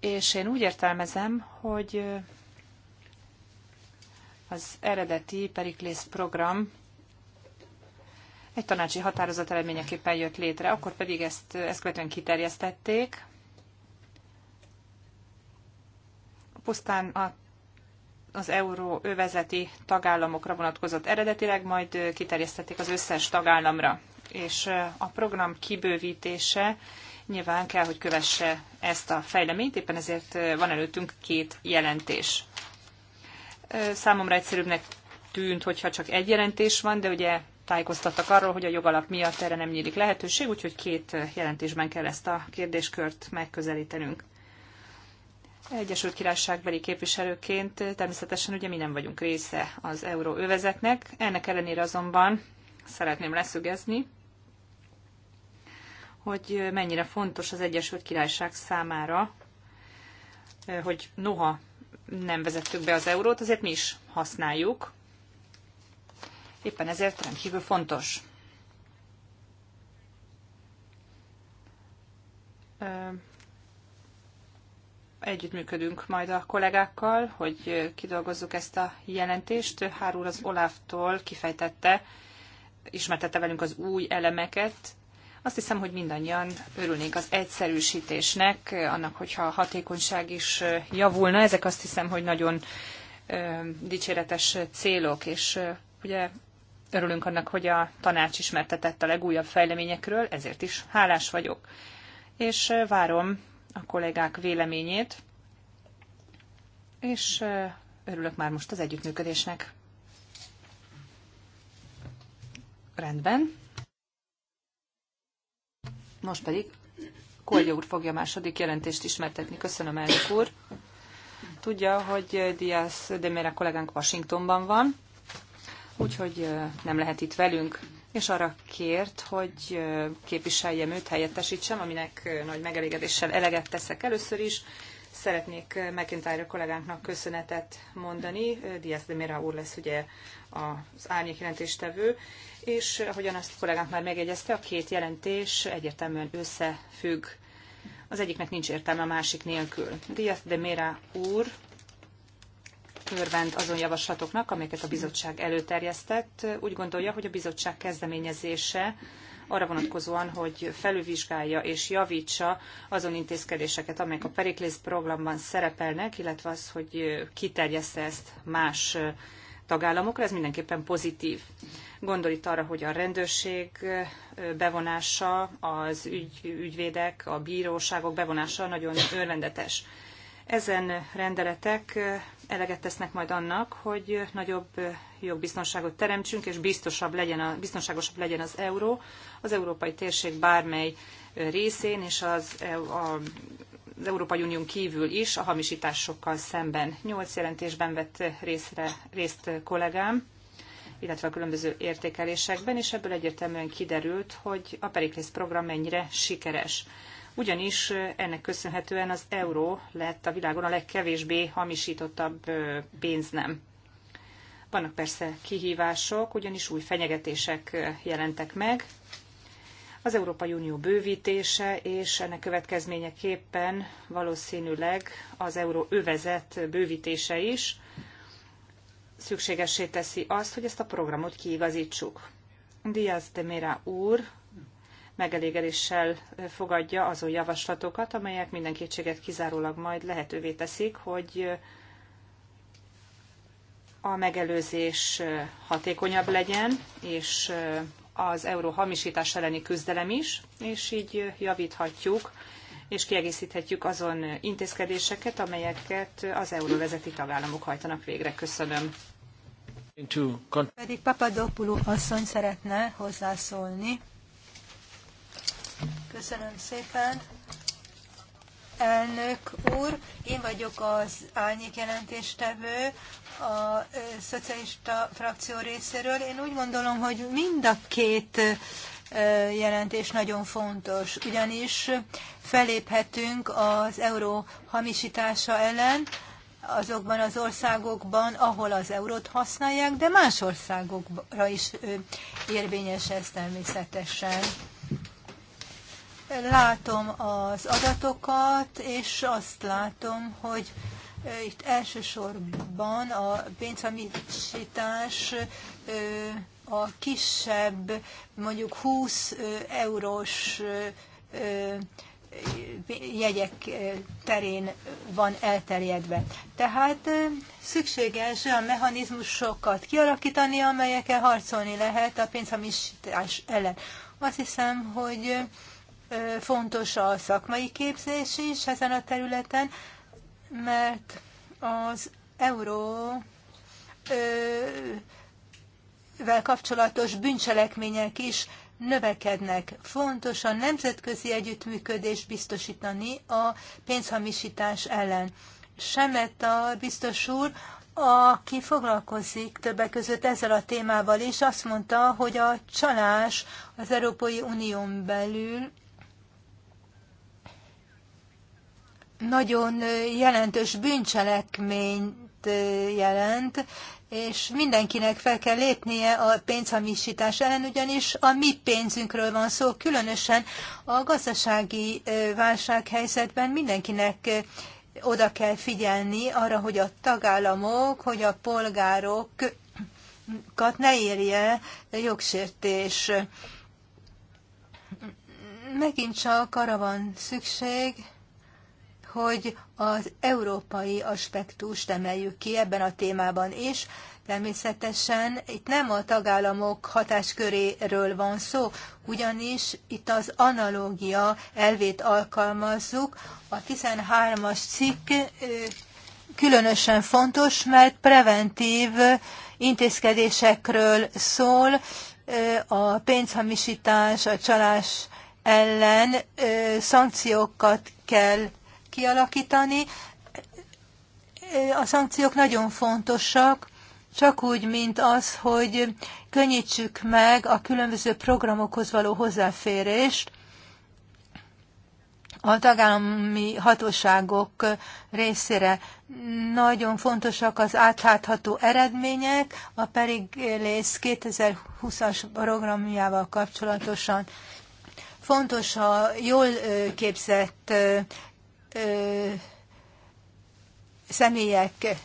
és én úgy értelmezem, hogy az eredeti Periklész program egy tanácsi határozat eredményeképpen jött létre, akkor pedig ezt, ezt követően kiterjesztették, pusztán a az euró övezeti tagállamokra vonatkozott eredetileg, majd kiterjesztették az összes tagállamra. És a program kibővítése nyilván kell, hogy kövesse ezt a fejleményt, éppen ezért van előttünk két jelentés. Számomra egyszerűbbnek tűnt, hogyha csak egy jelentés van, de ugye tájékoztattak arról, hogy a jogalap miatt erre nem nyílik lehetőség, úgyhogy két jelentésben kell ezt a kérdéskört megközelítenünk. Egyesült Királyságbeli képviselőként természetesen ugye mi nem vagyunk része az euróövezetnek, ennek ellenére azonban szeretném leszögezni, hogy mennyire fontos az Egyesült Királyság számára, hogy noha nem vezettük be az eurót, azért mi is használjuk. Éppen ezért rendkívül fontos együttműködünk majd a kollégákkal, hogy kidolgozzuk ezt a jelentést. Hár úr az Oláftól kifejtette, ismertette velünk az új elemeket. Azt hiszem, hogy mindannyian örülnénk az egyszerűsítésnek, annak, hogyha a hatékonyság is javulna. Ezek azt hiszem, hogy nagyon dicséretes célok, és ugye örülünk annak, hogy a tanács ismertetett a legújabb fejleményekről, ezért is hálás vagyok. És várom a kollégák véleményét, és örülök már most az együttműködésnek. Rendben. Most pedig Kolja úr fogja a második jelentést ismertetni. Köszönöm, elnök úr. Tudja, hogy Diaz de Mera kollégánk Washingtonban van, úgyhogy nem lehet itt velünk és arra kért, hogy képviseljem őt, helyettesítsem, aminek nagy megelégedéssel eleget teszek először is. Szeretnék McIntyre kollégánknak köszönetet mondani. Diaz de Mera úr lesz ugye az árnyék jelentéstevő, és ahogyan azt a kollégánk már megjegyezte, a két jelentés egyértelműen összefügg. Az egyiknek nincs értelme a másik nélkül. Diaz de Mera úr örvend azon javaslatoknak, amelyeket a bizottság előterjesztett. Úgy gondolja, hogy a bizottság kezdeményezése arra vonatkozóan, hogy felülvizsgálja és javítsa azon intézkedéseket, amelyek a Periklész programban szerepelnek, illetve az, hogy kiterjeszte ezt más tagállamokra, ez mindenképpen pozitív. Gondol itt arra, hogy a rendőrség bevonása, az ügy, ügyvédek, a bíróságok bevonása nagyon örvendetes. Ezen rendeletek eleget tesznek majd annak, hogy nagyobb jogbiztonságot teremtsünk, és biztosabb legyen a, biztonságosabb legyen az euró az európai térség bármely részén, és az, e- a, az Európai Unión kívül is a hamisításokkal szemben. Nyolc jelentésben vett részre, részt kollégám, illetve a különböző értékelésekben, és ebből egyértelműen kiderült, hogy a Periklész program mennyire sikeres ugyanis ennek köszönhetően az euró lett a világon a legkevésbé hamisítottabb pénznem. Vannak persze kihívások, ugyanis új fenyegetések jelentek meg. Az Európai Unió bővítése és ennek következményeképpen valószínűleg az euró övezet bővítése is szükségessé teszi azt, hogy ezt a programot kiigazítsuk. Diaz de Mera úr megelégedéssel fogadja azon javaslatokat, amelyek minden kétséget kizárólag majd lehetővé teszik, hogy a megelőzés hatékonyabb legyen, és az euró hamisítás elleni küzdelem is, és így javíthatjuk és kiegészíthetjük azon intézkedéseket, amelyeket az euróvezeti tagállamok hajtanak végre. Köszönöm. Pedig Papadopoulou asszony szeretne hozzászólni. Köszönöm szépen. Elnök úr, én vagyok az árnyék jelentéstevő a szocialista frakció részéről. Én úgy gondolom, hogy mind a két jelentés nagyon fontos, ugyanis feléphetünk az euró hamisítása ellen azokban az országokban, ahol az eurót használják, de más országokra is érvényes ez természetesen. Látom az adatokat, és azt látom, hogy itt elsősorban a pénzhamisítás a kisebb, mondjuk 20 eurós jegyek terén van elterjedve. Tehát szükséges olyan mechanizmusokat kialakítani, amelyekkel harcolni lehet a pénzhamisítás ellen. Azt hiszem, hogy fontos a szakmai képzés is ezen a területen, mert az euró vel kapcsolatos bűncselekmények is növekednek. Fontos a nemzetközi együttműködést biztosítani a pénzhamisítás ellen. a biztos úr, aki foglalkozik többek között ezzel a témával és azt mondta, hogy a csalás az Európai Unión belül nagyon jelentős bűncselekményt jelent, és mindenkinek fel kell lépnie a pénzhamisítás ellen, ugyanis a mi pénzünkről van szó, különösen a gazdasági válsághelyzetben mindenkinek oda kell figyelni arra, hogy a tagállamok, hogy a polgárokat ne érje jogsértés. Megint csak arra van szükség, hogy az európai aspektust emeljük ki ebben a témában is. Természetesen itt nem a tagállamok hatásköréről van szó, ugyanis itt az analógia elvét alkalmazzuk. A 13-as cikk különösen fontos, mert preventív intézkedésekről szól, a pénzhamisítás, a csalás ellen szankciókat kell kialakítani. A szankciók nagyon fontosak, csak úgy, mint az, hogy könnyítsük meg a különböző programokhoz való hozzáférést a tagállami hatóságok részére. Nagyon fontosak az átlátható eredmények a Periglész 2020-as programjával kapcsolatosan. Fontos a jól képzett személyek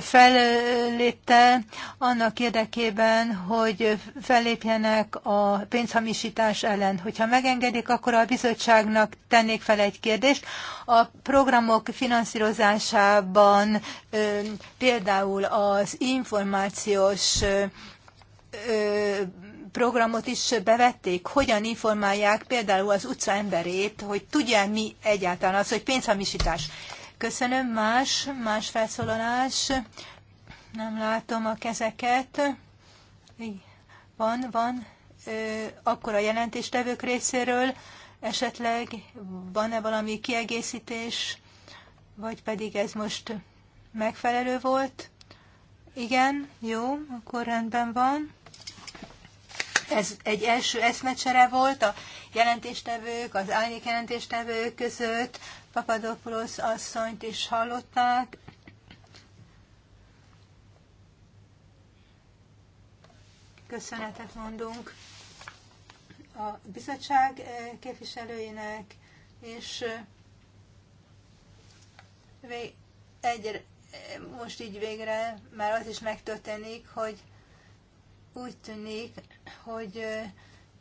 fellépte annak érdekében, hogy fellépjenek a pénzhamisítás ellen. Hogyha megengedik, akkor a bizottságnak tennék fel egy kérdést. A programok finanszírozásában például az információs programot is bevették? Hogyan informálják például az utca emberét, hogy tudja mi egyáltalán az, hogy pénzhamisítás? Köszönöm. Más, más felszólalás. Nem látom a kezeket. Van, van. Akkor a jelentéstevők részéről esetleg van-e valami kiegészítés, vagy pedig ez most megfelelő volt? Igen, jó, akkor rendben van. Ez egy első eszmecsere volt a jelentéstevők, az árnyék jelentéstevők között. Papadopoulos asszonyt is hallották. Köszönetet mondunk a bizottság eh, képviselőinek, és eh, egyre, eh, most így végre már az is megtörténik, hogy úgy tűnik, hogy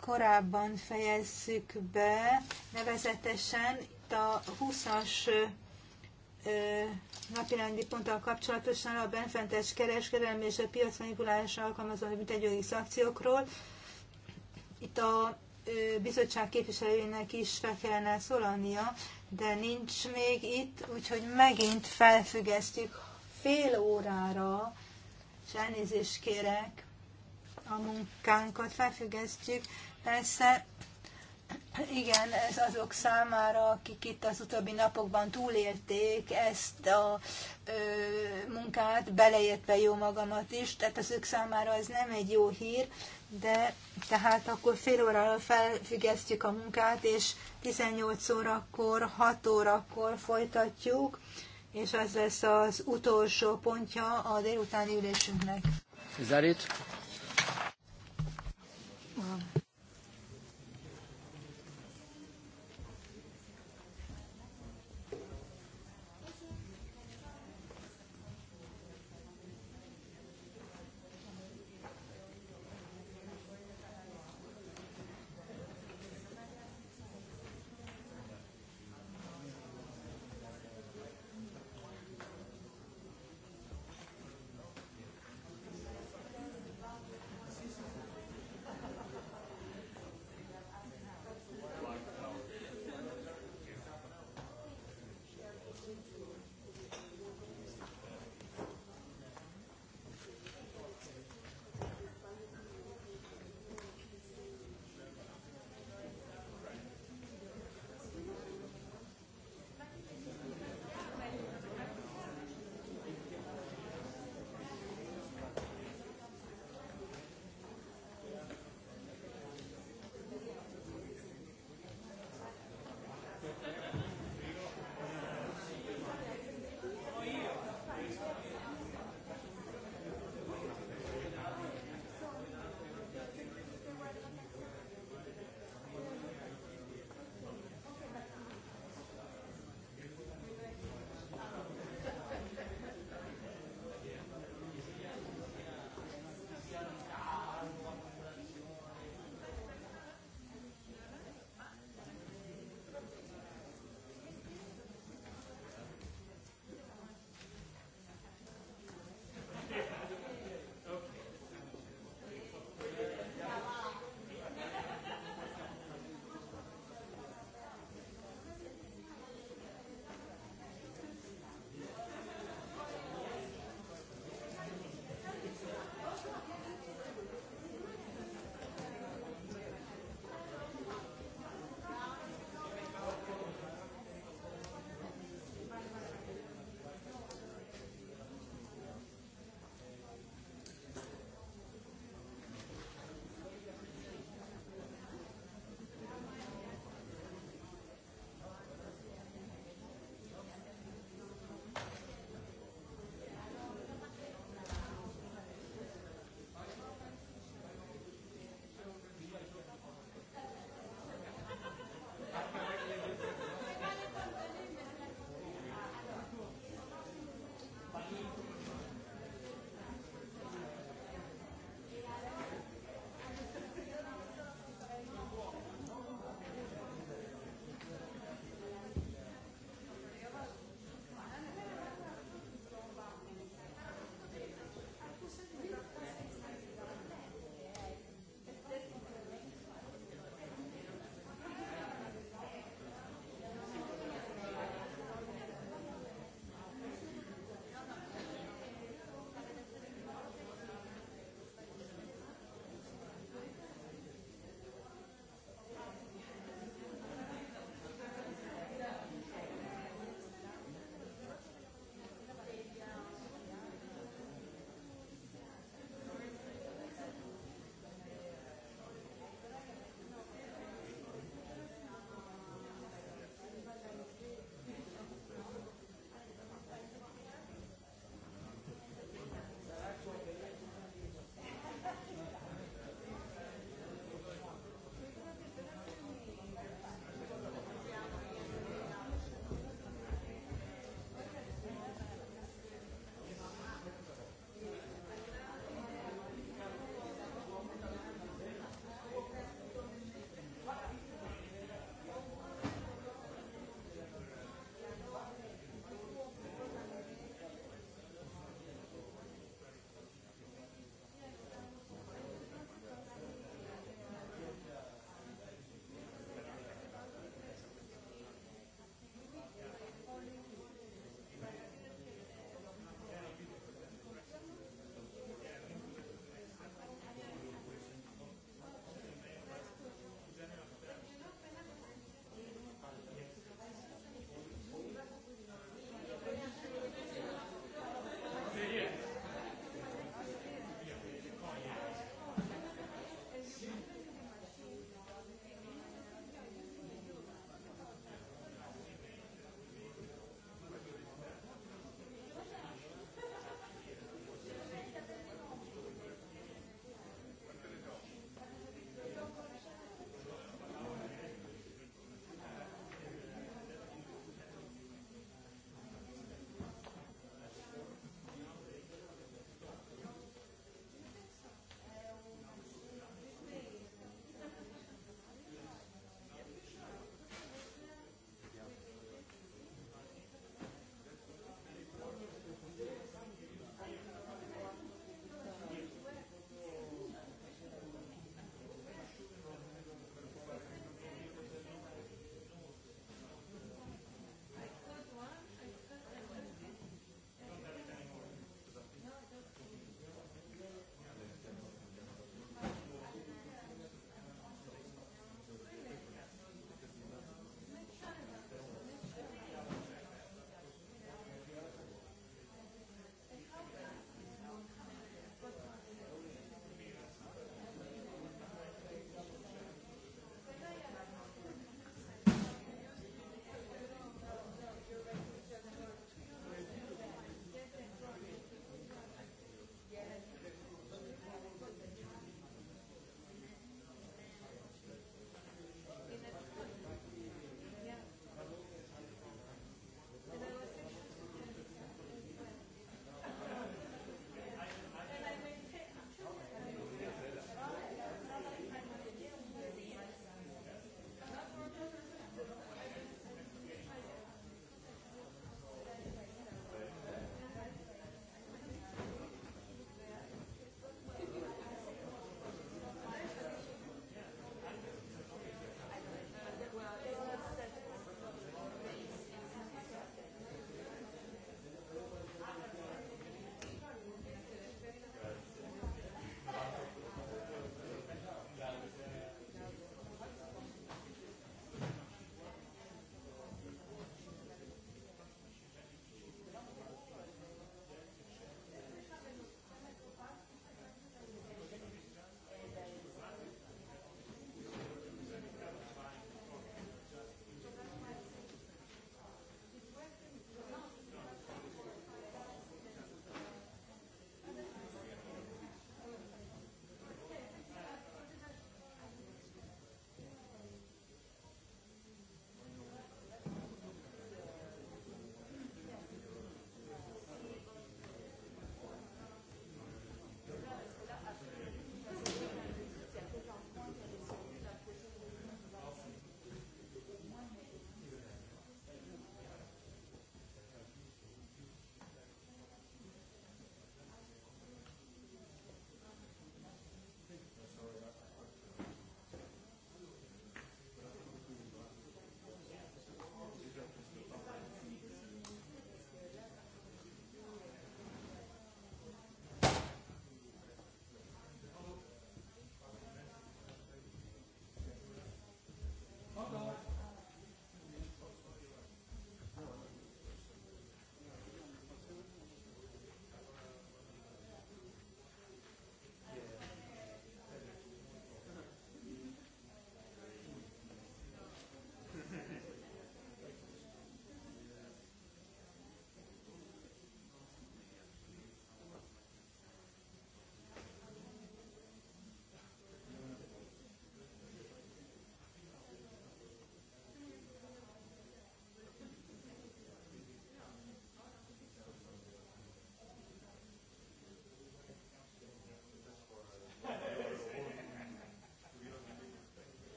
korábban fejezzük be, nevezetesen itt a 20-as napirendi ponttal kapcsolatosan a benfentes kereskedelmi és a piacmanipulálásra alkalmazott büntetőjogi szakciókról. Itt a bizottság képviselőjének is fel kellene szólania, de nincs még itt, úgyhogy megint felfüggesztjük fél órára, és elnézést kérek, a munkánkat felfüggesztjük. Persze, igen, ez azok számára, akik itt az utóbbi napokban túlélték ezt a ö, munkát, beleértve jó magamat is, tehát az ők számára ez nem egy jó hír, de tehát akkor fél óra felfüggesztjük a munkát, és 18 órakor, 6 órakor folytatjuk, és ez lesz az utolsó pontja a délutáni ülésünknek. Is that it? Well,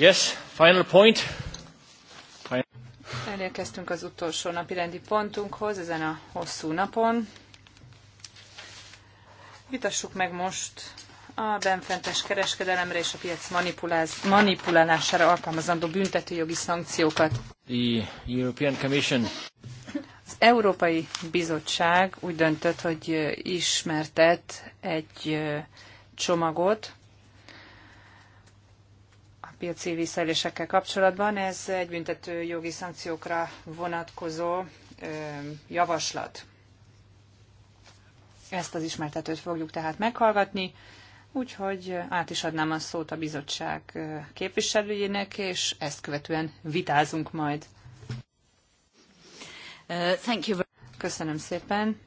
Yes, final point. Final. Elérkeztünk az utolsó napirendi pontunkhoz, ezen a hosszú napon. Vitassuk meg most a benfentes kereskedelemre és a piac manipulálására alkalmazandó büntetőjogi szankciókat. The European Commission. Az Európai Bizottság úgy döntött, hogy ismertet egy csomagot, piaci visszaélésekkel kapcsolatban. Ez egy büntető jogi szankciókra vonatkozó javaslat. Ezt az ismertetőt fogjuk tehát meghallgatni, úgyhogy át is adnám a szót a bizottság képviselőjének, és ezt követően vitázunk majd. Köszönöm szépen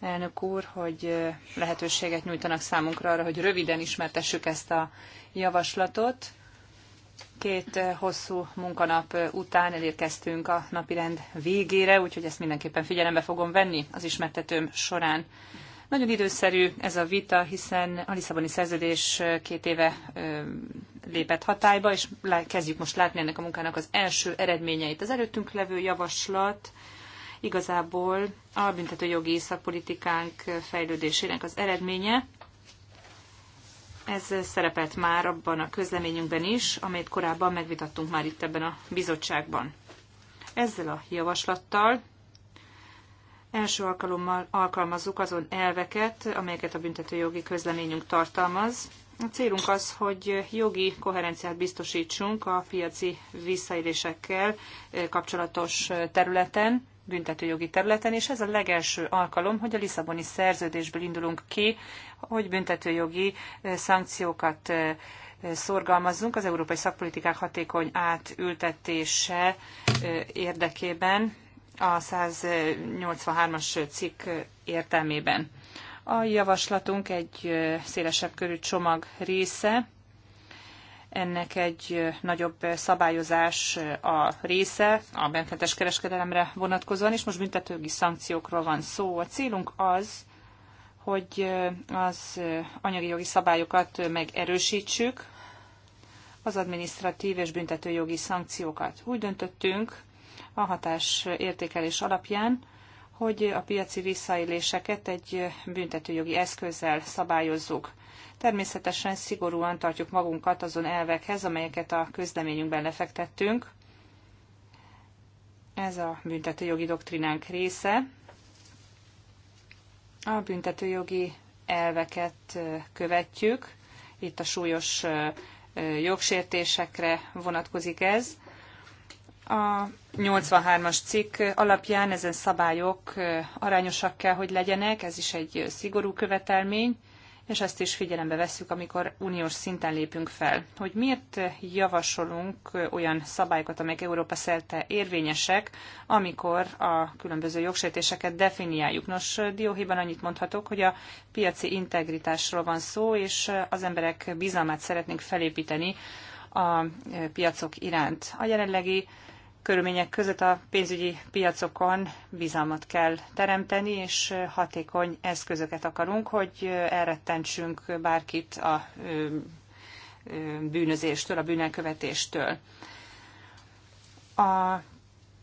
elnök úr, hogy lehetőséget nyújtanak számunkra arra, hogy röviden ismertessük ezt a javaslatot. Két eh, hosszú munkanap eh, után elérkeztünk a napirend végére, úgyhogy ezt mindenképpen figyelembe fogom venni az ismertetőm során. Nagyon időszerű ez a vita, hiszen a Lisszaboni szerződés eh, két éve lépett hatályba, és kezdjük most látni ennek a munkának az első eredményeit. Az előttünk levő javaslat igazából a büntetőjogi szakpolitikánk fejlődésének az eredménye, ez szerepelt már abban a közleményünkben is, amelyet korábban megvitattunk már itt ebben a bizottságban. Ezzel a javaslattal első alkalommal alkalmazzuk azon elveket, amelyeket a büntetőjogi közleményünk tartalmaz. A célunk az, hogy jogi koherenciát biztosítsunk a piaci visszaélésekkel eh, kapcsolatos eh, területen, büntetőjogi területen, és ez a legelső alkalom, hogy a Lisszaboni szerződésből indulunk ki hogy büntetőjogi eh, szankciókat eh, szorgalmazzunk az európai szakpolitikák hatékony átültetése eh, érdekében a 183-as cikk értelmében. A javaslatunk egy szélesebb körű csomag része, ennek egy nagyobb szabályozás a része a benfentes kereskedelemre vonatkozóan, és most büntetőgi szankciókról van szó. A célunk az, hogy az anyagi jogi szabályokat megerősítsük, az adminisztratív és büntetőjogi szankciókat. Úgy döntöttünk a hatás értékelés alapján, hogy a piaci visszaéléseket egy büntetőjogi eszközzel szabályozzuk. Természetesen szigorúan tartjuk magunkat azon elvekhez, amelyeket a közleményünkben lefektettünk. Ez a büntetőjogi doktrinánk része, a büntetőjogi elveket követjük. Itt a súlyos jogsértésekre vonatkozik ez. A 83-as cikk alapján ezen szabályok arányosak kell, hogy legyenek, ez is egy szigorú követelmény, és ezt is figyelembe vesszük, amikor uniós szinten lépünk fel. Hogy miért javasolunk olyan szabályokat, amelyek Európa szerte érvényesek, amikor a különböző jogsértéseket definiáljuk. Nos, dióhéjban annyit mondhatok, hogy a piaci integritásról van szó, és az emberek bizalmát szeretnénk felépíteni a piacok iránt. A jelenlegi körülmények között a pénzügyi piacokon bizalmat kell teremteni, és hatékony eszközöket akarunk, hogy elrettentsünk bárkit a bűnözéstől, a bűnelkövetéstől. A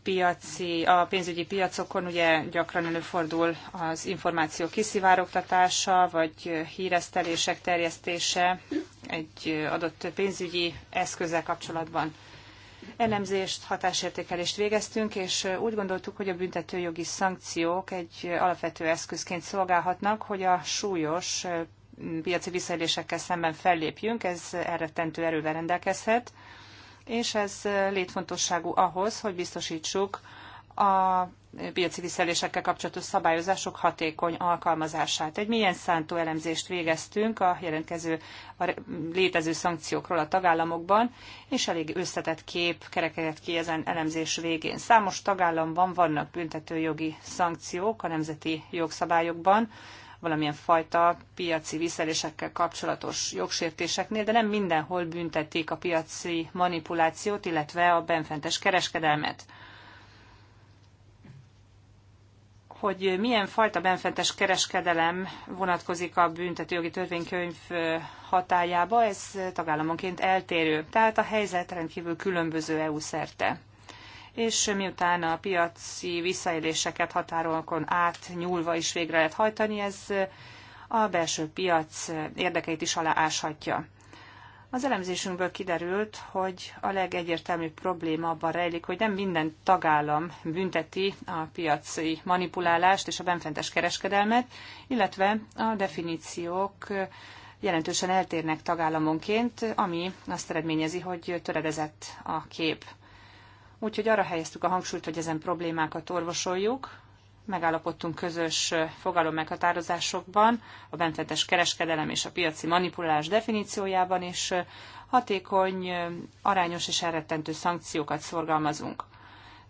piaci, a pénzügyi piacokon ugye gyakran előfordul az információ kiszivárogtatása, vagy híresztelések terjesztése egy adott pénzügyi eszközzel kapcsolatban elemzést, hatásértékelést végeztünk, és úgy gondoltuk, hogy a büntetőjogi szankciók egy alapvető eszközként szolgálhatnak, hogy a súlyos piaci visszaélésekkel szemben fellépjünk, ez elrettentő erővel rendelkezhet, és ez létfontosságú ahhoz, hogy biztosítsuk a piaci visszaélésekkel kapcsolatos szabályozások hatékony alkalmazását. Egy milyen szántó elemzést végeztünk a jelentkező a létező szankciókról a tagállamokban, és elég összetett kép kerekedett ki ezen elemzés végén. Számos tagállamban vannak büntetőjogi szankciók a nemzeti jogszabályokban, valamilyen fajta piaci visszaélésekkel kapcsolatos jogsértéseknél, de nem mindenhol büntetik a piaci manipulációt, illetve a benfentes kereskedelmet. hogy milyen fajta benfentes kereskedelem vonatkozik a büntetőjogi törvénykönyv hatájába, ez tagállamonként eltérő. Tehát a helyzet rendkívül különböző EU szerte. És miután a piaci visszaéléseket határolkon át nyúlva is végre lehet hajtani, ez a belső piac érdekeit is alááshatja. Az elemzésünkből kiderült, hogy a legegyértelműbb probléma abban rejlik, hogy nem minden tagállam bünteti a piaci manipulálást és a benfentes kereskedelmet, illetve a definíciók jelentősen eltérnek tagállamonként, ami azt eredményezi, hogy töredezett a kép. Úgyhogy arra helyeztük a hangsúlyt, hogy ezen problémákat orvosoljuk, megállapodtunk közös fogalom meghatározásokban, a benfentes kereskedelem és a piaci manipulálás definíciójában, is hatékony, arányos és elrettentő szankciókat szorgalmazunk.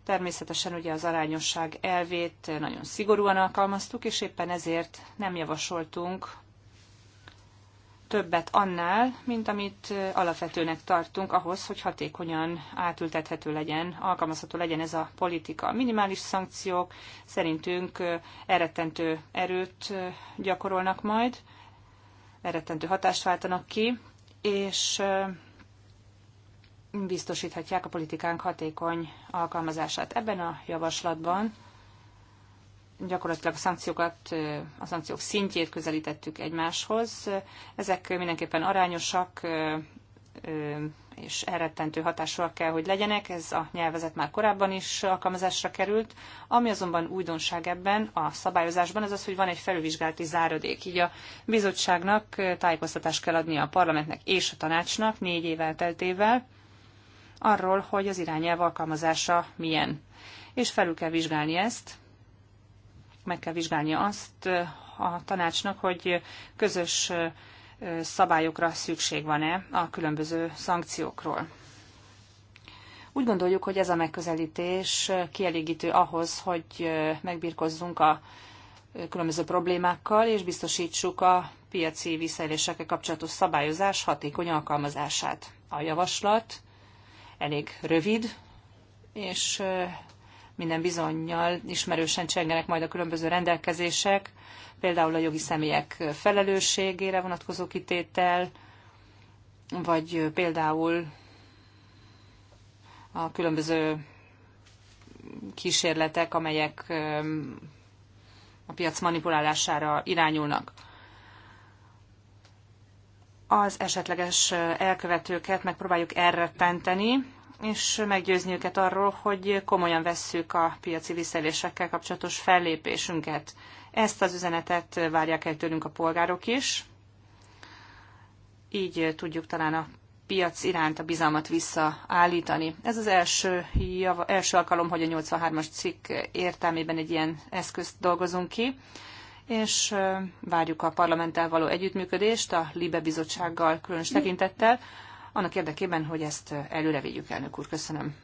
Természetesen ugye az arányosság elvét nagyon szigorúan alkalmaztuk, és éppen ezért nem javasoltunk többet annál, mint amit alapvetőnek tartunk ahhoz, hogy hatékonyan átültethető legyen, alkalmazható legyen ez a politika. Minimális szankciók szerintünk elrettentő erőt gyakorolnak majd, elrettentő hatást váltanak ki, és biztosíthatják a politikánk hatékony alkalmazását. Ebben a javaslatban gyakorlatilag a szankciókat, a szankciók szintjét közelítettük egymáshoz. Ezek mindenképpen arányosak, és elrettentő hatásúak kell, hogy legyenek. Ez a nyelvezet már korábban is alkalmazásra került. Ami azonban újdonság ebben a szabályozásban, az az, hogy van egy felülvizsgálati záradék. Így a bizottságnak tájékoztatást kell adnia a parlamentnek és a tanácsnak négy év elteltével arról, hogy az irányelv alkalmazása milyen. És felül kell vizsgálni ezt, meg kell vizsgálnia azt a tanácsnak, hogy közös szabályokra szükség van-e a különböző szankciókról. Úgy gondoljuk, hogy ez a megközelítés kielégítő ahhoz, hogy megbirkozzunk a különböző problémákkal, és biztosítsuk a piaci visszaélésekkel kapcsolatos szabályozás hatékony alkalmazását. A javaslat elég rövid, és minden bizonyal ismerősen csengenek majd a különböző rendelkezések, például a jogi személyek felelősségére vonatkozó kitétel, vagy például a különböző kísérletek, amelyek a piac manipulálására irányulnak. Az esetleges elkövetőket megpróbáljuk elrettenteni, és meggyőzni őket arról, hogy komolyan vesszük a piaci visszaélésekkel kapcsolatos fellépésünket. Ezt az üzenetet várják el tőlünk a polgárok is. Így tudjuk talán a piac iránt a bizalmat visszaállítani. Ez az első, java, első alkalom, hogy a 83-as cikk értelmében egy ilyen eszközt dolgozunk ki, és várjuk a parlamenttel való együttműködést, a LIBE bizottsággal különös tekintettel, annak érdekében, hogy ezt előre vigyük, elnök úr. Köszönöm.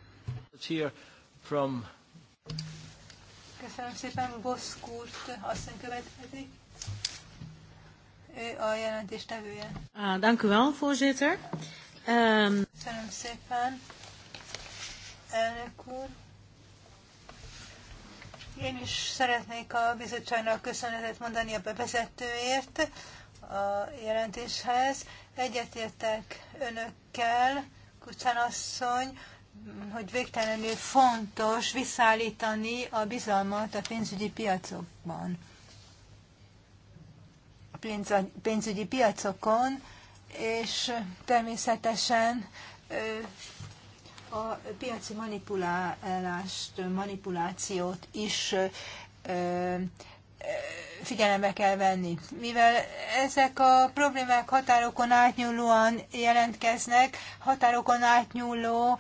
Köszönöm szépen, Boszkurt asszony következik. Ő a jelentéstevője. Ah, voorzitter. Um... Köszönöm szépen, elnök úr. Én is szeretnék a bizottságnak köszönetet mondani a bevezetőért a jelentéshez. Egyetértek önökkel, Kucsán asszony, hogy végtelenül fontos visszaállítani a bizalmat a pénzügyi piacokban. A pénzügyi piacokon, és természetesen a piaci manipulálást, manipulációt is figyelembe kell venni. Mivel ezek a problémák határokon átnyúlóan jelentkeznek, határokon átnyúló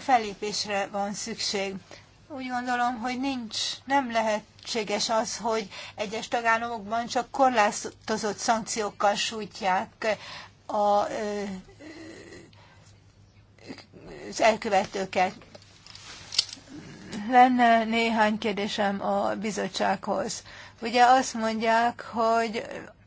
fellépésre van szükség. Úgy gondolom, hogy nincs, nem lehetséges az, hogy egyes tagállamokban csak korlátozott szankciókkal sújtják a, az elkövetőket. Lenne néhány kérdésem a bizottsághoz. Ugye azt mondják, hogy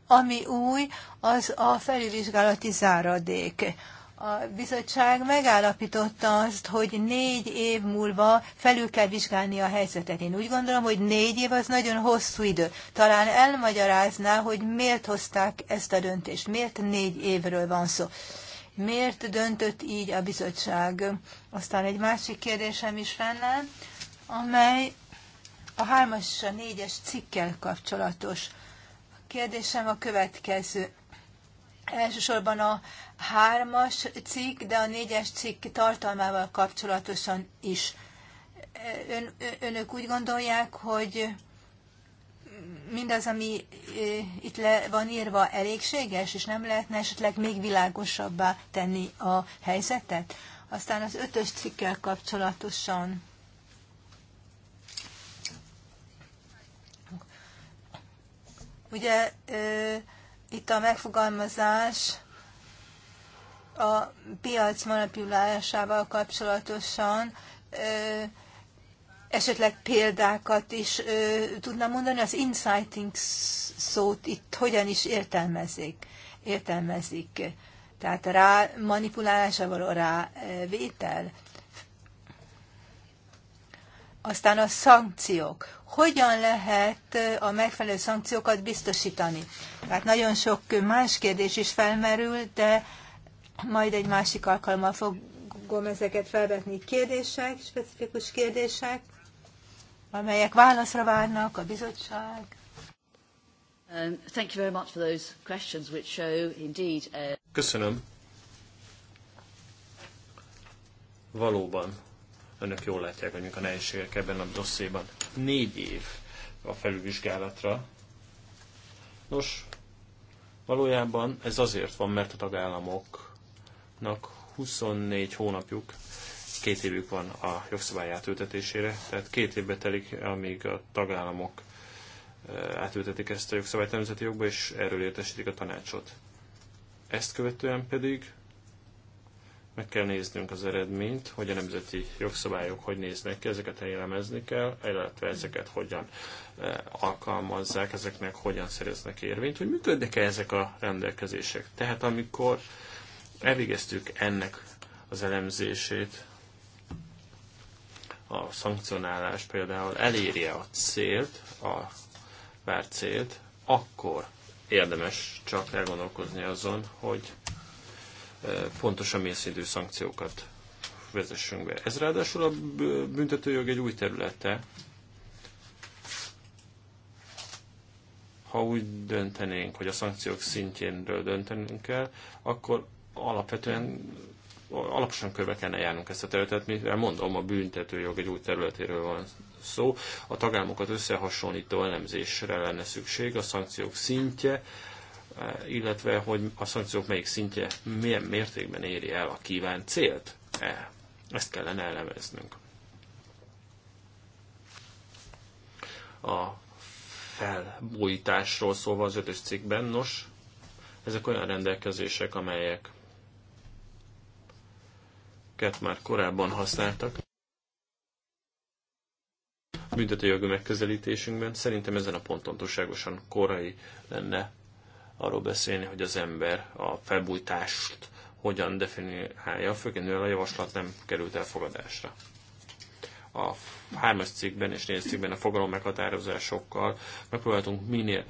ami új, az a felülvizsgálati záradék. A bizottság megállapította azt, hogy négy év múlva felül kell vizsgálni a helyzetet. Én úgy gondolom, hogy négy év az nagyon hosszú idő. Talán elmagyarázná, hogy miért hozták ezt a döntést, miért négy évről van szó. Miért döntött így a bizottság? Aztán egy másik kérdésem is lenne, amely a hármas és a négyes cikkel kapcsolatos. A kérdésem a következő. Elsősorban a hármas cikk, de a négyes cikk tartalmával kapcsolatosan is. Ön, önök úgy gondolják, hogy mindaz, ami itt le van írva, elégséges, és nem lehetne esetleg még világosabbá tenni a helyzetet? Aztán az ötös cikkel kapcsolatosan Ugye itt a megfogalmazás a piac manipulálásával kapcsolatosan esetleg példákat is ö, tudna mondani, az inciting szót itt hogyan is értelmezik, értelmezik. Tehát a rá manipulálása való rávétel. Aztán a szankciók. Hogyan lehet a megfelelő szankciókat biztosítani? Tehát nagyon sok más kérdés is felmerül, de majd egy másik alkalommal fogom ezeket felvetni kérdések, specifikus kérdések, amelyek válaszra várnak a bizottság. Um, uh, Köszönöm. Valóban Önök jól látják, hogy mik a nehézségek ebben a dosszéban. Négy év a felülvizsgálatra. Nos, valójában ez azért van, mert a tagállamoknak 24 hónapjuk, két évük van a jogszabály átültetésére, tehát két évbe telik, amíg a tagállamok eh, átültetik ezt a jogszabályt nemzeti jogba, és erről értesítik a tanácsot. Ezt követően pedig meg kell néznünk az eredményt, hogy a nemzeti jogszabályok hogy néznek ki, ezeket elemezni kell, illetve ezeket hogyan eh, alkalmazzák, ezeknek hogyan szereznek érvényt, hogy működnek-e ezek a rendelkezések. Tehát amikor elvégeztük ennek az elemzését, a szankcionálás például elérje a célt, a vár célt, akkor érdemes csak elgondolkozni azon, hogy fontos a mélyszintű szankciókat vezessünk be. Ez ráadásul a büntetőjog egy új területe. Ha úgy döntenénk, hogy a szankciók szintjénről döntenünk kell, akkor alapvetően alaposan körbe kellene járnunk ezt a területet, mivel mondom, a büntetőjog egy új területéről van szó. A tagállamokat összehasonlító elemzésre lenne szükség, a szankciók szintje, illetve hogy a szankciók melyik szintje milyen mértékben éri el a kívánt célt. E, ezt kellene elemeznünk. A felbújtásról szólva az ötös cikkben, nos, ezek olyan rendelkezések, amelyek már korábban használtak büntetőjogi megközelítésünkben. Szerintem ezen a ponton túlságosan korai lenne arról beszélni, hogy az ember a felbújtást hogyan definiálja, főként mivel a javaslat nem került elfogadásra. A hármas cikkben és négyes cikkben a fogalom meghatározásokkal megpróbáltunk minél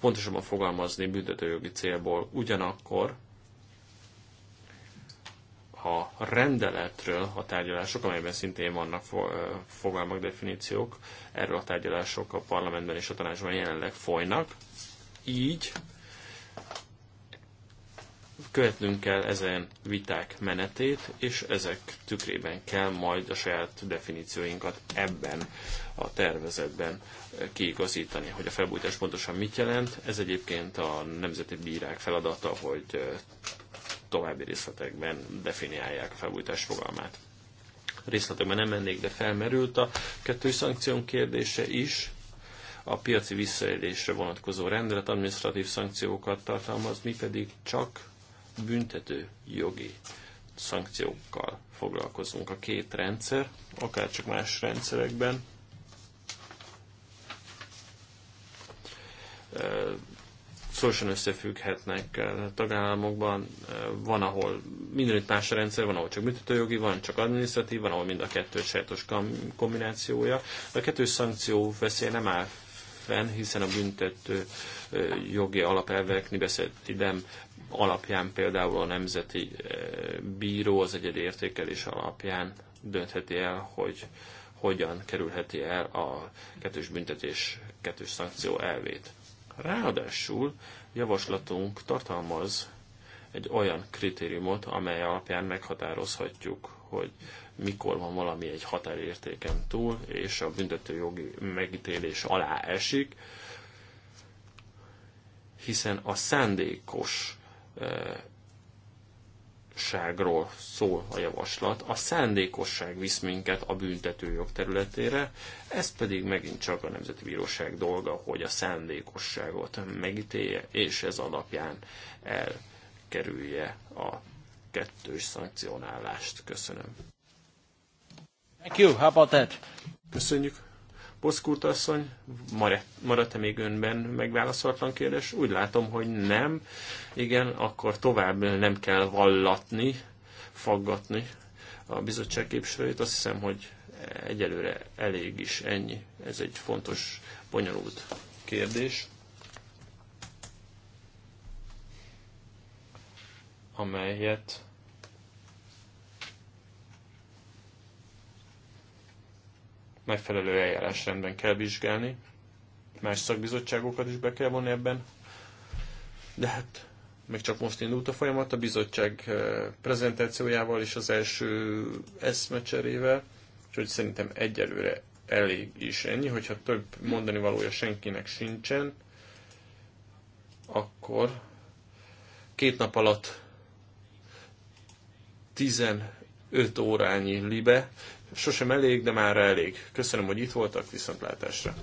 pontosabban fogalmazni büntetőjogi célból. Ugyanakkor a rendeletről a tárgyalások, amelyben szintén vannak fogalmak, definíciók, erről a tárgyalások a parlamentben és a tanácsban jelenleg folynak, így követnünk kell ezen viták menetét, és ezek tükrében kell majd a saját definícióinkat ebben a tervezetben kiigazítani, hogy a felbújtás pontosan mit jelent. Ez egyébként a nemzeti bírák feladata, hogy további részletekben definiálják a felbújtás fogalmát. Részletekben nem mennék, de felmerült a kettős szankción kérdése is a piaci visszaélésre vonatkozó rendelet administratív szankciókat tartalmaz, mi pedig csak büntető jogi szankciókkal foglalkozunk. A két rendszer, akár csak más rendszerekben e, szorosan összefügghetnek e, tagállamokban. E, van, ahol mindenütt más a rendszer, van, ahol csak büntetőjogi, van, csak administratív, van, ahol mind a kettő sajátos kombinációja. A kettős szankció veszély nem áll fenn, hiszen a büntető jogi alapelvek Idem alapján például a nemzeti bíró az egyedi értékelés alapján döntheti el, hogy hogyan kerülheti el a kettős büntetés, kettős szankció elvét. Ráadásul javaslatunk tartalmaz egy olyan kritériumot, amely alapján meghatározhatjuk, hogy mikor van valami egy határértéken túl, és a büntetőjogi megítélés alá esik, hiszen a szándékos ságról szól a javaslat. A szándékosság visz minket a büntetőjog területére, ez pedig megint csak a Nemzeti Bíróság dolga, hogy a szándékosságot megítélje, és ez alapján elkerülje a kettős szankcionálást. Köszönöm. Thank you. How about that? Köszönjük. Boszkurt asszony, maradt-e még önben megválaszolatlan kérdés? Úgy látom, hogy nem. Igen, akkor tovább nem kell vallatni, faggatni a bizottság képviselőjét. Azt hiszem, hogy egyelőre elég is ennyi. Ez egy fontos, bonyolult kérdés. amelyet megfelelő eljárásrendben kell vizsgálni, más szakbizottságokat is be kell vonni ebben, de hát még csak most indult a folyamat a bizottság eh, prezentációjával és az első eszmecserével, úgyhogy szerintem egyelőre elég is ennyi, hogyha több mondani valója senkinek sincsen, akkor két nap alatt 15 órányi libe Sosem elég, de már elég. Köszönöm, hogy itt voltak, viszontlátásra.